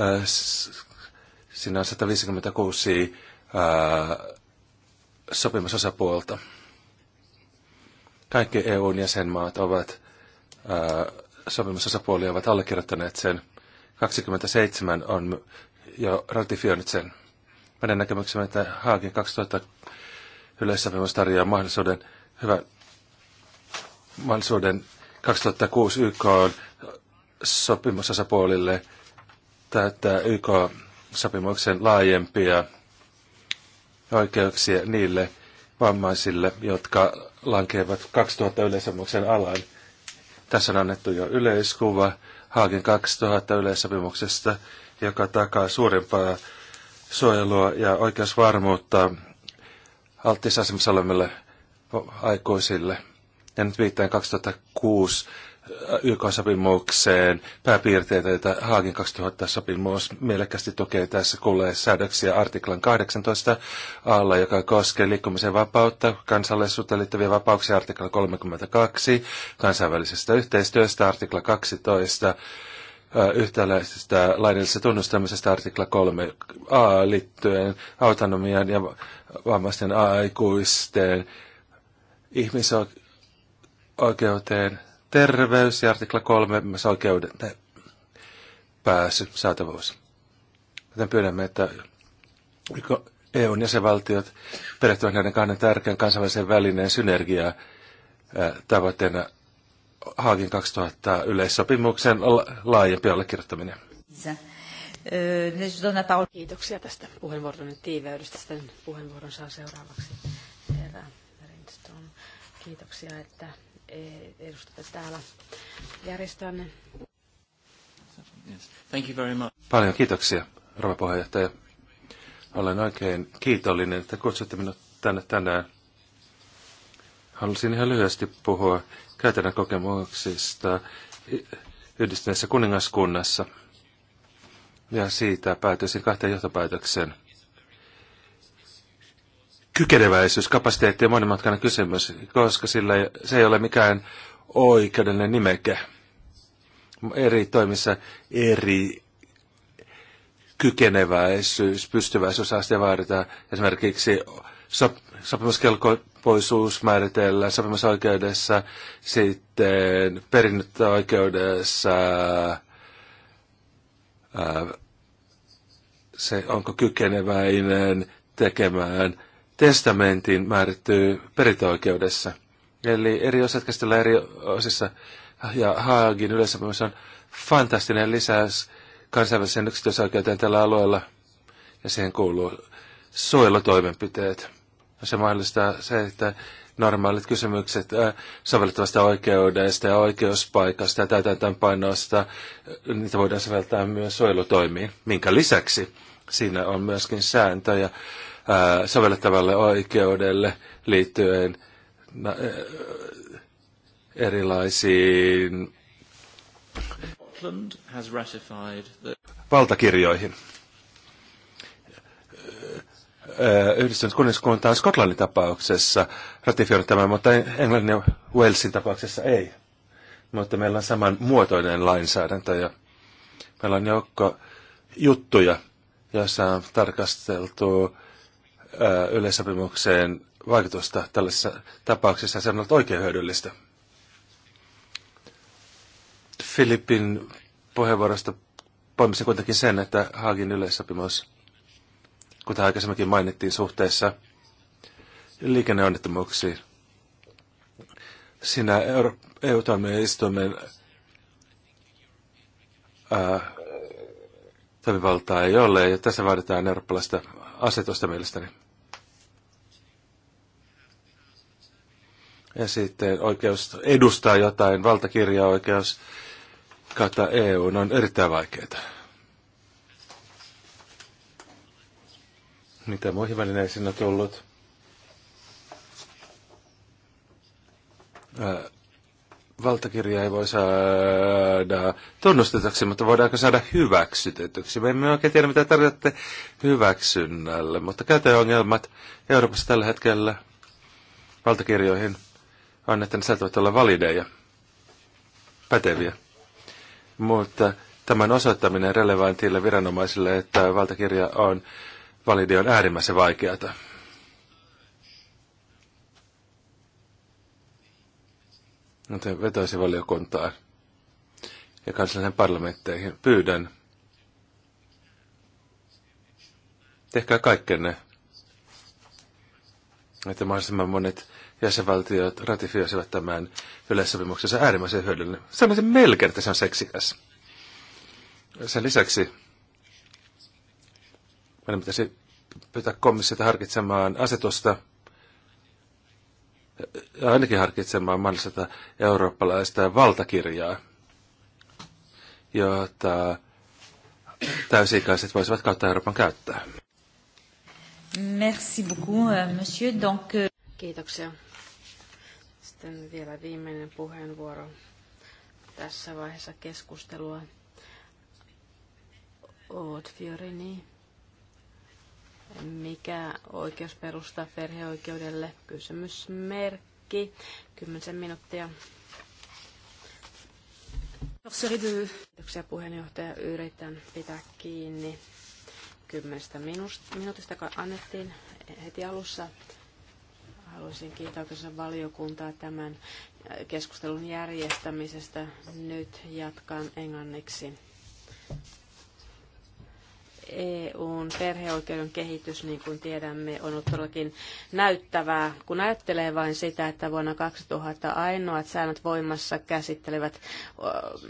äh, siinä on 156 äh, sopimusosapuolta. Kaikki EUn jäsenmaat ovat, äh, sopimusosapuolia ovat allekirjoittaneet sen – 27 on jo ratifioinut sen. Meidän näkemyksemme, että Haagin 2000 yleissopimus tarjoaa mahdollisuuden, hyvän mahdollisuuden 2006 YK on sopimusosapuolille täyttää YK-sopimuksen laajempia oikeuksia niille vammaisille, jotka lankeevat 2000 yleisopimuksen alan. Tässä on annettu jo yleiskuva Haagin 2000 yleissopimuksesta, joka takaa suurempaa suojelua ja oikeusvarmuutta alttisasemassa olemille aikuisille. Ja nyt viittain 2006 YK-sopimukseen pääpiirteitä, joita Haagin 2000-sopimus mielekkästi tukee tässä kuulee säädöksiä artiklan 18 alla, joka koskee liikkumisen vapautta, kansallisuutta liittyviä vapauksia artikla 32, kansainvälisestä yhteistyöstä artikla 12, yhtäläisestä laillisesta tunnustamisesta artikla 3a liittyen autonomian ja vammaisten aikuisten ihmisoikeuteen terveys ja artikla 3 myös oikeuden pääsy, saatavuus. Joten pyydämme, että EUn jäsenvaltiot perehtyvät näiden kahden tärkeän kansainvälisen välineen synergiaa tavoitteena Haagin 2000 yleissopimuksen laajempi allekirjoittaminen. Kiitoksia tästä puheenvuoron tiiveydestä. Sitten puheenvuoron saa seuraavaksi Kiitoksia, että Eh, edustatte täällä järjestönne. Thank you very much. Paljon kiitoksia, rouva puheenjohtaja. Olen oikein kiitollinen, että kutsutte minut tänne tänään. Halusin ihan lyhyesti puhua käytännön kokemuksista yhdistyneessä kuningaskunnassa. Ja siitä päätyisin kahteen johtopäätökseen kykeneväisyys, kapasiteetti ja monimutkainen kysymys, koska sillä se ei ole mikään oikeudellinen nimeke. Eri toimissa eri kykeneväisyys, pystyväisyysaste vaaditaan. Esimerkiksi sop- sopimuskelpoisuus määritellään sopimusoikeudessa, sitten perinnöoikeudessa se onko kykeneväinen tekemään testamentin määrittyy perintöoikeudessa. Eli eri osat käsitellään eri osissa. Ja Haagin myös on fantastinen lisäys kansainväliseen yksityisoikeuteen tällä alueella. Ja siihen kuuluu suojelutoimenpiteet. Se mahdollistaa se, että normaalit kysymykset äh, sovellettavasta oikeudesta ja oikeuspaikasta ja täytäntöönpainoista, niitä voidaan soveltaa myös suojelutoimiin, minkä lisäksi siinä on myöskin sääntöjä sovellettavalle oikeudelle liittyen erilaisiin valtakirjoihin. Yhdistynyt kuningaskunta on Skotlannin tapauksessa ratifioinut tämän, mutta Englannin ja Walesin tapauksessa ei. Mutta meillä on muotoinen lainsäädäntö ja meillä on joukko juttuja, joissa on tarkasteltu yleissopimukseen vaikutusta tällaisissa tapauksissa. Se on ollut oikein hyödyllistä. Filippin puheenvuorosta poimisin kuitenkin sen, että Haagin yleissopimus, kuten aikaisemminkin mainittiin suhteessa liikenneonnettomuuksiin, siinä EU-tuomioistuimen toimivaltaa ei ole, ja tässä vaaditaan eurooppalaista asetusta mielestäni. ja sitten oikeus edustaa jotain, valtakirjaoikeus kautta EU on erittäin vaikeita. Mitä muihin välineisiin on tullut? Ää, valtakirja ei voi saada tunnustetuksi, mutta voidaanko saada hyväksytetyksi? Me emme oikein tiedä, mitä tarjotte hyväksynnälle, mutta käytäjäongelmat Euroopassa tällä hetkellä valtakirjoihin Annetaan että ne saattavat olla valideja, päteviä. Mutta tämän osoittaminen relevantille viranomaisille, että valtakirja on validi, on äärimmäisen vaikeata. Joten no, vetoisin valiokuntaan ja kansallisen parlamentteihin. Pyydän, tehkää kaikkenne, että mahdollisimman monet jäsenvaltiot ratifioisivat tämän yleissopimuksen. Se on äärimmäisen hyödyllinen. Se on melkein, että se on seksikäs. Sen lisäksi meidän pitäisi pyytää komissiota harkitsemaan asetusta, ja ainakin harkitsemaan mahdollista eurooppalaista valtakirjaa, jota täysikäiset voisivat kautta Euroopan käyttää. Merci beaucoup, euh, monsieur. Donc... Euh, Kiitoksia. Sitten vielä viimeinen puheenvuoro tässä vaiheessa keskustelua. Oot Fiorini. Mikä oikeus perustaa perheoikeudelle? Kysymysmerkki. Kymmenisen minuuttia. Kiitoksia puheenjohtaja. Yritän pitää kiinni kymmenestä minuutista, joka annettiin heti alussa. Haluaisin kiittää oikeastaan valiokuntaa tämän keskustelun järjestämisestä. Nyt jatkan englanniksi. EUn perheoikeuden kehitys, niin kuin tiedämme, on ollut todellakin näyttävää, kun ajattelee vain sitä, että vuonna 2000 ainoat säännöt voimassa käsittelevät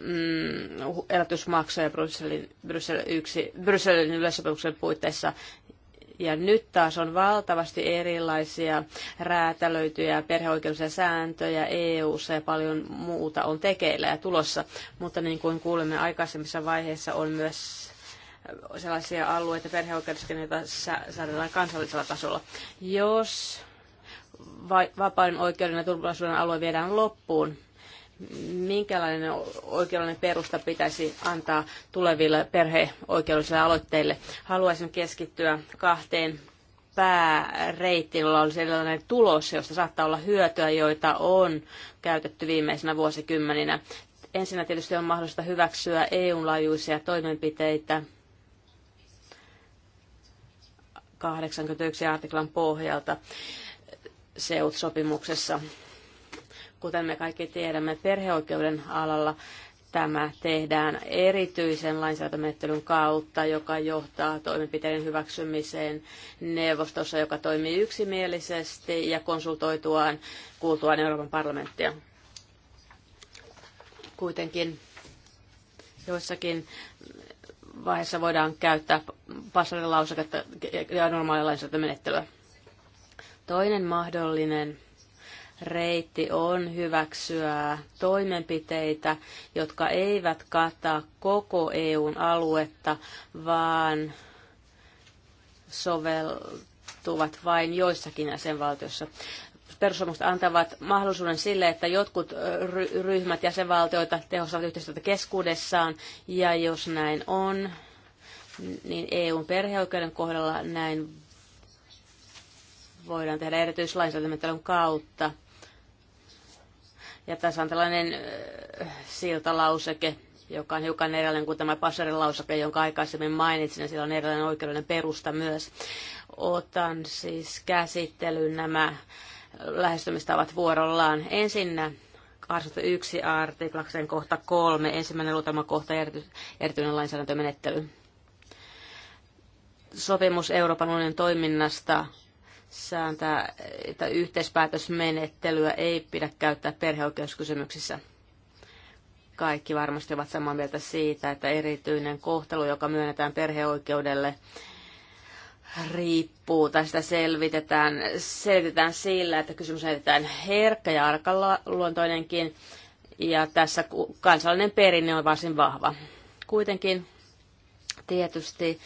mm, elätysmaksuja Brysselin, Bryssel yksi Brysselin yleissopimuksen puitteissa ja nyt taas on valtavasti erilaisia räätälöityjä perheoikeudellisia sääntöjä eu ja paljon muuta on tekeillä ja tulossa. Mutta niin kuin kuulimme aikaisemmissa vaiheissa on myös sellaisia alueita perheoikeudessa, joita säädellään kansallisella tasolla. Jos vapauden oikeuden ja turvallisuuden alue viedään loppuun, minkälainen oikeudellinen perusta pitäisi antaa tuleville perheoikeudellisille aloitteille. Haluaisin keskittyä kahteen pääreittiin, jolla olisi erilainen tulos, josta saattaa olla hyötyä, joita on käytetty viimeisenä vuosikymmeninä. Ensinnä tietysti on mahdollista hyväksyä EU-laajuisia toimenpiteitä 81 artiklan pohjalta seut sopimuksessa Kuten me kaikki tiedämme, perheoikeuden alalla tämä tehdään erityisen lainsäädäntömenettelyn kautta, joka johtaa toimenpiteiden hyväksymiseen neuvostossa, joka toimii yksimielisesti ja konsultoituaan kuultuaan Euroopan parlamenttia. Kuitenkin joissakin vaiheessa voidaan käyttää passarilauseketta ja normaalia lainsäädäntömenettelyä. Toinen mahdollinen reitti on hyväksyä toimenpiteitä, jotka eivät kata koko EUn aluetta, vaan soveltuvat vain joissakin jäsenvaltioissa perussuomalaiset antavat mahdollisuuden sille, että jotkut ryhmät jäsenvaltioita tehostavat yhteistyötä keskuudessaan, ja jos näin on, niin EUn perheoikeuden kohdalla näin voidaan tehdä erityislainsäädännön kautta. Ja tässä on tällainen siltalauseke, joka on hiukan erilainen kuin tämä Passarin lauseke, jonka aikaisemmin mainitsin, ja sillä on erilainen oikeudellinen perusta myös. Otan siis käsittelyyn nämä lähestymistavat vuorollaan. Ensinnä 21 artiklaksen kohta 3, ensimmäinen luutama kohta erityinen lainsäädäntömenettely. Sopimus Euroopan unionin toiminnasta sääntää, että yhteispäätösmenettelyä ei pidä käyttää perheoikeuskysymyksissä. Kaikki varmasti ovat samaa mieltä siitä, että erityinen kohtelu, joka myönnetään perheoikeudelle, riippuu tai sitä selvitetään, selvitetään sillä, että kysymys on herkkä ja arkaluontoinenkin ja tässä kansallinen perinne on varsin vahva. Kuitenkin tietysti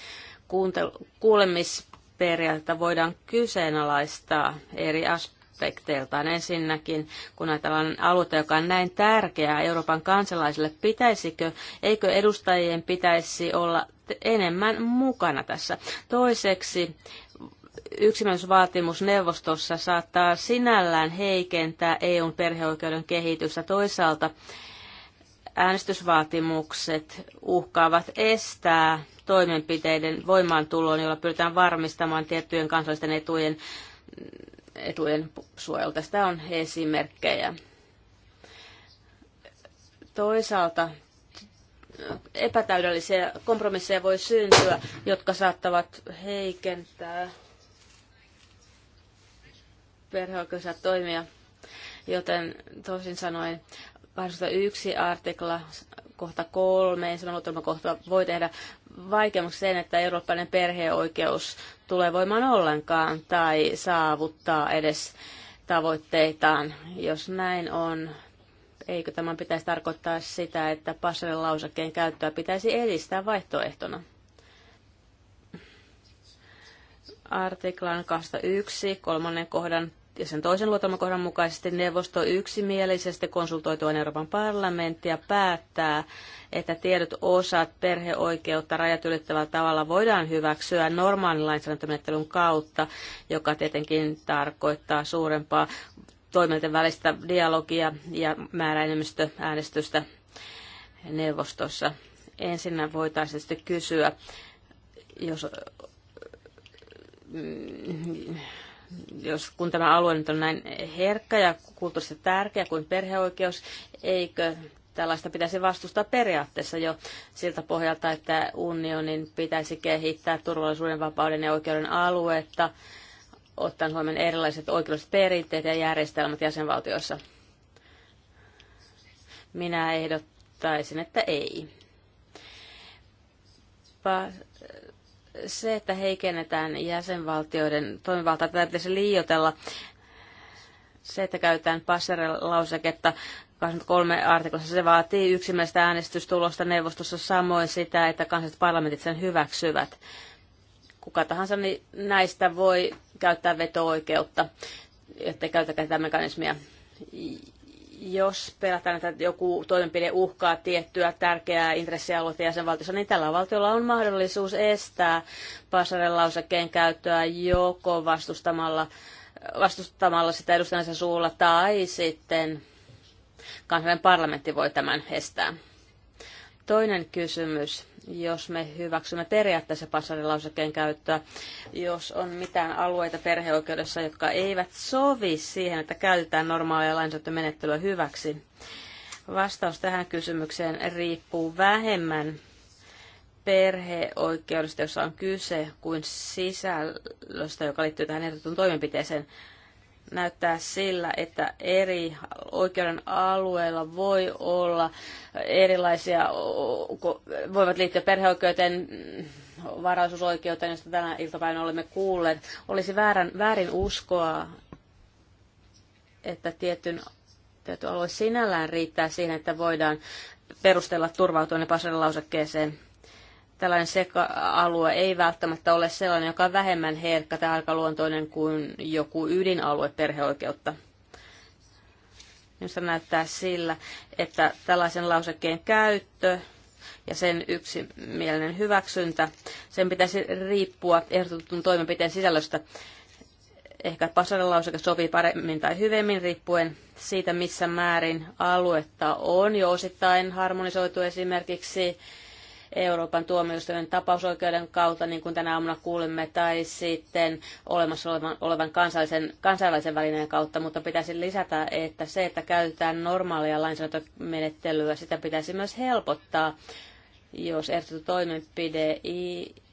kuulemis periaatetta voidaan kyseenalaistaa eri aspekteiltaan. Ensinnäkin, kun ajatellaan aluetta, joka on näin tärkeää Euroopan kansalaisille, pitäisikö, eikö edustajien pitäisi olla enemmän mukana tässä? Toiseksi, yksimielisyysvaatimus neuvostossa saattaa sinällään heikentää EUn perheoikeuden kehitystä. Toisaalta äänestysvaatimukset uhkaavat estää toimenpiteiden voimaantuloon, jolla pyritään varmistamaan tiettyjen kansallisten etujen, etujen suojelu. Tästä on esimerkkejä. Toisaalta epätäydellisiä kompromisseja voi syntyä, jotka saattavat heikentää perheoikeusia toimia. Joten toisin sanoen 81 artikla kohta kolme, ensimmäinen kohta voi tehdä vaikeammaksi sen, että eurooppalainen perheoikeus tulee voimaan ollenkaan tai saavuttaa edes tavoitteitaan. Jos näin on, eikö tämän pitäisi tarkoittaa sitä, että passarin lausakkeen käyttöä pitäisi edistää vaihtoehtona? Artiklan 21, kolmannen kohdan ja sen toisen luotelmakohdan mukaisesti neuvosto yksimielisesti konsultoituaan Euroopan parlamenttia päättää, että tiedot osat perheoikeutta rajat ylittävällä tavalla voidaan hyväksyä normaalin lainsäädäntömenettelyn kautta, joka tietenkin tarkoittaa suurempaa toimijoiden välistä dialogia ja määräenemmistöäänestystä neuvostossa. Ensinnä voitaisiin sitten kysyä, jos mm, jos, kun tämä alue nyt on näin herkkä ja kulttuurisesti tärkeä kuin perheoikeus, eikö tällaista pitäisi vastustaa periaatteessa jo siltä pohjalta, että unionin pitäisi kehittää turvallisuuden, vapauden ja oikeuden aluetta, ottaen huomioon erilaiset oikeudelliset perinteet ja järjestelmät jäsenvaltioissa? Minä ehdottaisin, että ei. Se, että heikennetään jäsenvaltioiden toimivaltaa, tätä pitäisi liioitella. Se, että käytetään passerelauseketta 23 artiklassa, se vaatii yksimielistä äänestystulosta neuvostossa samoin sitä, että kansalliset parlamentit sen hyväksyvät. Kuka tahansa niin näistä voi käyttää veto-oikeutta, ettei käytäkään tätä mekanismia jos pelätään, että joku toimenpide uhkaa tiettyä tärkeää intressialuetta jäsenvaltiossa, niin tällä valtiolla on mahdollisuus estää lausekkeen käyttöä joko vastustamalla, vastustamalla sitä edustajansa suulla tai sitten kansallinen parlamentti voi tämän estää. Toinen kysymys jos me hyväksymme periaatteessa passarilausekkeen käyttöä, jos on mitään alueita perheoikeudessa, jotka eivät sovi siihen, että käytetään normaalia lainsäädäntömenettelyä hyväksi. Vastaus tähän kysymykseen riippuu vähemmän perheoikeudesta, jossa on kyse, kuin sisällöstä, joka liittyy tähän ehdotetun toimenpiteeseen näyttää sillä, että eri oikeuden alueilla voi olla erilaisia, voivat liittyä perheoikeuteen, varaisuusoikeuteen, josta tänä iltapäivänä olemme kuulleet. Olisi väärän, väärin uskoa, että tietyn, tietyn alue sinällään riittää siihen, että voidaan perustella turvautua ne lausekkeeseen tällainen seka-alue ei välttämättä ole sellainen, joka on vähemmän herkkä tai arkaluontoinen kuin joku ydinalue perheoikeutta. Minusta näyttää sillä, että tällaisen lausekkeen käyttö ja sen yksimielinen hyväksyntä, sen pitäisi riippua ehdotetun toimenpiteen sisällöstä. Ehkä lauseke sopii paremmin tai hyvemmin riippuen siitä, missä määrin aluetta on jo osittain harmonisoitu esimerkiksi Euroopan tuomioistuimen tapausoikeuden kautta, niin kuin tänä aamuna kuulimme, tai sitten olemassa olevan, olevan kansallisen, kansainvälisen välineen kautta, mutta pitäisi lisätä, että se, että käytetään normaalia lainsäädäntömenettelyä, sitä pitäisi myös helpottaa jos ehdotettu toimenpide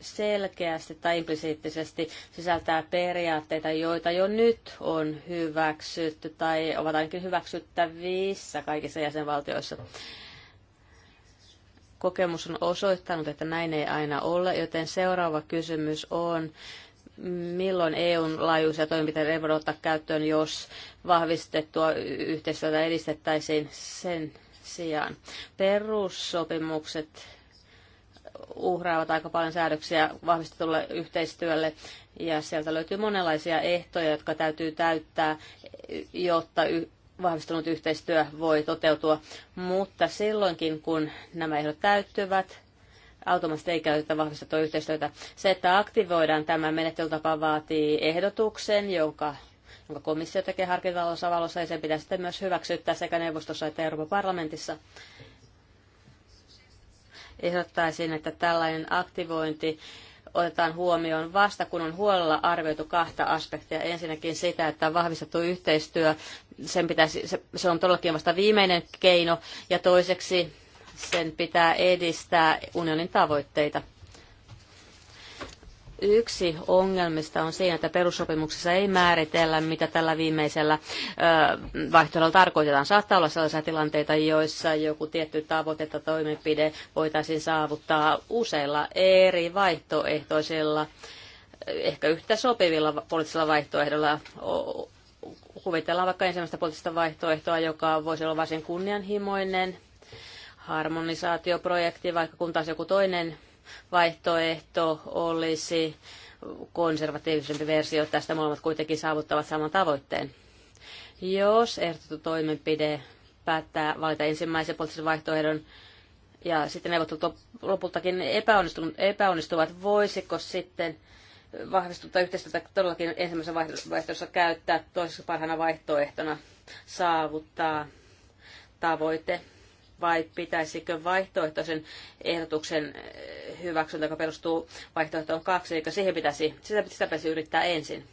selkeästi tai implisiittisesti sisältää periaatteita, joita jo nyt on hyväksytty tai ovat ainakin hyväksyttävissä kaikissa jäsenvaltioissa kokemus on osoittanut, että näin ei aina ole, joten seuraava kysymys on, milloin EUn laajuisia toimenpiteitä ei voida ottaa käyttöön, jos vahvistettua yhteistyötä edistettäisiin sen sijaan. Perussopimukset uhraavat aika paljon säädöksiä vahvistetulle yhteistyölle ja sieltä löytyy monenlaisia ehtoja, jotka täytyy täyttää, jotta vahvistunut yhteistyö voi toteutua, mutta silloinkin kun nämä ehdot täyttyvät, automaattisesti ei käytetä vahvistettua yhteistyötä. Se, että aktivoidaan tämä menettelytapa, vaatii ehdotuksen, jonka, jonka komissio tekee harkintalossa valossa, ja sen pitää sitten myös hyväksyttää sekä neuvostossa että Euroopan parlamentissa. Ehdottaisin, että tällainen aktivointi otetaan huomioon vasta, kun on huolella arvioitu kahta aspektia. Ensinnäkin sitä, että vahvistettu yhteistyö, sen pitäisi, se, se on todellakin vasta viimeinen keino, ja toiseksi sen pitää edistää unionin tavoitteita. Yksi ongelmista on siinä, että perussopimuksessa ei määritellä, mitä tällä viimeisellä vaihtoehdolla tarkoitetaan. Saattaa olla sellaisia tilanteita, joissa joku tietty tavoite tai toimenpide voitaisiin saavuttaa useilla eri vaihtoehtoisilla, ehkä yhtä sopivilla poliittisilla vaihtoehdolla. Kuvitellaan vaikka ensimmäistä poliittista vaihtoehtoa, joka voisi olla varsin kunnianhimoinen harmonisaatioprojekti, vaikka kun taas joku toinen vaihtoehto olisi konservatiivisempi versio tästä. Molemmat kuitenkin saavuttavat saman tavoitteen. Jos ehdotettu toimenpide päättää valita ensimmäisen poliittisen vaihtoehdon ja sitten neuvottelut lopultakin epäonnistuvat, voisiko sitten vahvistuttaa yhteistyötä todellakin ensimmäisen vaihtoehdossa käyttää toisessa parhaana vaihtoehtona saavuttaa tavoite vai pitäisikö vaihtoehtoisen ehdotuksen eh, hyväksyntä, joka perustuu vaihtoehtoon kaksi, eikö siihen pitäisi, sitä, sitä pitäisi yrittää ensin?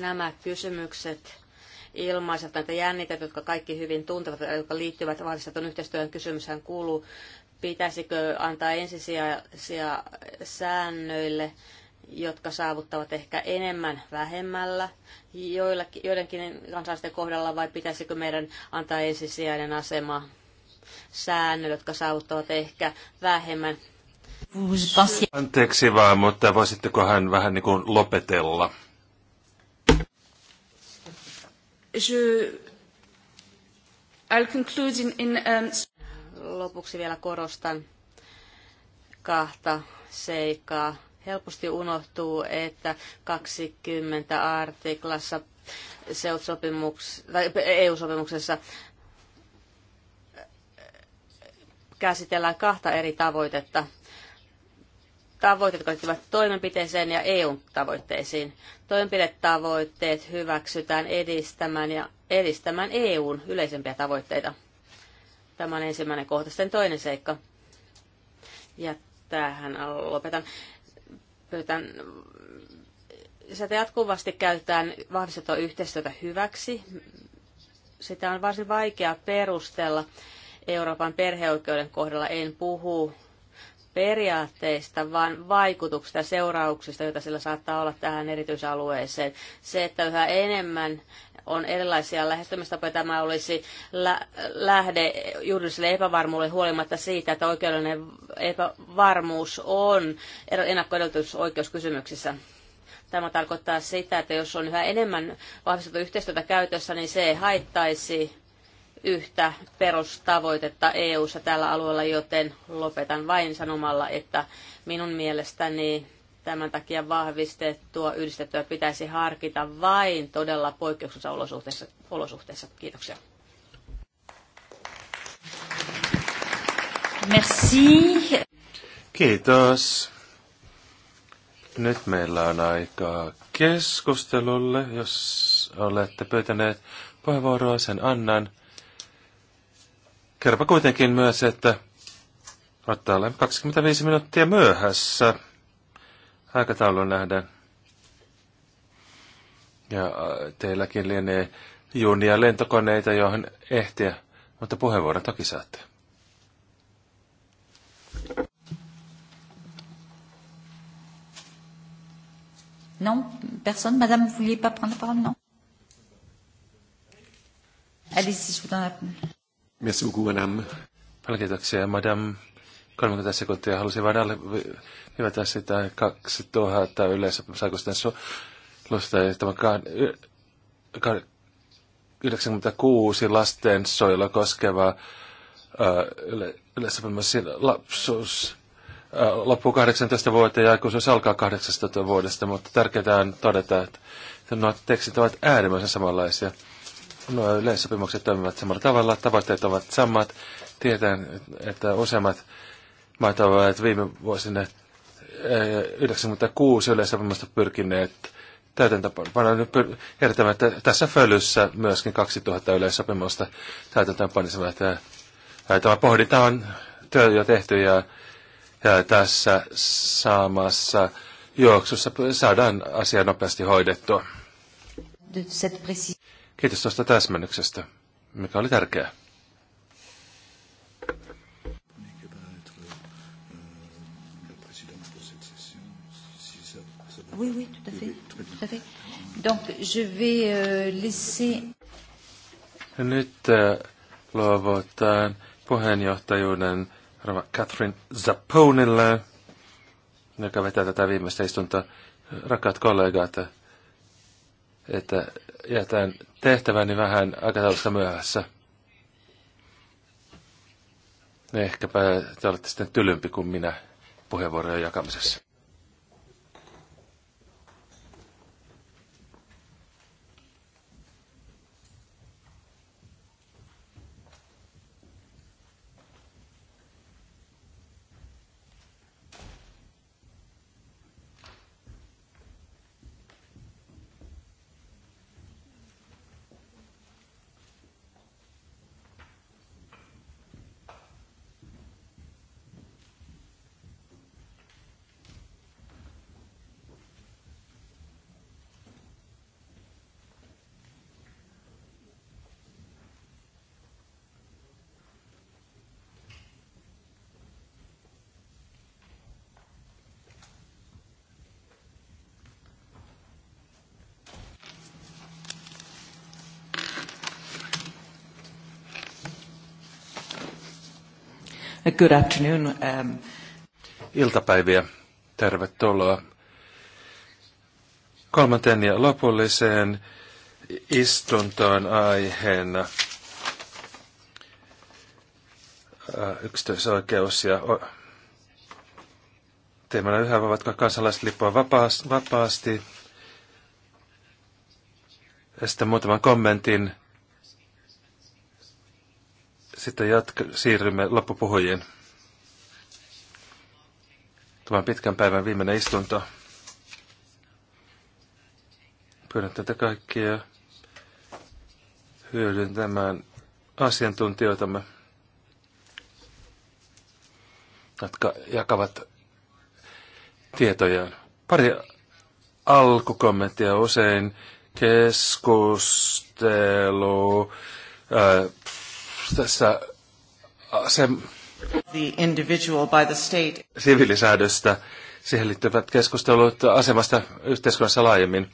Nämä kysymykset ilmaiset näitä jännitteitä, jotka kaikki hyvin tuntevat, jotka liittyvät vahvistetun yhteistyön kysymyshän kuuluu, pitäisikö antaa ensisijaisia säännöille jotka saavuttavat ehkä enemmän vähemmällä joillakin, joidenkin kansalaisten kohdalla, vai pitäisikö meidän antaa ensisijainen asema säännöt, jotka saavuttavat ehkä vähemmän? Anteeksi vaan, mutta voisitteko hän vähän niin kuin lopetella? Je... I'll conclude in, in, um... Lopuksi vielä korostan kahta seikkaa helposti unohtuu, että 20 artiklassa EU-sopimuksessa e äh, käsitellään kahta eri tavoitetta. Tavoitteet, jotka liittyvät toimenpiteeseen ja EU-tavoitteisiin. Toimenpidetavoitteet hyväksytään edistämään ja edistämään EUn yleisempiä tavoitteita. Tämä on ensimmäinen kohta. Sitten toinen seikka. Ja tähän lopetan pyytän sitä jatkuvasti käytetään vahvistettua yhteistyötä hyväksi. Sitä on varsin vaikea perustella Euroopan perheoikeuden kohdalla. En puhu periaatteista, vaan vaikutuksista ja seurauksista, joita sillä saattaa olla tähän erityisalueeseen. Se, että yhä enemmän on erilaisia lähestymistapoja. Tämä olisi lähde juridiselle epävarmuudelle huolimatta siitä, että oikeudellinen epävarmuus on er-, ennakkoedellytys oikeuskysymyksissä. Tämä tarkoittaa sitä, että jos on yhä enemmän vahvistettu yhteistyötä käytössä, niin se ei haittaisi yhtä perustavoitetta EU-ssa tällä alueella, joten lopetan vain sanomalla, että minun mielestäni Tämän takia vahvistettua yhdistettyä pitäisi harkita vain todella poikkeuksellisissa olosuhteissa. olosuhteissa. Kiitoksia. Merci. Kiitos. Nyt meillä on aikaa keskustelulle. Jos olette pyytäneet puheenvuoroa, sen annan. Kerro kuitenkin myös, että Otta olen 25 minuuttia myöhässä aikataulun nähden. Ja äh, teilläkin lienee junia lentokoneita, johon ehtiä, mutta puheenvuoro toki saatte. Non, personne. Madame, vous vouliez pas prendre la parole, non Allez-y, je vous donne la parole. Merci beaucoup, madame. Paljon madame. 30 sekuntia. Halusin vain alle hyvätä sitä 2000 yleensä saako sitten lusta, että tämä 96 lastensuojelua koskeva yleissopimus lapsuus loppuu 18 vuotta ja aikuisuus alkaa 18 vuodesta, mutta tärkeää on todeta, että nuo tekstit ovat äärimmäisen samanlaisia. Nuo yleissopimukset toimivat samalla tavalla, tavoitteet ovat samat, tietään, että useimmat maat että viime vuosina 96 eh, vammaista pyrkineet täytäntöönpanoon niin että tässä fölyssä myöskin 2000 yleissopimusta täytäntöönpanisematta. Tämä pohdinta on työ jo tehty ja, ja tässä saamassa juoksussa saadaan asia nopeasti hoidettua. Kiitos tuosta täsmennyksestä, mikä oli tärkeää. Oui, oui, tout à fait. Oui, Tout à fait. Donc, je vais euh, laisser... Nyt äh, luovutaan puheenjohtajuuden Rova Catherine Zapponille, joka vetää tätä viimeistä istuntoa. Rakkaat kollegat, että jätän tehtäväni vähän aikataulusta myöhässä. Ehkäpä te olette sitten tylympi kuin minä puheenvuorojen jakamisessa. Good afternoon. Um, Iltapäiviä. Tervetuloa kolmanteen ja lopulliseen istuntoon aiheena äh, yksityisoikeus ja teemana yhä voivatko kansalaiset lippua vapaasti. Ja sitten muutaman kommentin sitten jatka, siirrymme loppupuhujiin. Tämän pitkän päivän viimeinen istunto. Pyydän tätä kaikkia hyödyntämään asiantuntijoitamme, jotka jakavat tietojaan. Pari alkukommenttia usein keskustelu, ää, tässä se, the individual by the state. sivilisäädöstä, siihen liittyvät keskustelut asemasta yhteiskunnassa laajemmin.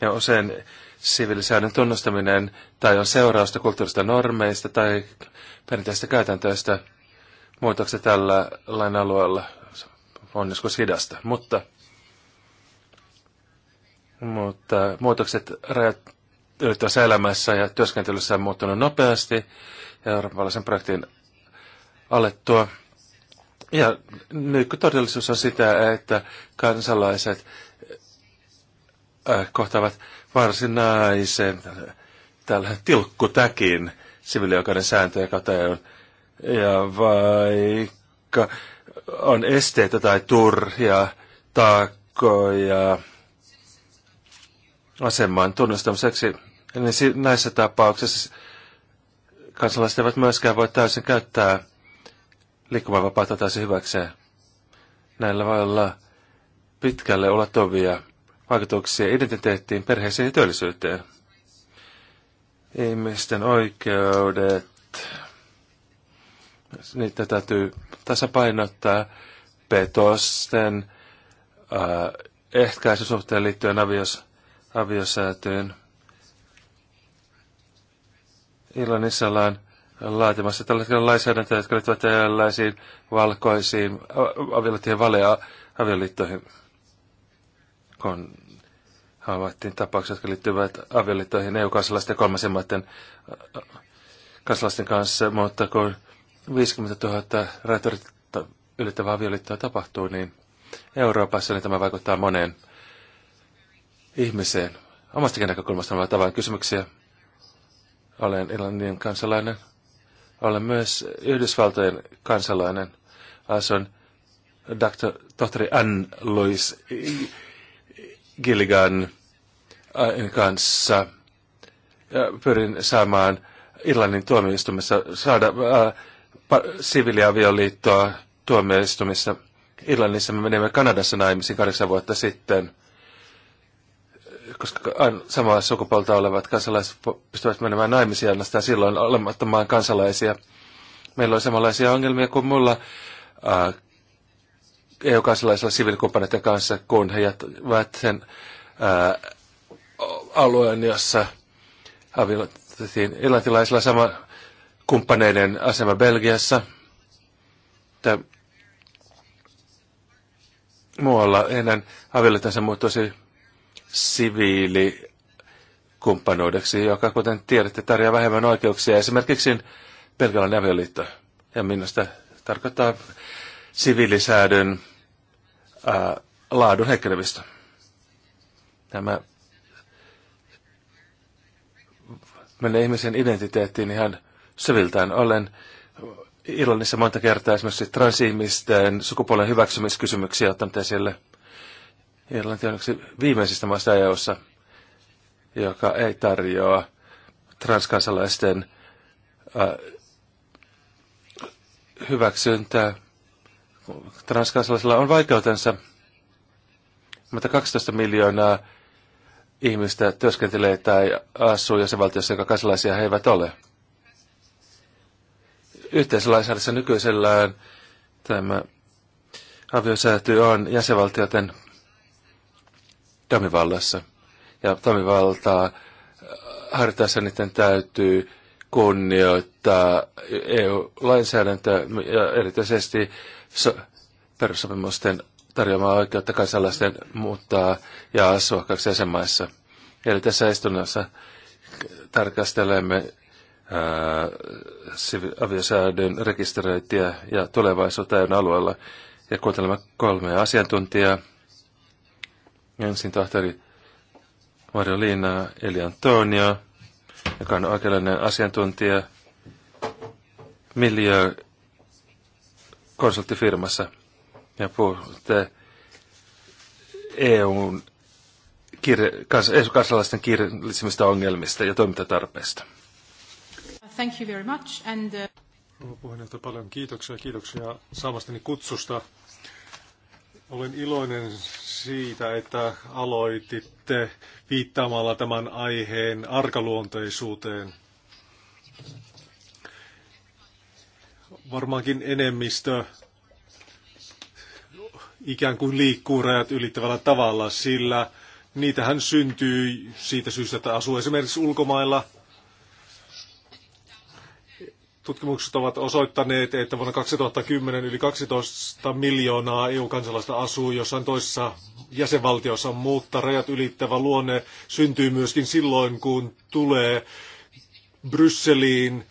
Ja usein sivilisäädön tunnustaminen tai on seurausta kulttuurista normeista tai perinteistä käytäntöistä muutokset tällä lain alueella on joskus hidasta, mutta, mutta muutokset rajat ylittävässä elämässä ja työskentelyssä on muuttunut nopeasti eurooppalaisen projektin alettua. Ja nykytodellisuus on sitä, että kansalaiset äh, kohtaavat varsinaisen tällä tilkkutäkin siviilioikeuden sääntöjä kautta EUn. Ja vaikka on esteitä tai turhia taakkoja aseman tunnustamiseksi, niin näissä tapauksissa kansalaiset eivät myöskään voi täysin käyttää liikkumavapaata täysin hyväkseen. Näillä voi olla pitkälle ulottuvia vaikutuksia identiteettiin, perheeseen ja työllisyyteen. Ihmisten oikeudet, niitä täytyy tasapainottaa petosten äh, ehkäisysuhteen liittyen avios, aviosäätyyn. Irlannissa ollaan laatimassa tällä hetkellä lainsäädäntöä, jotka liittyvät tällaisiin valkoisiin avioliittoihin, valea avioliittoihin, kun havaittiin tapauksia, jotka liittyvät avioliittoihin EU-kansalaisten ja kolmasen maiden kansalaisten kanssa, mutta kun 50 000 rajoitta ylittävää avioliittoa tapahtuu, niin Euroopassa niin tämä vaikuttaa moneen ihmiseen. Omastakin näkökulmasta nämä tavan kysymyksiä olen Irlannin kansalainen. Olen myös Yhdysvaltojen kansalainen. Asun Dr. tohtori Ann Louis Gilligan äh, kanssa. Pyrin saamaan Irlannin tuomioistumissa saada äh, siviiliavioliittoa tuomioistumissa. Irlannissa me menimme Kanadassa naimisiin kahdeksan vuotta sitten koska samaa sukupuolta olevat kansalaiset pystyvät menemään naimisiin ainoastaan silloin olemattomaan kansalaisia. Meillä on samanlaisia ongelmia kuin muilla äh, EU-kansalaisilla siviilikumppaneiden kanssa, kun he jättävät sen ää, äh, alueen, jossa avioliitettiin irlantilaisilla sama kumppaneiden asema Belgiassa. Tämä muualla heidän avioliittonsa muuttuisi siviilikumppanuudeksi, joka kuten tiedätte tarjoaa vähemmän oikeuksia. Esimerkiksi pelkällä avioliitto. Ja minusta tarkoittaa siviilisäädön ää, laadun heikkenemistä. Tämä, menee ihmisen identiteettiin ihan syviltään. Olen Irlannissa monta kertaa esimerkiksi transihmisten sukupuolen hyväksymiskysymyksiä ottanut esille – Irlanti on yksi viimeisistä maista EU-ssa, joka ei tarjoa transkansalaisten äh, hyväksyntää. Transkansalaisilla on vaikeutensa, mutta 12 miljoonaa ihmistä työskentelee tai asuu jäsenvaltiossa, joka kansalaisia he eivät ole. Yhteisölainsäädännössä nykyisellään tämä aviosääty on jäsenvaltioiden Tamivallassa. Ja Tamivaltaa harjoittaessa niiden täytyy kunnioittaa EU-lainsäädäntöä ja erityisesti so- perussopimusten tarjoamaa oikeutta kansalaisten muuttaa ja asua kaksi jäsenmaissa. Eli tässä istunnossa tarkastelemme aviosäädön rekisteröintiä ja tulevaisuutta e alueella ja kuuntelemme kolmea asiantuntijaa – Ensin tohtori Mario Liina Eli Antonia, joka on oikeudellinen asiantuntija miljö konsulttifirmassa ja puhutte EUn kansalaisten kirjallisimmista ongelmista ja toimintatarpeista. Thank you very much. And, uh... Puheenjohtaja, paljon kiitoksia. Kiitoksia saamastani kutsusta olen iloinen siitä, että aloititte viittaamalla tämän aiheen arkaluonteisuuteen. Varmaankin enemmistö ikään kuin liikkuu rajat ylittävällä tavalla, sillä niitähän syntyy siitä syystä, että asuu esimerkiksi ulkomailla Tutkimukset ovat osoittaneet, että vuonna 2010 yli 12 miljoonaa EU-kansalaista asuu jossain toisessa jäsenvaltiossa, mutta rajat ylittävä luonne syntyy myöskin silloin, kun tulee Brysseliin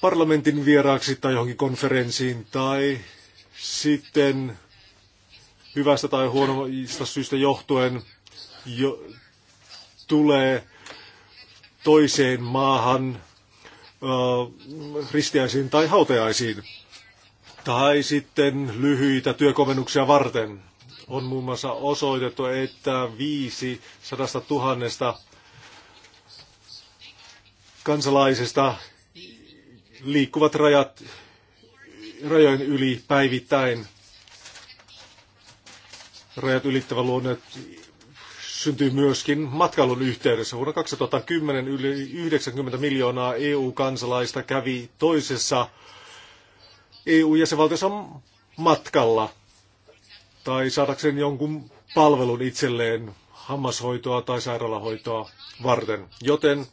parlamentin vieraaksi tai johonkin konferenssiin tai sitten hyvästä tai huonoista syystä johtuen jo, tulee toiseen maahan Äh, ristiäisiin tai hautajaisiin. Tai sitten lyhyitä työkovennuksia varten. On muun muassa osoitettu, että 500 000 kansalaisesta liikkuvat rajat, rajojen yli päivittäin. Rajat ylittävä luonne syntyi myöskin matkailun yhteydessä. Vuonna 2010 yli 90 miljoonaa EU-kansalaista kävi toisessa EU-jäsenvaltiossa matkalla tai saadakseen jonkun palvelun itselleen hammashoitoa tai sairaalahoitoa varten. Joten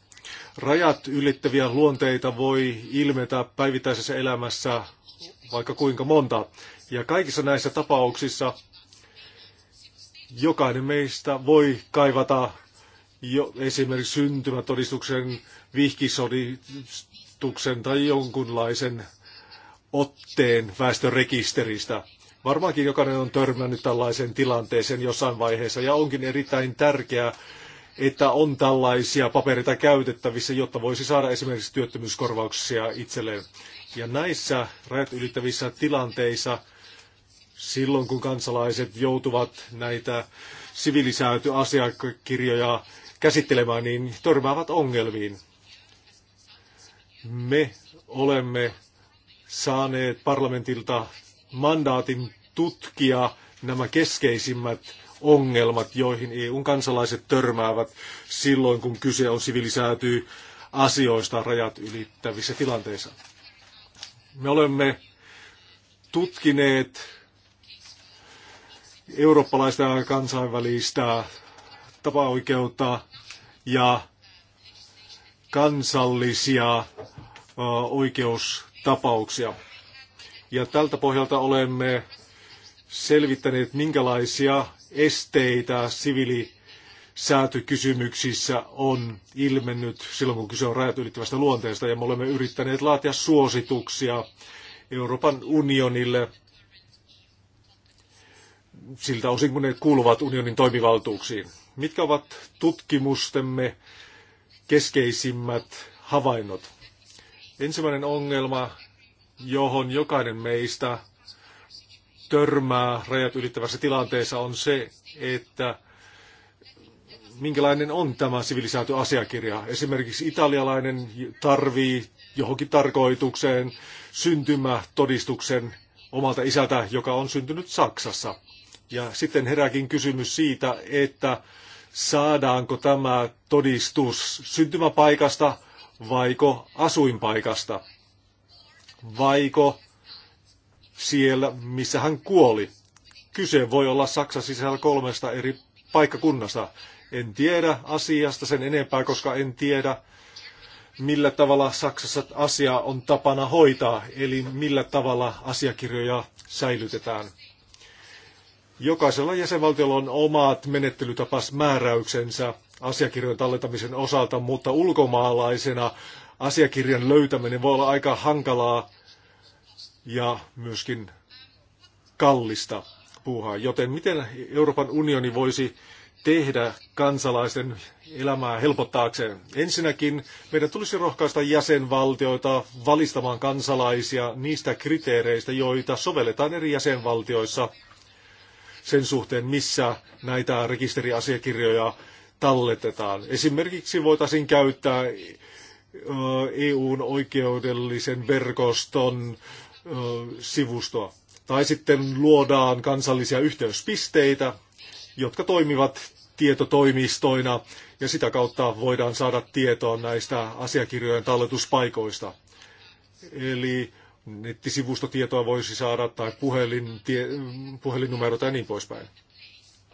rajat ylittäviä luonteita voi ilmetä päivittäisessä elämässä vaikka kuinka monta. Ja kaikissa näissä tapauksissa jokainen meistä voi kaivata jo esimerkiksi syntymätodistuksen, vihkisodistuksen tai jonkunlaisen otteen väestörekisteristä. Varmaankin jokainen on törmännyt tällaiseen tilanteeseen jossain vaiheessa ja onkin erittäin tärkeää, että on tällaisia papereita käytettävissä, jotta voisi saada esimerkiksi työttömyyskorvauksia itselleen. Ja näissä rajat ylittävissä tilanteissa – silloin, kun kansalaiset joutuvat näitä sivilisäätyasiakirjoja käsittelemään, niin törmäävät ongelmiin. Me olemme saaneet parlamentilta mandaatin tutkia nämä keskeisimmät ongelmat, joihin EUn kansalaiset törmäävät silloin, kun kyse on sivilisäätyy asioista rajat ylittävissä tilanteissa. Me olemme tutkineet eurooppalaista ja kansainvälistä tapaoikeutta ja kansallisia oikeustapauksia. Ja tältä pohjalta olemme selvittäneet, minkälaisia esteitä siviilisäätykysymyksissä on ilmennyt silloin, kun kyse on rajat ylittävästä luonteesta, ja me olemme yrittäneet laatia suosituksia Euroopan unionille siltä osin, kun ne kuuluvat unionin toimivaltuuksiin. Mitkä ovat tutkimustemme keskeisimmät havainnot? Ensimmäinen ongelma, johon jokainen meistä törmää rajat ylittävässä tilanteessa, on se, että minkälainen on tämä sivilisaatioasiakirja. Esimerkiksi italialainen tarvii johonkin tarkoitukseen syntymätodistuksen omalta isältä, joka on syntynyt Saksassa. Ja sitten herääkin kysymys siitä, että saadaanko tämä todistus syntymäpaikasta vaiko asuinpaikasta, vaiko siellä, missä hän kuoli. Kyse voi olla Saksan sisällä kolmesta eri paikkakunnasta. En tiedä asiasta sen enempää, koska en tiedä, millä tavalla Saksassa asia on tapana hoitaa, eli millä tavalla asiakirjoja säilytetään. Jokaisella jäsenvaltiolla on omat määräyksensä asiakirjojen tallentamisen osalta, mutta ulkomaalaisena asiakirjan löytäminen voi olla aika hankalaa ja myöskin kallista puuhaa. Joten miten Euroopan unioni voisi tehdä kansalaisten elämää helpottaakseen? Ensinnäkin meidän tulisi rohkaista jäsenvaltioita valistamaan kansalaisia niistä kriteereistä, joita sovelletaan eri jäsenvaltioissa – sen suhteen, missä näitä rekisteriasiakirjoja talletetaan. Esimerkiksi voitaisiin käyttää EUn oikeudellisen verkoston sivustoa. Tai sitten luodaan kansallisia yhteyspisteitä, jotka toimivat tietotoimistoina ja sitä kautta voidaan saada tietoa näistä asiakirjojen talletuspaikoista. Eli nettisivustotietoa voisi saada tai puhelin, tie, puhelinnumero tai niin poispäin.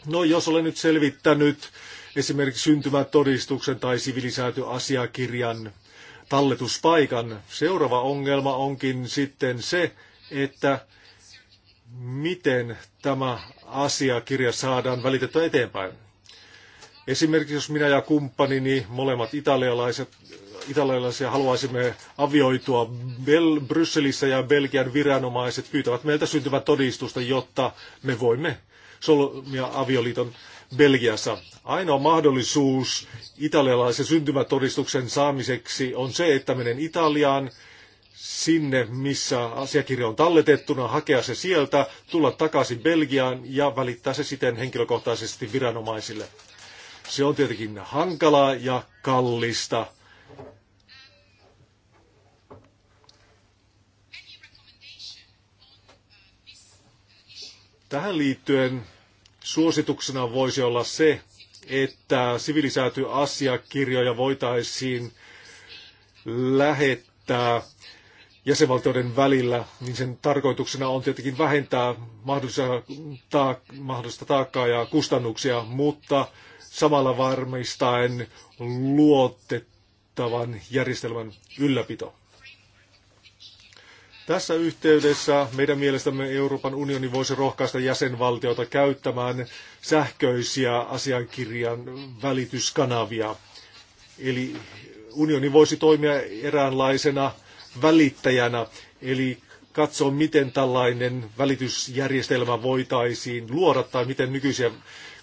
No jos olen nyt selvittänyt esimerkiksi syntymätodistuksen tai sivilisäätyasiakirjan talletuspaikan, seuraava ongelma onkin sitten se, että miten tämä asiakirja saadaan välitettyä eteenpäin. Esimerkiksi jos minä ja kumppanini, molemmat italialaiset, italialaisia haluaisimme avioitua Bel- Brysselissä ja Belgian viranomaiset pyytävät meiltä syntymätodistusta, todistusta, jotta me voimme solmia avioliiton Belgiassa. Ainoa mahdollisuus italialaisen syntymätodistuksen saamiseksi on se, että menen Italiaan, sinne, missä asiakirja on talletettuna, hakea se sieltä, tulla takaisin Belgiaan ja välittää se siten henkilökohtaisesti viranomaisille. Se on tietenkin hankalaa ja kallista. Tähän liittyen suosituksena voisi olla se, että sivilisäätyasiakirjoja voitaisiin lähettää jäsenvaltioiden välillä, niin sen tarkoituksena on tietenkin vähentää mahdollista, taakkaa ja kustannuksia, mutta samalla varmistaen luotettavan järjestelmän ylläpito. Tässä yhteydessä meidän mielestämme Euroopan unioni voisi rohkaista jäsenvaltioita käyttämään sähköisiä asiankirjan välityskanavia. Eli unioni voisi toimia eräänlaisena välittäjänä, eli katsoa, miten tällainen välitysjärjestelmä voitaisiin luoda tai miten nykyisiä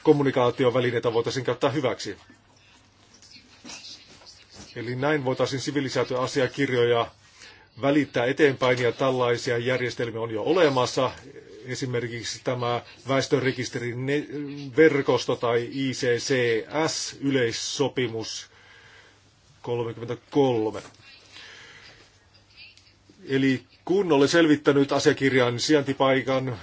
kommunikaatiovälineitä voitaisiin käyttää hyväksi. Eli näin voitaisiin sivilisaatioasiakirjoja välittää eteenpäin ja tällaisia järjestelmiä on jo olemassa. Esimerkiksi tämä väestörekisterin verkosto tai ICCS-yleissopimus 33. Eli kun olen selvittänyt asiakirjan sijaintipaikan,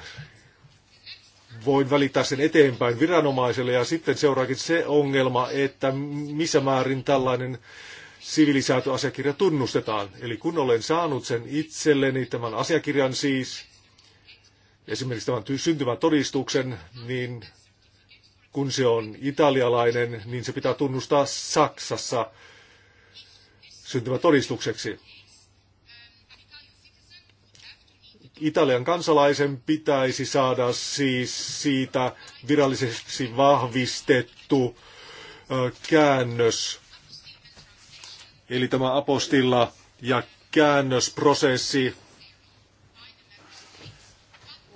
voin välittää sen eteenpäin viranomaiselle ja sitten seuraakin se ongelma, että missä määrin tällainen sivilisaatioasiakirja tunnustetaan. Eli kun olen saanut sen itselleni, tämän asiakirjan siis, esimerkiksi tämän syntymätodistuksen, niin kun se on italialainen, niin se pitää tunnustaa Saksassa syntymätodistukseksi. Italian kansalaisen pitäisi saada siis siitä virallisesti vahvistettu käännös Eli tämä apostilla ja käännösprosessi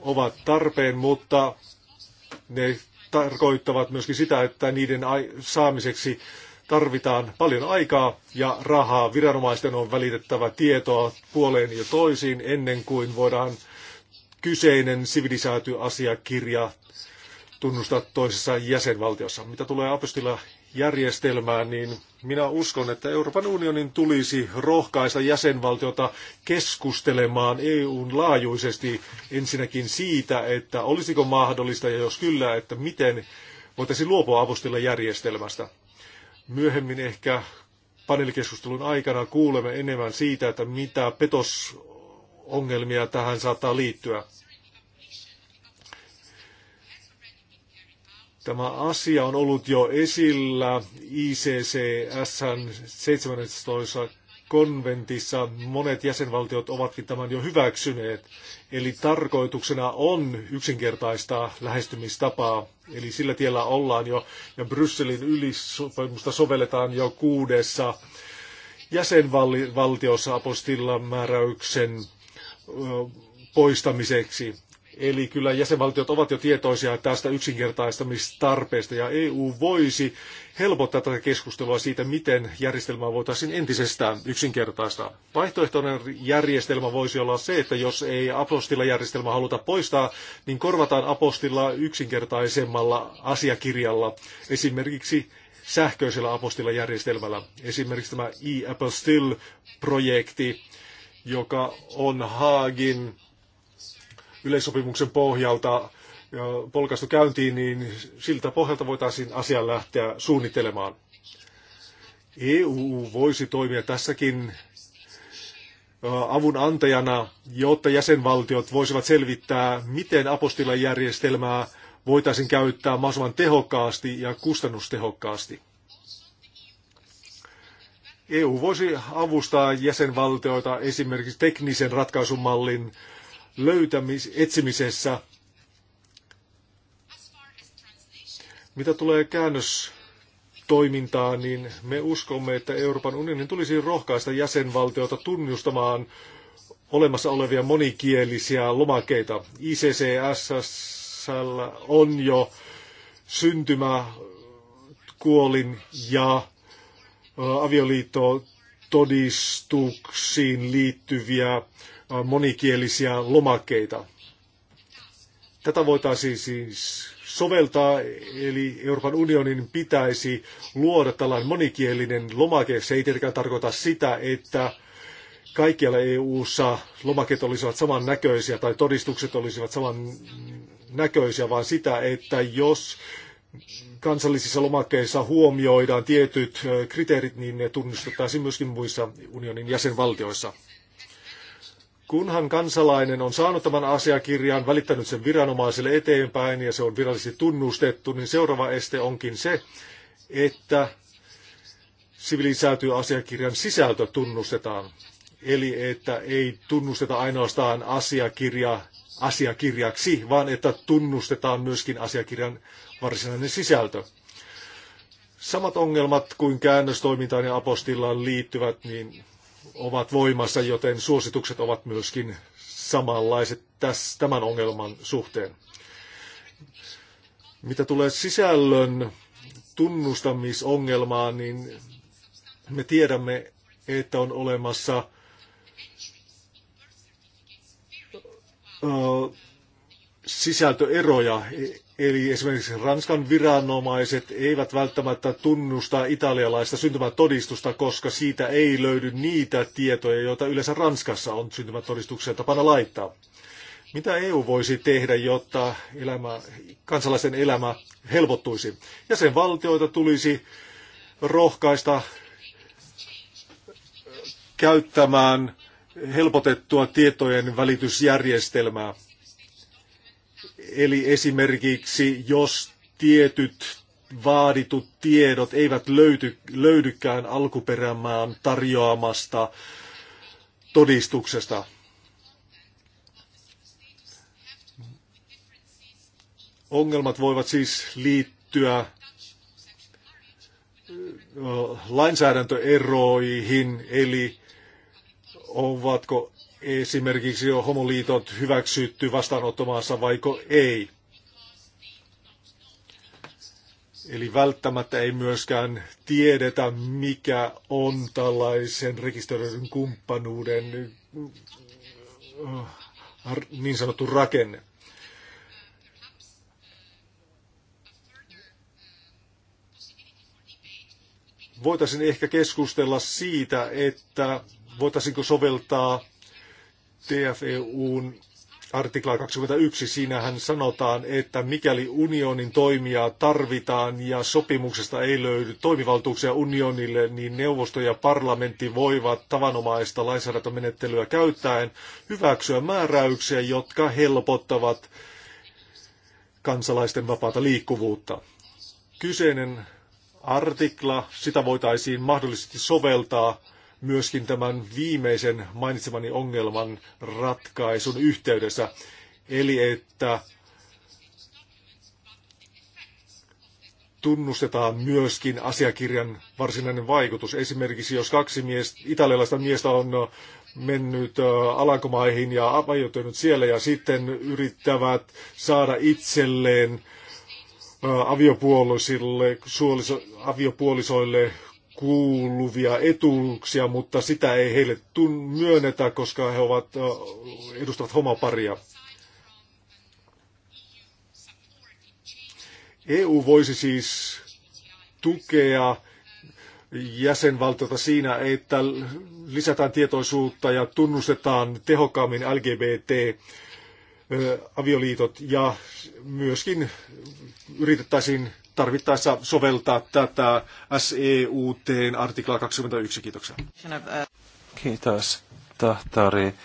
ovat tarpeen, mutta ne tarkoittavat myöskin sitä, että niiden saamiseksi tarvitaan paljon aikaa ja rahaa. Viranomaisten on välitettävä tietoa puoleen ja toisiin ennen kuin voidaan kyseinen sivilisaatioasiakirja tunnustaa toisessa jäsenvaltiossa. Mitä tulee apostilla järjestelmään, niin minä uskon, että Euroopan unionin tulisi rohkaista jäsenvaltiota keskustelemaan EUn laajuisesti ensinnäkin siitä, että olisiko mahdollista ja jos kyllä, että miten voitaisiin luopua avustella järjestelmästä. Myöhemmin ehkä paneelikeskustelun aikana kuulemme enemmän siitä, että mitä petosongelmia tähän saattaa liittyä. Tämä asia on ollut jo esillä ICCSn 17 konventissa monet jäsenvaltiot ovatkin tämän jo hyväksyneet. Eli tarkoituksena on yksinkertaistaa lähestymistapaa. Eli sillä tiellä ollaan jo, ja Brysselin ylisopimusta sovelletaan jo kuudessa jäsenvaltiossa apostilla määräyksen poistamiseksi. Eli kyllä jäsenvaltiot ovat jo tietoisia tästä yksinkertaistamistarpeesta ja EU voisi helpottaa tätä keskustelua siitä, miten järjestelmää voitaisiin entisestään yksinkertaistaa. Vaihtoehtoinen järjestelmä voisi olla se, että jos ei apostilla järjestelmä haluta poistaa, niin korvataan apostilla yksinkertaisemmalla asiakirjalla, esimerkiksi sähköisellä apostilla järjestelmällä. Esimerkiksi tämä e-Apple projekti joka on Haagin yleissopimuksen pohjalta polkastu käyntiin, niin siltä pohjalta voitaisiin asiaa lähteä suunnittelemaan. EU voisi toimia tässäkin avun antajana, jotta jäsenvaltiot voisivat selvittää, miten apostilajärjestelmää voitaisiin käyttää mahdollisimman tehokkaasti ja kustannustehokkaasti. EU voisi avustaa jäsenvaltioita esimerkiksi teknisen ratkaisumallin löytämis, etsimisessä. Mitä tulee käännös toimintaa, niin me uskomme, että Euroopan unionin tulisi rohkaista jäsenvaltioita tunnustamaan olemassa olevia monikielisiä lomakeita. ICCS on jo syntymä, kuolin ja avioliitto todistuksiin liittyviä Äh, monikielisiä lomakkeita. Tätä voitaisiin siis soveltaa, eli Euroopan unionin pitäisi luoda tällainen monikielinen lomake. Se ei tietenkään tarkoita sitä, että kaikkialla EU-ssa lomaket olisivat samannäköisiä tai todistukset olisivat samannäköisiä, vaan sitä, että jos kansallisissa lomakkeissa huomioidaan tietyt äh, kriteerit, niin ne tunnistettaisiin myöskin muissa unionin jäsenvaltioissa. Kunhan kansalainen on saanut tämän asiakirjan, välittänyt sen viranomaisille eteenpäin ja se on virallisesti tunnustettu, niin seuraava este onkin se, että sivilisäätyy asiakirjan sisältö tunnustetaan. Eli että ei tunnusteta ainoastaan asiakirja asiakirjaksi, vaan että tunnustetaan myöskin asiakirjan varsinainen sisältö. Samat ongelmat kuin käännöstoimintaan ja apostillaan liittyvät, niin ovat voimassa, joten suositukset ovat myöskin samanlaiset tässä, tämän ongelman suhteen. Mitä tulee sisällön tunnustamisongelmaan, niin me tiedämme, että on olemassa sisältöeroja Eli esimerkiksi Ranskan viranomaiset eivät välttämättä tunnusta italialaista syntymätodistusta, koska siitä ei löydy niitä tietoja, joita yleensä Ranskassa on syntymätodistukseen tapana laittaa. Mitä EU voisi tehdä, jotta elämä, kansalaisen elämä helpottuisi? Jäsenvaltioita tulisi rohkaista käyttämään helpotettua tietojen välitysjärjestelmää. Eli esimerkiksi jos tietyt vaaditut tiedot eivät löyty, löydykään alkuperämaan tarjoamasta todistuksesta. Ongelmat voivat siis liittyä lainsäädäntöeroihin, eli ovatko esimerkiksi on homoliitot hyväksytty vastaanottomaassa vaiko ei. Eli välttämättä ei myöskään tiedetä, mikä on tällaisen rekisteröidyn kumppanuuden äh, niin sanottu rakenne. Voitaisiin ehkä keskustella siitä, että voitaisiinko soveltaa TFEUn artikla 21, siinähän sanotaan, että mikäli unionin toimia tarvitaan ja sopimuksesta ei löydy toimivaltuuksia unionille, niin neuvosto ja parlamentti voivat tavanomaista lainsäädäntömenettelyä käyttäen hyväksyä määräyksiä, jotka helpottavat kansalaisten vapaata liikkuvuutta. Kyseinen artikla, sitä voitaisiin mahdollisesti soveltaa myöskin tämän viimeisen mainitsemani ongelman ratkaisun yhteydessä. Eli että tunnustetaan myöskin asiakirjan varsinainen vaikutus. Esimerkiksi jos kaksi mies, italialaista miestä on mennyt Alankomaihin ja avioitunut siellä ja sitten yrittävät saada itselleen aviopuolisoille, suoliso, aviopuolisoille kuuluvia etuuksia, mutta sitä ei heille tun- myönnetä, koska he ovat, edustavat homoparia. EU voisi siis tukea jäsenvaltiota siinä, että lisätään tietoisuutta ja tunnustetaan tehokkaammin LGBT avioliitot ja myöskin yritettäisiin tarvittaessa soveltaa tätä SEUT artiklaa 21. Kiitoksia. Kiitos, tahtori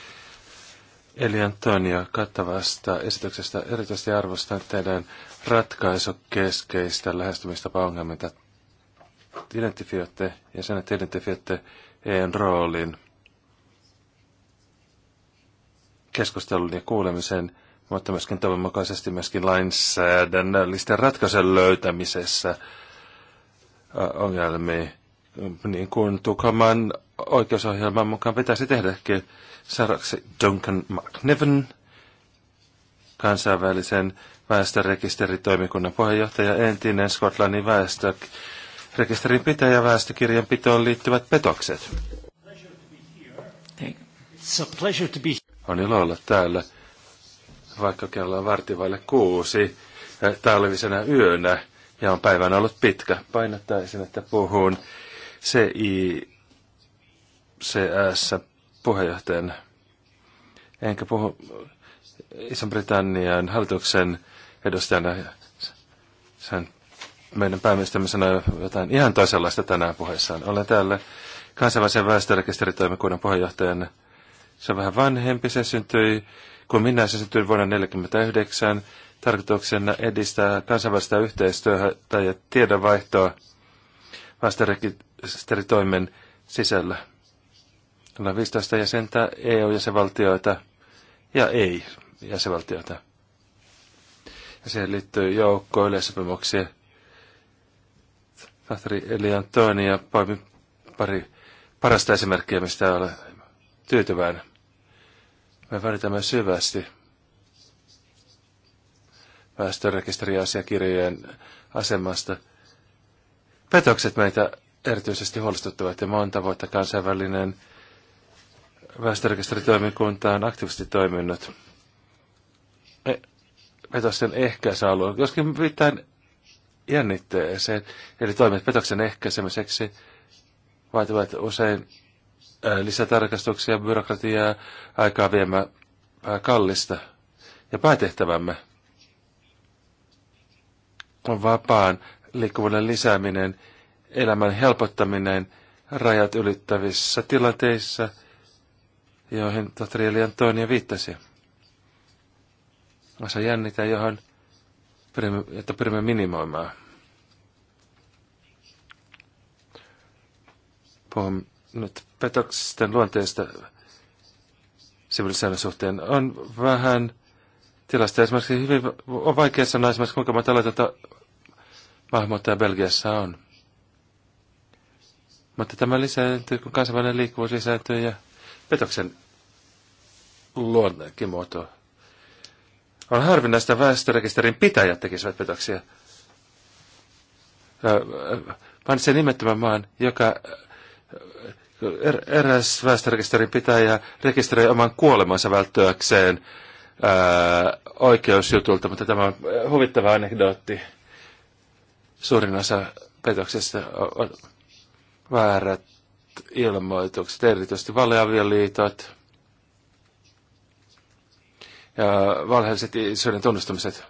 Eli Antonia kattavasta esityksestä. Erityisesti arvostan teidän ratkaisukeskeistä lähestymistapa ongelmia. Identifioitte ja sen, että identifioitte EUn roolin keskustelun ja kuulemisen mutta myöskin toivonmukaisesti myöskin lainsäädännöllisten ratkaisun löytämisessä äh, ongelmia, niin kuin Tukaman oikeusohjelman mukaan pitäisi tehdäkin. Saraksi Duncan McNiven, kansainvälisen väestörekisteritoimikunnan puheenjohtaja, entinen Skotlannin väestörekisterin pitäjä väestökirjanpitoon liittyvät petokset. On ilo olla täällä vaikka kello on vartivaille kuusi talvisena yönä ja on päivän ollut pitkä. Painottaisin, että puhun CICS puheenjohtajan, enkä puhu iso britannian hallituksen edustajana. Sen meidän pääministerimme sanoi jotain ihan toisenlaista tänään puheessaan. Olen täällä kansainvälisen väestörekisteritoimikunnan puheenjohtajana. Se on vähän vanhempi, se syntyi kun minä asetyin vuonna 1949 tarkoituksena edistää kansainvälistä yhteistyötä ja tiedonvaihtoa vastarekisteritoimen sisällä. Ollaan 15 jäsentä, EU-jäsenvaltioita ja ei-jäsenvaltioita. Ja siihen liittyy joukko yleissopimuksia. Tahtori Eli Antoni ja pari parasta esimerkkiä, mistä olen tyytyväinen. Me välitämme syvästi väestörekisteriasiakirjojen asemasta. Petokset meitä erityisesti huolestuttavat ja monta vuotta kansainvälinen väestörekisteritoimikunta on aktiivisesti toiminut e, petosten ehkäisyalue, joskin viittain jännitteeseen, eli toimet petoksen ehkäisemiseksi vaativat usein lisätarkastuksia, byrokratiaa, aikaa viemä kallista. Ja päätehtävämme on vapaan liikkuvuuden lisääminen, elämän helpottaminen rajat ylittävissä tilanteissa, joihin Tatrieli Antonia viittasi. Osa jännitä, johon että pyrimme minimoimaan. Puhun nyt petoksen luonteesta sivilisäännön suhteen on vähän tilasta. Esimerkiksi hyvin on vaikea sanoa esimerkiksi, kuinka monta laitonta maahanmuuttaja Belgiassa on. Mutta tämä lisääntyy, kun kansainvälinen liikkuvuus lisääntyy ja petoksen luonnekin muoto On harvinaista väestörekisterin pitäjät tekisivät petoksia. Vaan sen nimettömän maan, joka eräs väestörekisterin pitäjä rekisteröi oman kuolemansa välttyäkseen ää, oikeusjutulta, mutta tämä on huvittava anekdootti. Suurin osa petoksista on väärät ilmoitukset, erityisesti valeavioliitot ja valheelliset isoiden tunnustamiset.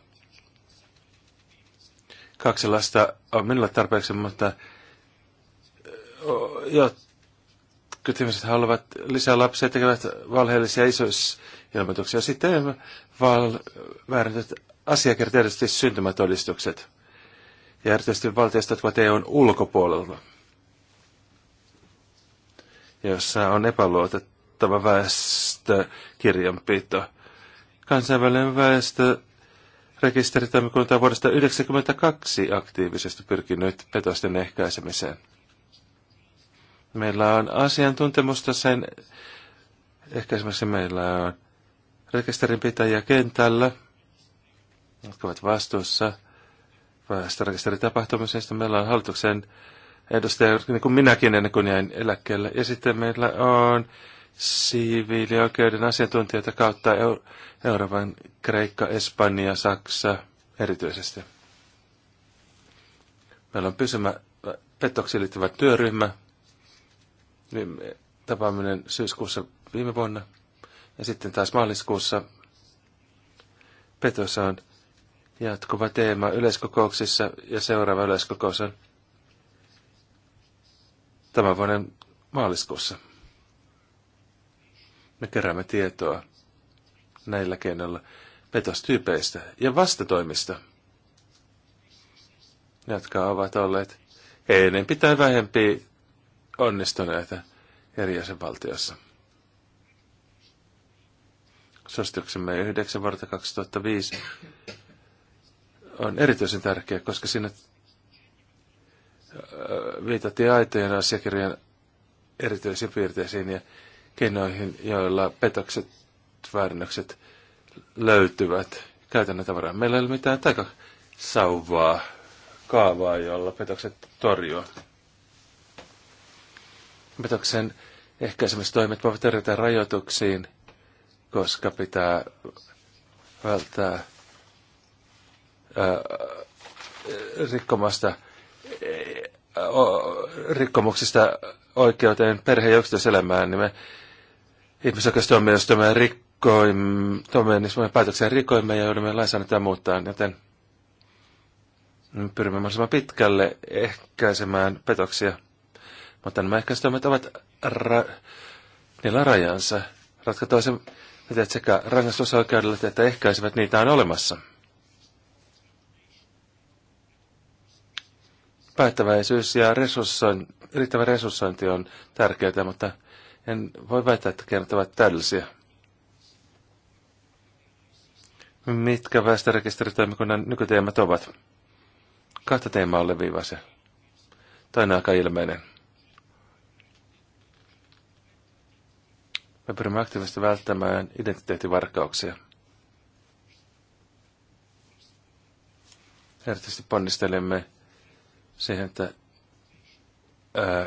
Kaksi lasta on minulle tarpeeksi, mutta jotta jotkut ihmiset haluavat lisää lapsia tekevät valheellisia isoisilmoituksia. Sitten val- väärätyt asiakirjat, erityisesti syntymätodistukset. Ja erityisesti valtiosta, jotka EUn ulkopuolella, jossa on epäluotettava väestökirjanpito. Kansainvälinen väestö rekisteritoimikunta on vuodesta 1992 aktiivisesti pyrkinyt petosten ehkäisemiseen. Meillä on asiantuntemusta sen, ehkä esimerkiksi meillä on rekisterinpitäjä kentällä, jotka ovat vastuussa väestörekisteritapahtumisesta. Meillä on hallituksen edustaja, niin kuin minäkin ennen kuin jäin eläkkeelle. Ja sitten meillä on siviilioikeuden asiantuntijoita kautta Euroopan, Kreikka, Espanja, Saksa erityisesti. Meillä on pysymä petoksiin liittyvä työryhmä, Eh, tapaaminen syyskuussa viime vuonna ja sitten taas maaliskuussa Petossa on jatkuva teema yleiskokouksissa ja seuraava yleiskokous on tämän vuoden maaliskuussa. Me keräämme tietoa näillä keinoilla petostyypeistä ja vastatoimista, jotka ovat olleet enempi tai vähempi onnistuneita eri jäsenvaltiossa. Suosituksemme 9 vuotta 2005 on erityisen tärkeä, koska siinä äh, viitattiin aitojen asiakirjan erityisiin piirteisiin ja keinoihin, joilla petokset, väärinnökset löytyvät käytännön tavaraa. Meillä ei ole mitään taikasauvaa kaavaa, jolla petokset torjua petoksen ehkäisemistoimet voivat tarjota rajoituksiin, koska pitää välttää rikkomasta rikkomuksista oikeuteen perhe- ja yksityiselämään, niin me ihmisoikeustuomioistuimen rikkoimme, tuomioistuimen päätöksiä rikoimme ja joudumme lainsäädäntöä muuttaa, joten me pyrimme mahdollisimman pitkälle ehkäisemään petoksia. Mutta nämä ehkäistoimet ovat, ra- niillä on rajansa. Ratkataan että sekä rangaistusoikeudella että ehkäisevät niitä on olemassa. Päättäväisyys ja resurssoin, riittävä resurssointi on tärkeää, mutta en voi väittää, että keinot ovat täydellisiä. Mitkä väestörekisteritoimikunnan nykyteemat ovat? Kahta teemaa on leviivaisia. Toinen aika ilmeinen. Me pyrimme aktiivisesti välttämään identiteettivarkauksia. Erityisesti ponnistelemme siihen, että ää,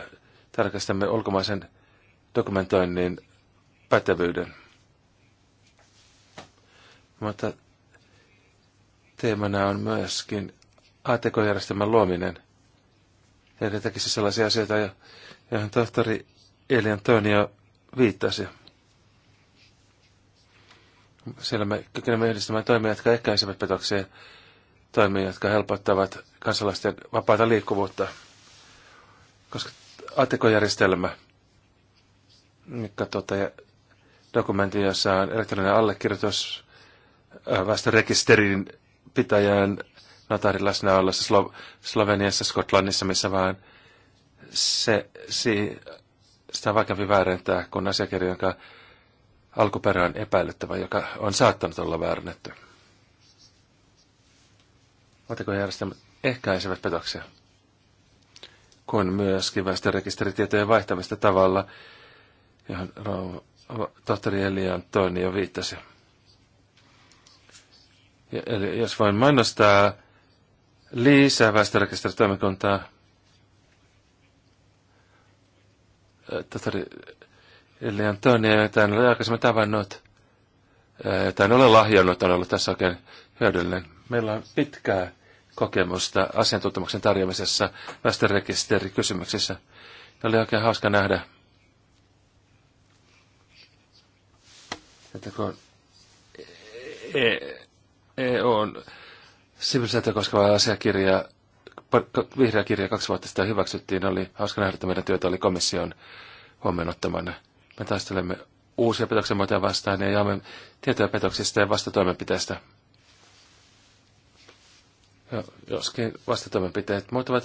tarkastamme ulkomaisen dokumentoinnin pätevyyden. Mutta teemana on myöskin ATK-järjestelmän luominen. Eri tekisi sellaisia asioita, joihin tohtori Elian Tönio viittasi. Siellä me kykenemme yhdistämään toimia, jotka ehkäisevät petoksia, toimia, jotka helpottavat kansalaisten vapaata liikkuvuutta. Koska ATK-järjestelmä, mikä tuota, dokumentti, jossa on elektroninen allekirjoitus äh, väestörekisterin pitäjään notaarin läsnä ollessa Slo- Sloveniassa, Skotlannissa, missä vaan se, si, sitä on vaikeampi väärentää kuin asiakirja, jonka alkuperä on epäilyttävä, joka on saattanut olla väärännetty. Vatikojärjestelmät ehkäisevät petoksia, kuin myöskin väestörekisteritietojen vaihtamista tavalla, johon tohtori Eli Antoni jo viittasi. Ja, eli jos voin mainostaa lisää väestörekisteritoimikuntaa, tohtori Eli Antoni, toinen, jota ole aikaisemmin tavannut, Tämä en ole lahjannut, on ollut tässä oikein hyödyllinen. Meillä on pitkää kokemusta asiantuntemuksen tarjoamisessa väestörekisterikysymyksissä. Ja oli oikein hauska nähdä, että kun EU e- e- on sivilisaatio koskeva asiakirja, vihreä kirja kaksi vuotta sitten hyväksyttiin, oli hauska nähdä, että meidän työtä oli komission huomioon ottamana. Me taistelemme uusia petoksen muotoja vastaan ja jaamme tietoja petoksista ja vastatoimenpiteistä. Ja joskin vastatoimenpiteet muuttuvat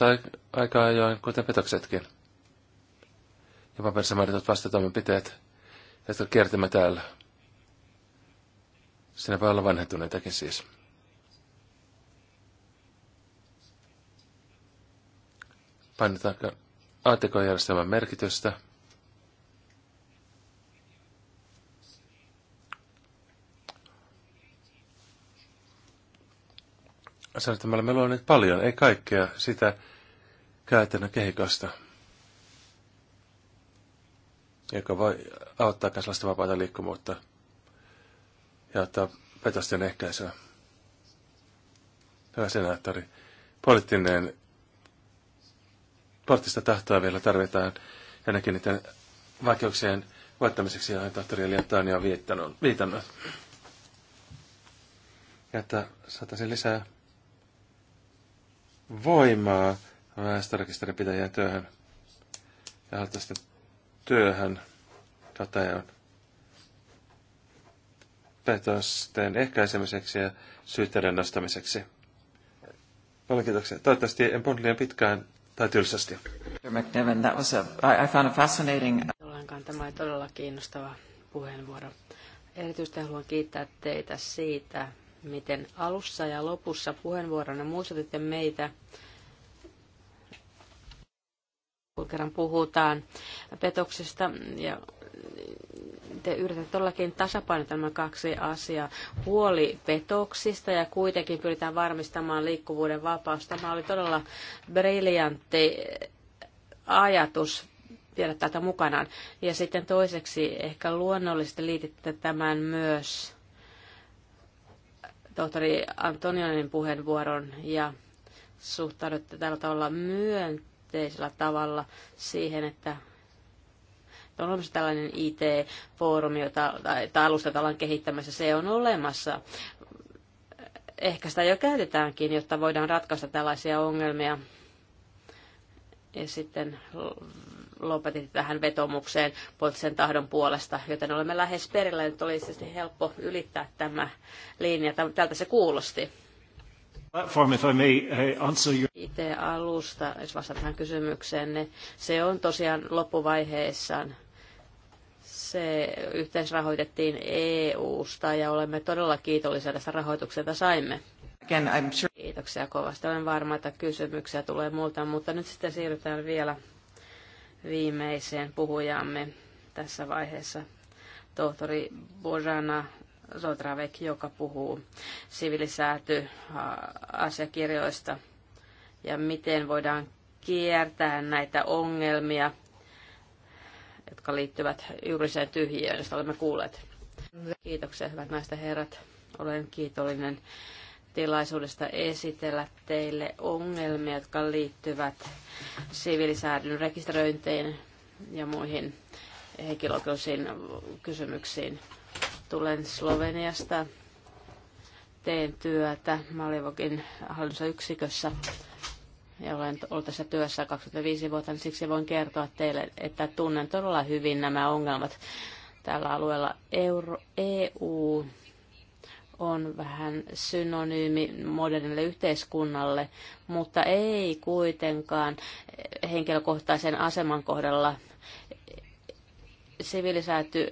aikaa ajoin, kuten petoksetkin. Ja paperissa määrityt vastatoimenpiteet, jotka kiertämme täällä. Sinä voi olla vanhentuneitakin siis. Painetaanko aatikojärjestelmän merkitystä – sanoin, että me olemme luoneet paljon, ei kaikkea sitä käytännön kehikasta, joka voi auttaa kansalaisten vapaata liikkumuutta ja ottaa petosten ehkäisyä. Hyvä senaattori. Poliittinen, poliittista tahtoa vielä tarvitaan ainakin niiden vaikeuksien voittamiseksi, joihin tohtori Eliatani on viitannut. Ja että saataisiin lisää voimaa väestörekisterinpitäjän työhön ja haltaisten työhön on petosten ehkäisemiseksi ja syytteiden nostamiseksi. Paljon kiitoksia. Toivottavasti en puhunut liian pitkään tai tylsästi. McNevin, that was a, I, I found a fascinating... Ollenkaan tämä oli todella kiinnostava puheenvuoro. Erityisesti haluan kiittää teitä siitä, miten alussa ja lopussa puheenvuorona muistutitte meitä, kun kerran puhutaan petoksista ja te yritätte todellakin tasapainottaa nämä kaksi asiaa. Huoli petoksista ja kuitenkin pyritään varmistamaan liikkuvuuden vapaus. Tämä oli todella briljantti ajatus viedä tätä mukanaan. Ja sitten toiseksi ehkä luonnollisesti liititte tämän myös tohtori Antonionin puheenvuoron ja suhtaudutte tällä tavalla myönteisellä tavalla siihen, että on olemassa tällainen IT-foorumi jota, tai, tai alusta ollaan kehittämässä. Se on olemassa. Ehkä sitä jo käytetäänkin, jotta voidaan ratkaista tällaisia ongelmia. Ja sitten lopetitte tähän vetomukseen poliittisen tahdon puolesta, joten olemme lähes perillä. Nyt oli siis helppo ylittää tämä linja. Tältä se kuulosti. IT-alusta, jos vastaan tähän kysymykseen, niin se on tosiaan loppuvaiheessaan. Se yhteisrahoitettiin EU-sta ja olemme todella kiitollisia tästä rahoituksesta saimme. Again, I'm sure... Kiitoksia kovasti. Olen varma, että kysymyksiä tulee muuta, mutta nyt sitten siirrytään vielä viimeiseen puhujamme tässä vaiheessa, tohtori Bojana Zotravek, joka puhuu sivilisäätyasiakirjoista ja miten voidaan kiertää näitä ongelmia, jotka liittyvät juuriseen tyhjiöön, josta olemme kuulleet. Kiitoksia, hyvät naiset ja herrat. Olen kiitollinen tilaisuudesta esitellä teille ongelmia, jotka liittyvät siviilisäädyn rekisteröintiin ja muihin henkilöoikeuksiin kysymyksiin. Tulen Sloveniasta, teen työtä Malivokin hallinnossa yksikössä ja olen ollut tässä työssä 25 vuotta, niin siksi voin kertoa teille, että tunnen todella hyvin nämä ongelmat tällä alueella. EU e on vähän synonyymi modernille yhteiskunnalle, mutta ei kuitenkaan henkilökohtaisen aseman kohdalla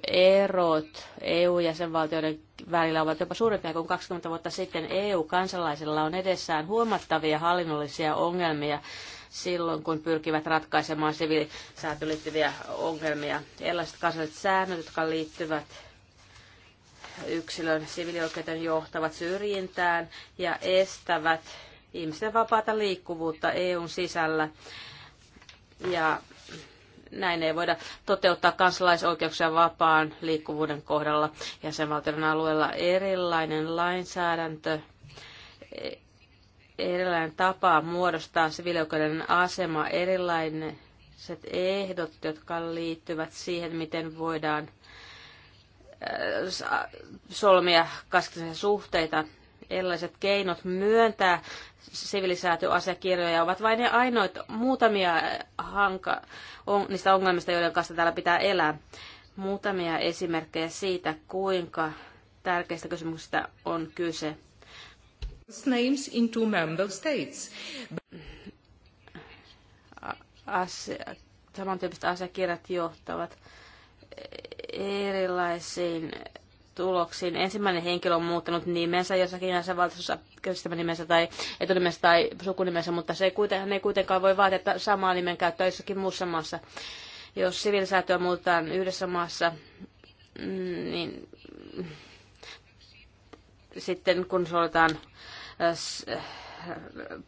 erot EU-jäsenvaltioiden välillä ovat jopa suurempia kuin 20 vuotta sitten. EU-kansalaisilla on edessään huomattavia hallinnollisia ongelmia silloin, kun pyrkivät ratkaisemaan sivilisaatioon liittyviä ongelmia. Erilaiset kansalliset säännöt, jotka liittyvät yksilön siviilioikeuden johtavat syrjintään ja estävät ihmisten vapaata liikkuvuutta EUn sisällä. Ja näin ei voida toteuttaa kansalaisoikeuksia vapaan liikkuvuuden kohdalla. Jäsenvaltion alueella erilainen lainsäädäntö, erilainen tapa muodostaa siviilioikeuden asema, erilaiset ehdot, jotka liittyvät siihen, miten voidaan Äh, solmia kasvitaisia suhteita. Erilaiset keinot myöntää sivilisaatioasiakirjoja ovat vain ne ainoita muutamia hanka, on, niistä ongelmista, joiden kanssa täällä pitää elää. Muutamia esimerkkejä siitä, kuinka tärkeistä kysymyksistä on kyse. Names in two member states. Asia, samantyyppiset asiakirjat johtavat erilaisiin tuloksiin. Ensimmäinen henkilö on muuttanut nimensä jossakin jäsenvaltiossa, kysyttämän nimensä tai etunimensä tai sukunimensä, mutta se ei kuitenkaan, ei kuitenkaan voi vaatia samaa nimen käyttöä jossakin muussa maassa. Jos sivilisäätöä muutetaan yhdessä maassa, mm, niin sitten kun soitetaan äh, äh,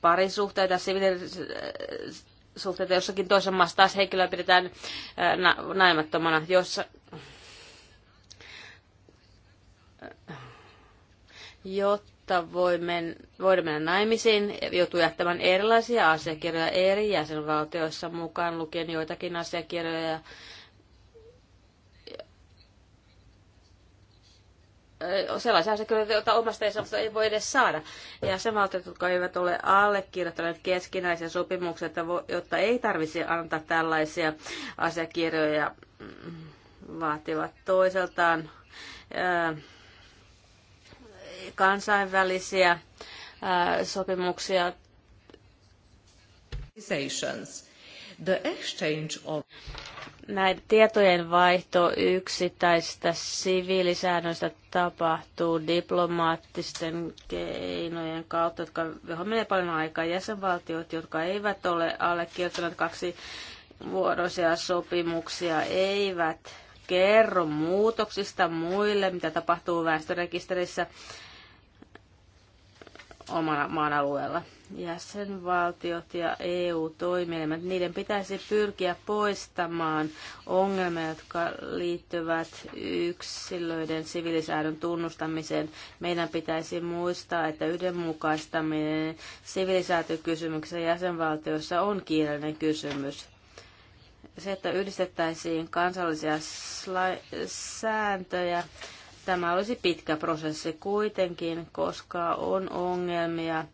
parisuhteita, siviilis suhteita jossakin toisen maassa taas henkilöä pidetään naimattomana, jossa jotta voi men, voida mennä naimisiin, joutuu jättämään erilaisia asiakirjoja eri jäsenvaltioissa mukaan lukien joitakin asiakirjoja, sellaisia asiakirjoja, joita omasta jäsenvaltiosta ei voi edes saada. Ja sen valtiot, jotka eivät ole allekirjoittaneet keskinäisiä sopimuksia, jotta ei tarvitsisi antaa tällaisia asiakirjoja, mm, vaativat toiseltaan kansainvälisiä sopimuksia. The exchange of näiden tietojen vaihto yksittäisistä siviilisäännöistä tapahtuu diplomaattisten keinojen kautta, jotka, johon menee paljon aikaa. Jäsenvaltiot, jotka eivät ole allekirjoittaneet kaksi vuoroisia sopimuksia, eivät kerro muutoksista muille, mitä tapahtuu väestörekisterissä omana maan alueella. Jäsenvaltiot ja EU-toimielimet, niiden pitäisi pyrkiä poistamaan ongelmia, jotka liittyvät yksilöiden sivilisäädön tunnustamiseen. Meidän pitäisi muistaa, että yhdenmukaistaminen sivilisäätökysymyksessä jäsenvaltioissa on kiireellinen kysymys se, että yhdistettäisiin kansallisia sääntöjä Tämä olisi pitkä prosessi kuitenkin, koska on ongelmia, äh,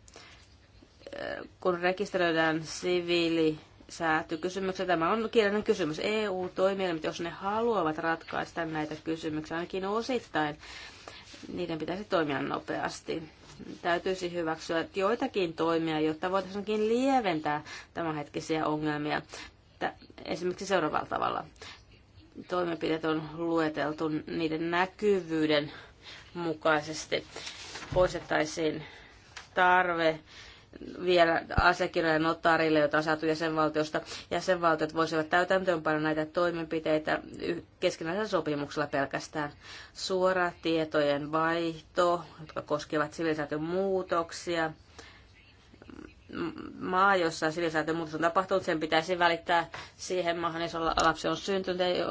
kun rekisteröidään siviili säätykysymyksiä. Tämä on kirjallinen kysymys. EU-toimielimet, jos ne haluavat ratkaista näitä kysymyksiä ainakin osittain, niiden pitäisi toimia nopeasti. Täytyisi hyväksyä joitakin toimia, jotta voitaisiin lieventää tämänhetkisiä ongelmia. Esimerkiksi seuraavalla tavalla toimenpiteet on lueteltu niiden näkyvyyden mukaisesti. Poistettaisiin tarve vielä asiakirjoja notaarille, joita on saatu jäsenvaltiosta. Jäsenvaltiot voisivat täytäntöönpanna näitä toimenpiteitä keskinäisellä sopimuksella pelkästään. Suora tietojen vaihto, jotka koskevat sivilisaation muutoksia, maa, jossa sivilisaatiomuutos on tapahtunut, sen pitäisi välittää siihen maahan, jos lapsi on syntynyt, ja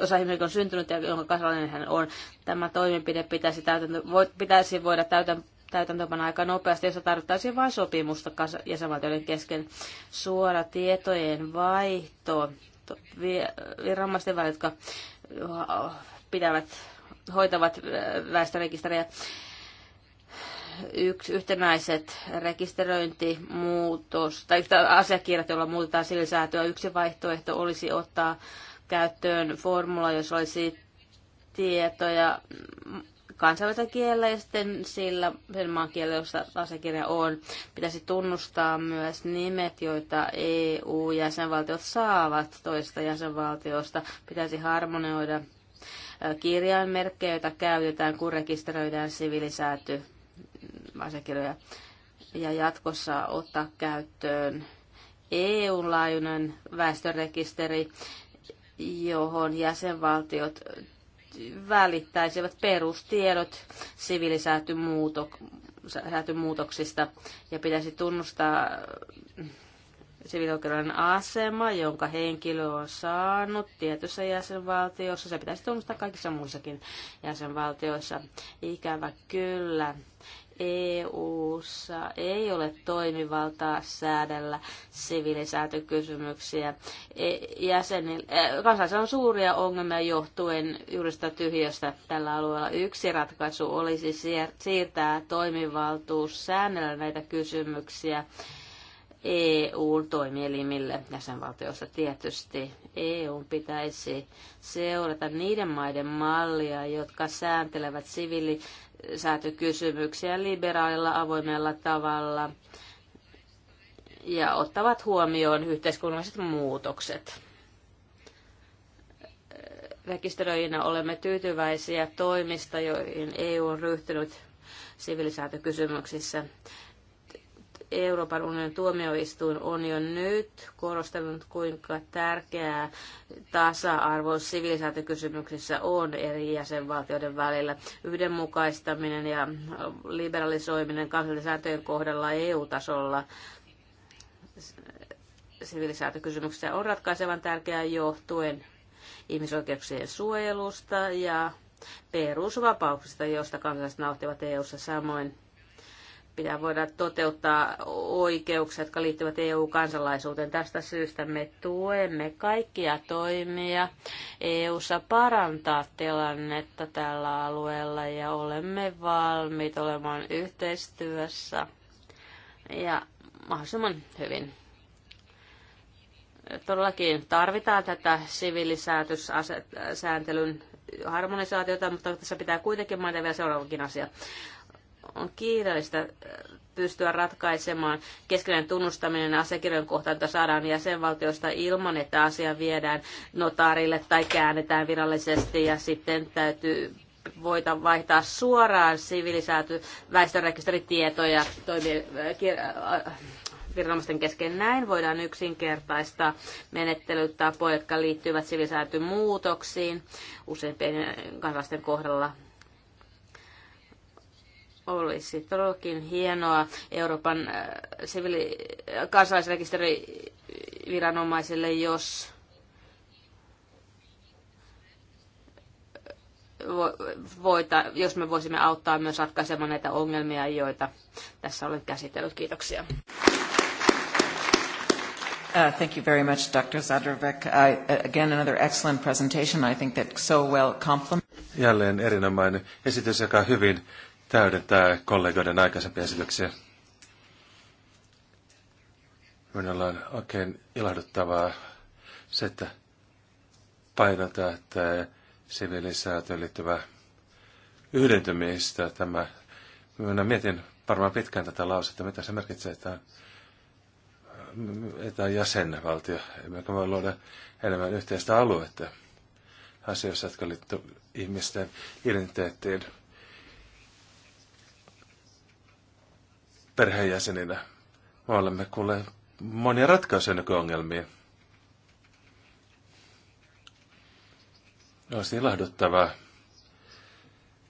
osa ihmisiä on syntynyt ja jonka kansalainen hän on. Tämä toimenpide pitäisi, täytäntö, pitäisi voida täytän, täytäntöpana aika nopeasti, jossa tarvittaisiin vain sopimusta jäsenvaltioiden kesken. Suora tietojen vaihto viranomaisten välillä, jotka pitävät, hoitavat väestörekisteriä yhtenäiset rekisteröintimuutos tai yhtä asiakirjat, joilla muutetaan silisäätöä. Yksi vaihtoehto olisi ottaa käyttöön formula, jos olisi tietoja kansainvälisellä kielellä ja sitten sillä sen maan kielellä, jossa asiakirja on, pitäisi tunnustaa myös nimet, joita EU-jäsenvaltiot saavat toista jäsenvaltiosta. Pitäisi harmonioida kirjainmerkkejä, joita käytetään, kun rekisteröidään sivilisääty asiakirjoja ja jatkossa ottaa käyttöön EU-laajuinen väestörekisteri, johon jäsenvaltiot välittäisivät perustiedot siviilisäätyn ja pitäisi tunnustaa siviilioikeudellinen asema, jonka henkilö on saanut tietyssä jäsenvaltiossa. Se pitäisi tunnustaa kaikissa muissakin jäsenvaltioissa. Ikävä kyllä. EU:ssa ei ole toimivaltaa säädellä siviilisäätökysymyksiä. E, Jäsenillä, e, kansassa on suuria ongelmia johtuen sitä tyhjöstä tällä alueella. Yksi ratkaisu olisi siirtää toimivaltuus säännellä näitä kysymyksiä EU-toimielimille jäsenvaltioissa tietysti. EU pitäisi seurata niiden maiden mallia, jotka sääntelevät siviili- säätökysymyksiä liberaalilla avoimella tavalla ja ottavat huomioon yhteiskunnalliset muutokset. Rekisteröijinä olemme tyytyväisiä toimista, joihin EU on ryhtynyt sivilisäätökysymyksissä. Euroopan unionin tuomioistuin on jo nyt korostanut, kuinka tärkeää tasa-arvo sivilisaatiokysymyksissä on eri jäsenvaltioiden välillä. Yhdenmukaistaminen ja liberalisoiminen kansallisen kohdalla EU-tasolla sivilisaatiokysymyksissä on ratkaisevan tärkeää johtuen ihmisoikeuksien suojelusta ja perusvapauksista, joista kansalaiset nauttivat EU-ssa samoin pitää voida toteuttaa oikeuksia, jotka liittyvät EU-kansalaisuuteen. Tästä syystä me tuemme kaikkia toimia EU-ssa parantaa tilannetta tällä alueella ja olemme valmiit olemaan yhteistyössä ja mahdollisimman hyvin. Todellakin tarvitaan tätä sivilisäätyssääntelyn harmonisaatiota, mutta tässä pitää kuitenkin mainita vielä seuraavakin asia on kiireellistä äh, pystyä ratkaisemaan keskeinen tunnustaminen asiakirjojen kohtaan, että saadaan jäsenvaltioista ilman, että asia viedään notaarille tai käännetään virallisesti ja sitten täytyy voita vaihtaa suoraan sivilisääty väestörekisteritietoja toimi, äh, äh, viranomaisten kesken. Näin voidaan yksinkertaistaa menettelytapoja, jotka liittyvät sivilisäätyn muutoksiin useimpien kansalaisten kohdalla olisi todellakin hienoa Euroopan äh, sivili- kansalaisrekisteriviranomaisille, jos voita, jos me voisimme auttaa myös ratkaisemaan näitä ongelmia, joita tässä olen käsitellyt. Kiitoksia. Uh, thank you very much, Dr. Zadrovec. I, uh, again, another excellent presentation. I think that so well complements. Jälleen erinomainen esitys, joka hyvin täydentää kollegoiden aikaisempia esityksiä. Minulla on oikein ilahduttavaa se, että painota, että sivilisaatioon liittyvä yhdentymistä tämä. Minä mietin varmaan pitkään tätä lausetta, mitä se merkitsee, että on, että on jäsenvaltio. Emmekä voi luoda enemmän yhteistä aluetta asioissa, jotka liittyvät ihmisten identiteettiin. perheenjäseninä. Me olemme kuulleet monia ratkaisuja nykyongelmia. Olisi ilahduttavaa niin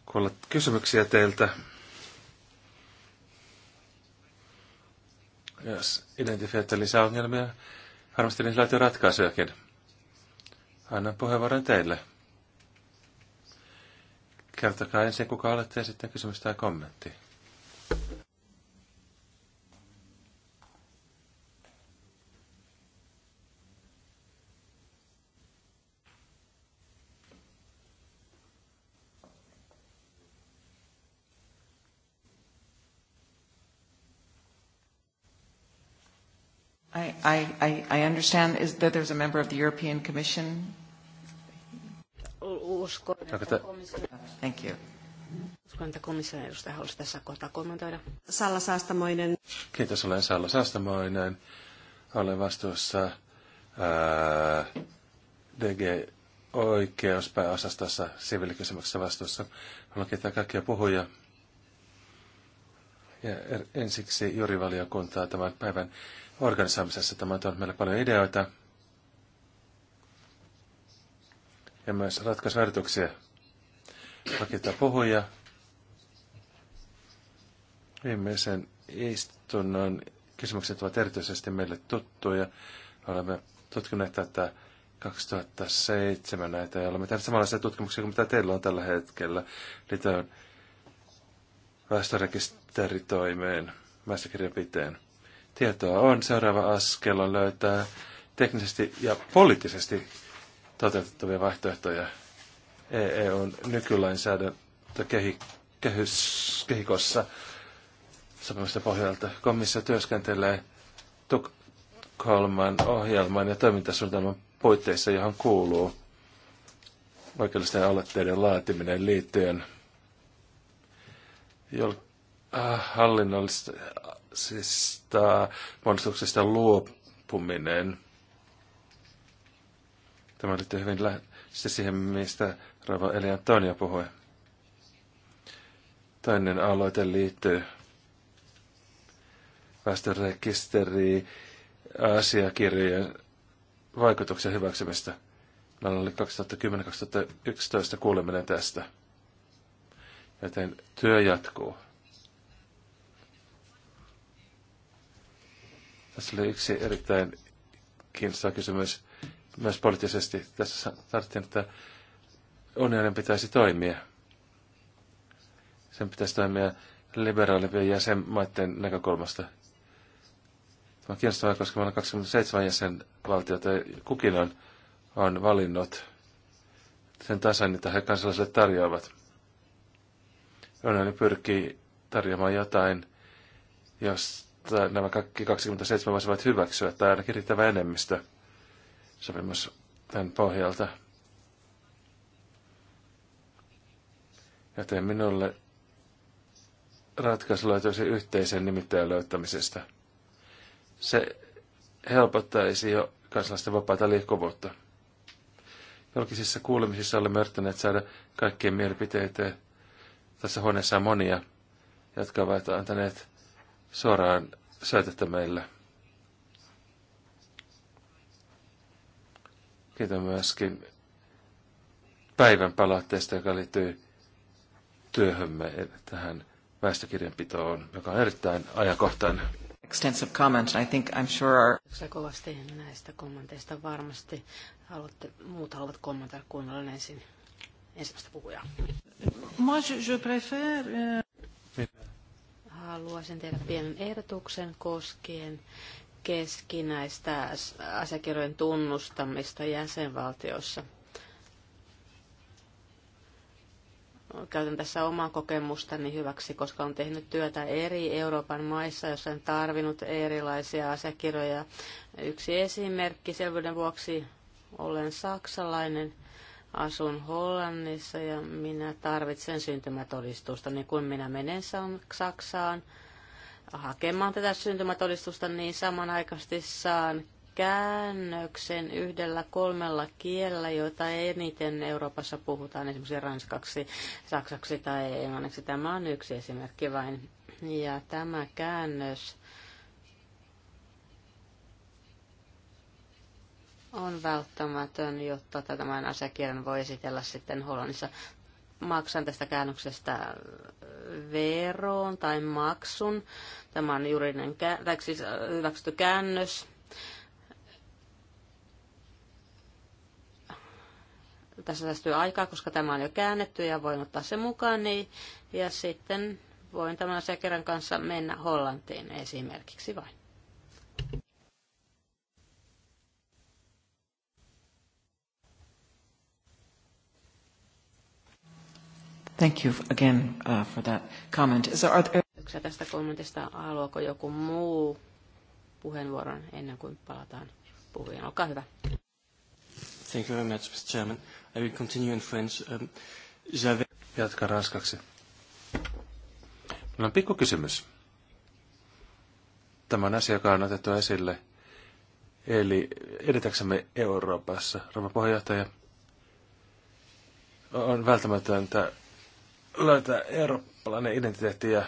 kuulla kysymyksiä teiltä. Jos identifioitte lisää ongelmia, varmasti niihin löytyy ratkaisujakin. Annan puheenvuoron teille. Kertokaa ensin, kuka olette ja sitten kysymys tai kommentti. I, I, I understand is that there's a member of the European Commission. Thank you. Uskon, että komission edustaja tässä kohtaa kommentoida. Salla Saastamoinen. Kiitos, olen Salla Saastamoinen. Olen vastuussa DG DG oikeuspääosastossa siviilikysymyksessä vastuussa. Haluan kiittää kaikkia puhuja. Ja er, ensiksi juurivaliokuntaa tämän päivän organisoimisessa. Tämä on tuonut meille paljon ideoita ja myös ratkaisuvertuksia. Pakita puhuja. Viimeisen istunnon kysymykset ovat erityisesti meille tuttuja. Olemme tutkineet tätä 2007 näitä, ja olemme tehneet samanlaisia tutkimuksia kuin mitä teillä on tällä hetkellä liittyen väestörekisteritoimeen, väestökirjanpiteen tietoa on. Seuraava askel on löytää teknisesti ja poliittisesti toteutettavia vaihtoehtoja EUn e kehikossa sopimusten pohjalta. Komissio työskentelee Tukholman ohjelman ja toimintasuunnitelman puitteissa, johon kuuluu oikeudellisten aloitteiden laatiminen liittyen ah, hallinnollista monstruksista, monstruksista luopuminen. Tämä liittyy hyvin lä- siihen, mistä Rava Eli Antonia puhui. Toinen aloite liittyy väestörekisteriin asiakirjojen vaikutuksen hyväksymistä. Meillä oli 2010-2011 kuuleminen tästä. Joten työ jatkuu. Tässä oli yksi erittäin kiinnostava kysymys myös poliittisesti. Tässä tarvittiin, että unionin pitäisi toimia. Sen pitäisi toimia liberaalimpien jäsenmaiden näkökulmasta. Tämä on kiinnostavaa, koska meillä on 27 jäsenvaltiota ja kukin on, on valinnut sen tasan, mitä he kansalaisille tarjoavat. Unioni pyrkii tarjoamaan jotain, jos että nämä kaikki 27 voisivat hyväksyä, tai ainakin riittävä enemmistö sopimus tämän pohjalta. Joten minulle ratkaisu löytyisi yhteisen nimittäjän löytämisestä. Se helpottaisi jo kansalaisten vapaata liikkuvuutta. Julkisissa kuulemisissa olemme yrittäneet saada kaikkien mielipiteitä. Tässä huoneessa on monia, jotka ovat antaneet suoraan syötettä meille. Kiitän myöskin päivän palautteesta, joka liittyy työhömme tähän väestökirjanpitoon, joka on erittäin ajankohtainen. Extensive comment, I think I'm sure our... kovasti näistä kommenteista varmasti. Haluatte, muut haluavat kommentoida kuunnella ensin ensimmäistä puhujaa. Moi, je, je préfère... Euh- Minä haluaisin tehdä pienen ehdotuksen koskien keskinäistä asiakirjojen tunnustamista jäsenvaltiossa. Käytän tässä omaa kokemustani hyväksi, koska olen tehnyt työtä eri Euroopan maissa, joissa on tarvinnut erilaisia asiakirjoja. Yksi esimerkki selvyyden vuoksi olen saksalainen – Asun Hollannissa ja minä tarvitsen syntymätodistusta. Niin kun minä menen Saksaan hakemaan tätä syntymätodistusta, niin samanaikaisesti saan käännöksen yhdellä kolmella kielellä, joita eniten Euroopassa puhutaan, esimerkiksi ranskaksi, saksaksi tai englanniksi. Tämä on yksi esimerkki vain. Ja tämä käännös on välttämätön, jotta tämän asiakirjan voi esitellä sitten Hollannissa. Maksan tästä käännöksestä veroon tai maksun. Tämä on juridinen, tai siis äh, hyväksytty käännös. Tässä säästyy aikaa, koska tämä on jo käännetty ja voin ottaa sen mukaan. Niin, ja sitten voin tämän asiakirjan kanssa mennä Hollantiin esimerkiksi vain. Thank you again uh, for that comment. So are there... tästä kommentista. Haluaako joku muu puheenvuoron ennen kuin palataan puhujan Olkaa hyvä. Thank you very much, Mr. Chairman. I will continue in French. Um, Jatka ranskaksi. Minulla on pikku kysymys. Tämä on asia, joka on otettu esille. Eli edetäksemme Euroopassa, rouva puheenjohtaja, on välttämätöntä löytää eurooppalainen identiteetti ja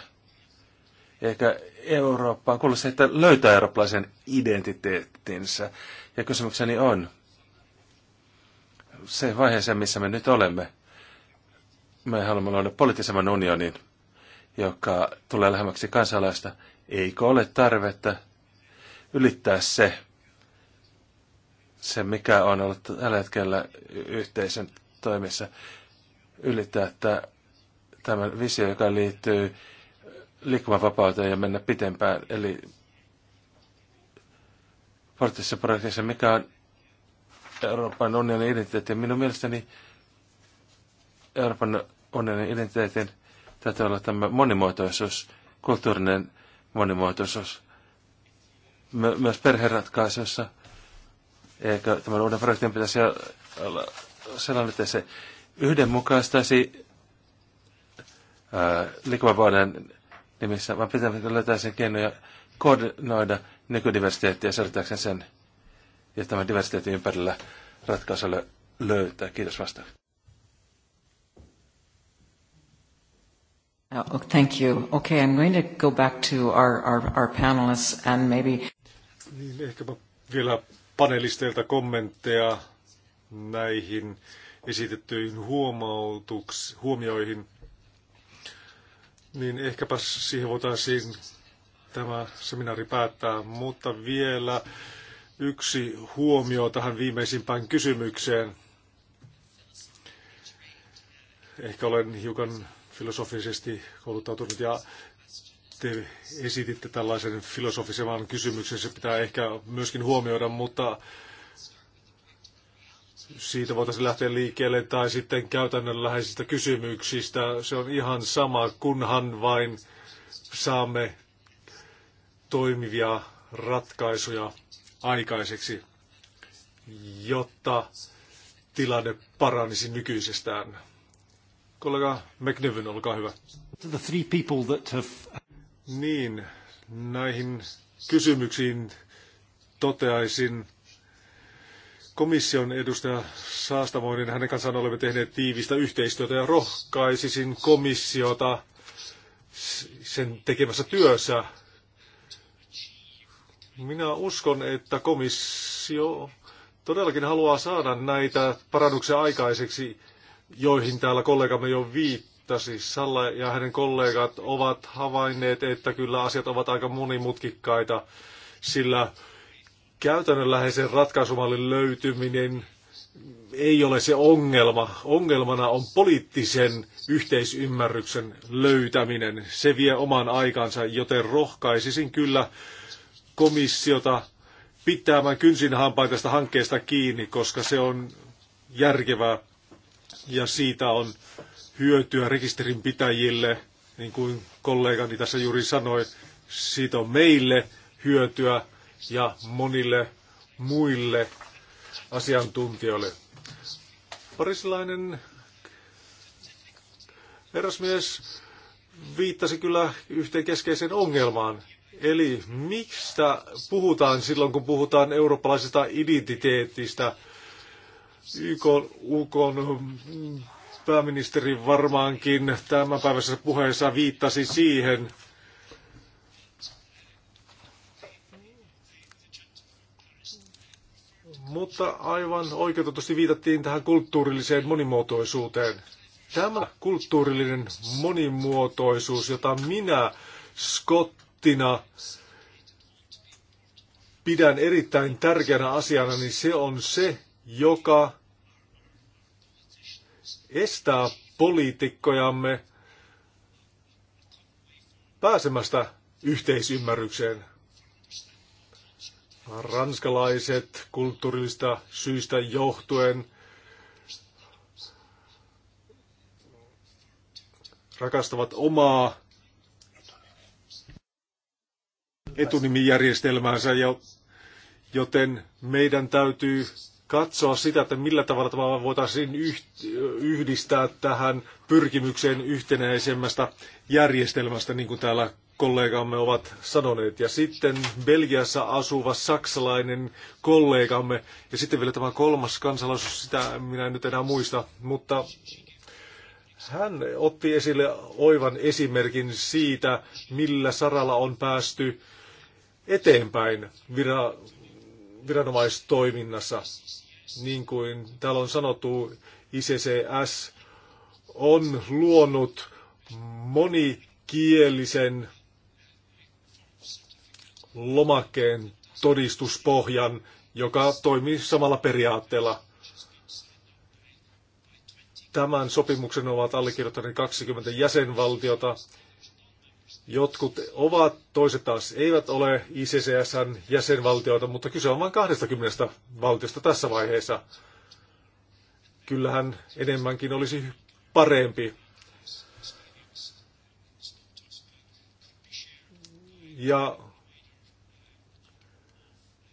eikä Eurooppaan kuulu se, että löytää eurooppalaisen identiteettinsä. Ja kysymykseni on, se vaiheessa, missä me nyt olemme, me haluamme luoda poliittisemman unionin, joka tulee lähemmäksi kansalaista. Eikö ole tarvetta ylittää se, se mikä on ollut tällä hetkellä yhteisön toimissa, ylittää, että tämä visio, joka liittyy liikkumavapauteen ja mennä pitempään. Eli portissa projektissa, mikä on Euroopan unionin identiteetti. Minun mielestäni Euroopan unionin identiteetin täytyy olla tämä monimuotoisuus, kulttuurinen monimuotoisuus, myös perheratkaisuissa. Eikö tämän uuden projektin pitäisi olla sellainen, että se yhdenmukaistaisi Äh, liikkuvavuoden nimissä, vaan pitää löytää sen keinoja koordinoida nykydiversiteettiä säilyttääkseen sen ja tämän diversiteetin ympärillä ratkaisulle löytää. Kiitos vasta. Uh, oh, thank you. Okay, I'm going to go back to our, our, our panelists and maybe... Niin, ehkäpä vielä panelisteilta kommentteja näihin esitettyihin huomautuks, huomioihin niin ehkäpä siihen voitaisiin tämä seminaari päättää. Mutta vielä yksi huomio tähän viimeisimpään kysymykseen. Ehkä olen hiukan filosofisesti kouluttautunut ja te esititte tällaisen filosofisemman kysymyksen, se pitää ehkä myöskin huomioida, mutta siitä voitaisiin lähteä liikkeelle tai sitten käytännönläheisistä kysymyksistä. Se on ihan sama, kunhan vain saamme toimivia ratkaisuja aikaiseksi, jotta tilanne paranisi nykyisestään. Kollega McNevin, olkaa hyvä. The three people that have... Niin, näihin kysymyksiin toteaisin, komission edustaja Saastamoinen, hänen kanssaan olemme tehneet tiivistä yhteistyötä ja rohkaisisin komissiota sen tekemässä työssä. Minä uskon, että komissio todellakin haluaa saada näitä parannuksia aikaiseksi, joihin täällä kollegamme jo viittasi. Salla ja hänen kollegat ovat havainneet, että kyllä asiat ovat aika monimutkikkaita, sillä käytännönläheisen ratkaisumallin löytyminen ei ole se ongelma. Ongelmana on poliittisen yhteisymmärryksen löytäminen. Se vie oman aikansa, joten rohkaisisin kyllä komissiota pitämään kynsinhampain tästä hankkeesta kiinni, koska se on järkevää ja siitä on hyötyä rekisterinpitäjille, niin kuin kollegani tässä juuri sanoi, siitä on meille hyötyä ja monille muille asiantuntijoille. Parisilainen herrasmies viittasi kyllä yhteen keskeiseen ongelmaan. Eli mistä puhutaan silloin, kun puhutaan eurooppalaisesta identiteetistä? YK, UK pääministeri varmaankin tämänpäiväisessä puheessa viittasi siihen, mutta aivan oikeutetusti viitattiin tähän kulttuurilliseen monimuotoisuuteen. Tämä kulttuurillinen monimuotoisuus, jota minä skottina pidän erittäin tärkeänä asiana, niin se on se, joka estää poliitikkojamme pääsemästä yhteisymmärrykseen. Ranskalaiset kulttuurista syistä johtuen rakastavat omaa etunimijärjestelmäänsä, joten meidän täytyy katsoa sitä, että millä tavalla tämä voitaisiin yhdistää tähän pyrkimykseen yhtenäisemmästä järjestelmästä, niin kuin täällä kollegamme ovat sanoneet. Ja sitten Belgiassa asuva saksalainen kollegamme, ja sitten vielä tämä kolmas kansalaisuus, sitä minä en nyt enää muista, mutta hän otti esille oivan esimerkin siitä, millä saralla on päästy eteenpäin vira, viranomaistoiminnassa. Niin kuin täällä on sanottu, ICCS on luonut monikielisen lomakkeen todistuspohjan, joka toimii samalla periaatteella. Tämän sopimuksen ovat allekirjoittaneet 20 jäsenvaltiota. Jotkut ovat, toiset taas eivät ole ICCSn jäsenvaltioita, mutta kyse on vain 20 valtiosta tässä vaiheessa. Kyllähän enemmänkin olisi parempi. Ja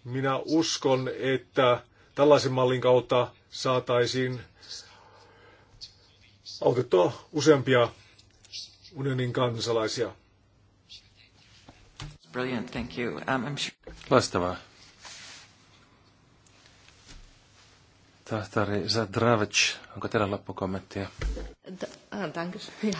minä uskon, että tällaisen mallin kautta saataisiin autettua useampia unionin kansalaisia. Brilliant, thank you. Um, I'm sure... Loistavaa. Tahtari Zadravic, onko teillä loppukommenttia? Ah, danke. Ja.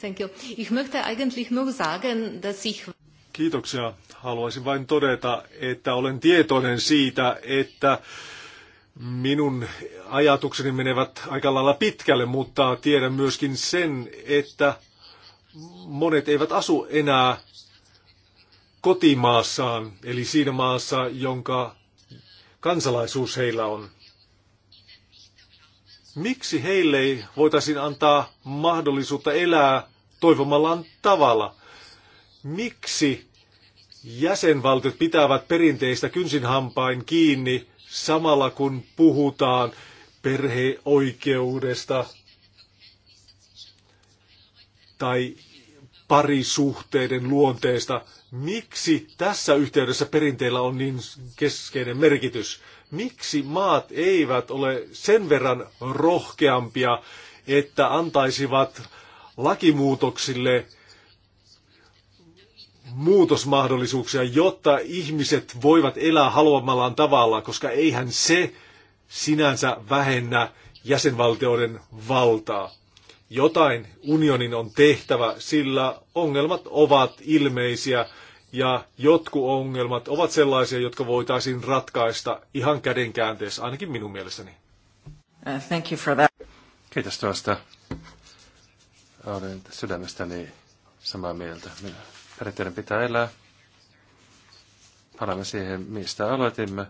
Thank you. Ich möchte eigentlich nur sagen, dass ich... Kiitoksia. Haluaisin vain todeta, että olen tietoinen siitä, että minun ajatukseni menevät aika lailla pitkälle, mutta tiedän myöskin sen, että monet eivät asu enää kotimaassaan, eli siinä maassa, jonka kansalaisuus heillä on. Miksi heille ei voitaisiin antaa mahdollisuutta elää toivomallaan tavalla? Miksi jäsenvaltiot pitävät perinteistä kynsinhampain kiinni samalla kun puhutaan perheoikeudesta tai parisuhteiden luonteesta. Miksi tässä yhteydessä perinteillä on niin keskeinen merkitys? Miksi maat eivät ole sen verran rohkeampia, että antaisivat lakimuutoksille muutosmahdollisuuksia, jotta ihmiset voivat elää haluamallaan tavalla, koska eihän se sinänsä vähennä jäsenvaltioiden valtaa. Jotain unionin on tehtävä, sillä ongelmat ovat ilmeisiä ja jotkut ongelmat ovat sellaisia, jotka voitaisiin ratkaista ihan kädenkäänteessä, ainakin minun mielestäni. Uh, thank you for that. Kiitos tuosta. Olen sydämestäni samaa mieltä. Minä Perinteiden pitää elää. Palaamme siihen, mistä aloitimme.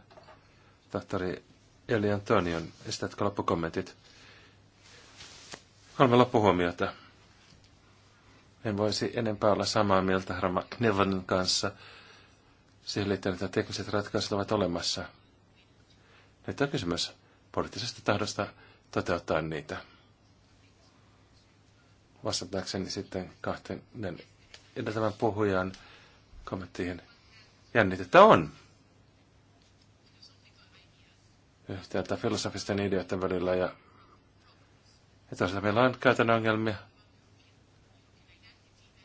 Tahtori Eli Antonion, esitätkö loppukommentit? Kolme loppuhuomiota. En voisi enempää olla samaa mieltä herra McNillanin kanssa. Siihen liittyen, että tekniset ratkaisut ovat olemassa. Nyt on kysymys poliittisesta tahdosta toteuttaa niitä. Vastatakseni sitten kahteen edeltävän puhujan kommenttiin. Jännitettä on. Yhtäältä filosofisten ideoiden välillä ja, ja toisaalta meillä on käytännön ongelmia.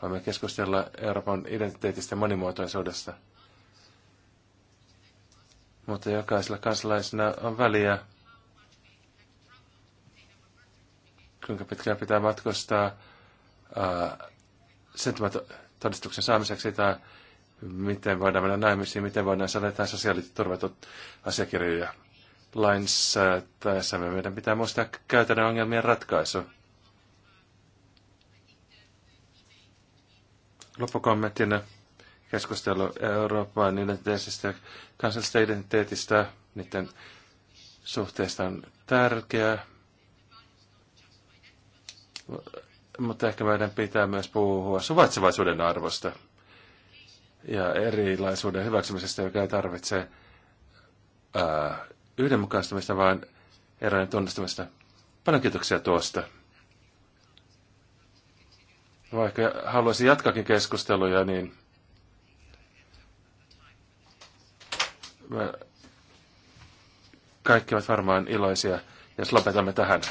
Voimme keskustella Euroopan identiteetistä monimuotoisuudesta. Mutta jokaisella kansalaisena on väliä, kuinka pitkään pitää matkustaa, ää, todistuksen saamiseksi tai miten voidaan mennä naimisiin, miten voidaan saada jotain sosiaaliturvatut asiakirjoja lainsäätäessä. Meidän pitää muistaa käytännön ongelmien ratkaisu. Loppukommenttina keskustelu Euroopan identiteetistä ja kansallisesta identiteetistä, niiden suhteesta on tärkeää mutta ehkä meidän pitää myös puhua suvaitsevaisuuden arvosta ja erilaisuuden hyväksymisestä, joka ei tarvitse ää, yhdenmukaistamista, vaan erojen tunnistamista. Paljon kiitoksia tuosta. Vaikka haluaisin jatkakin keskusteluja, niin kaikki ovat varmaan iloisia, jos lopetamme tähän.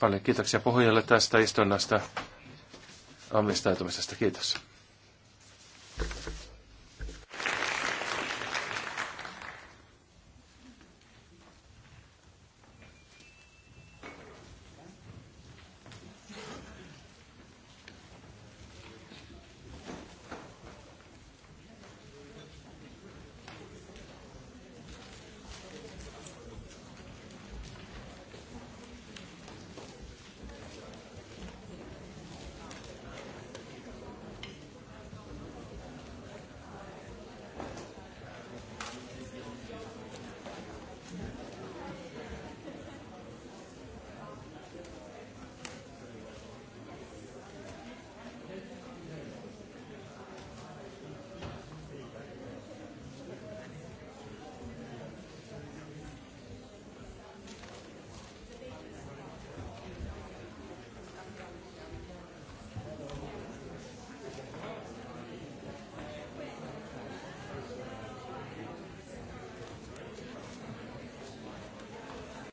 Paljon kiitoksia puhujalle tästä istunnasta omistautumisesta. Kiitos.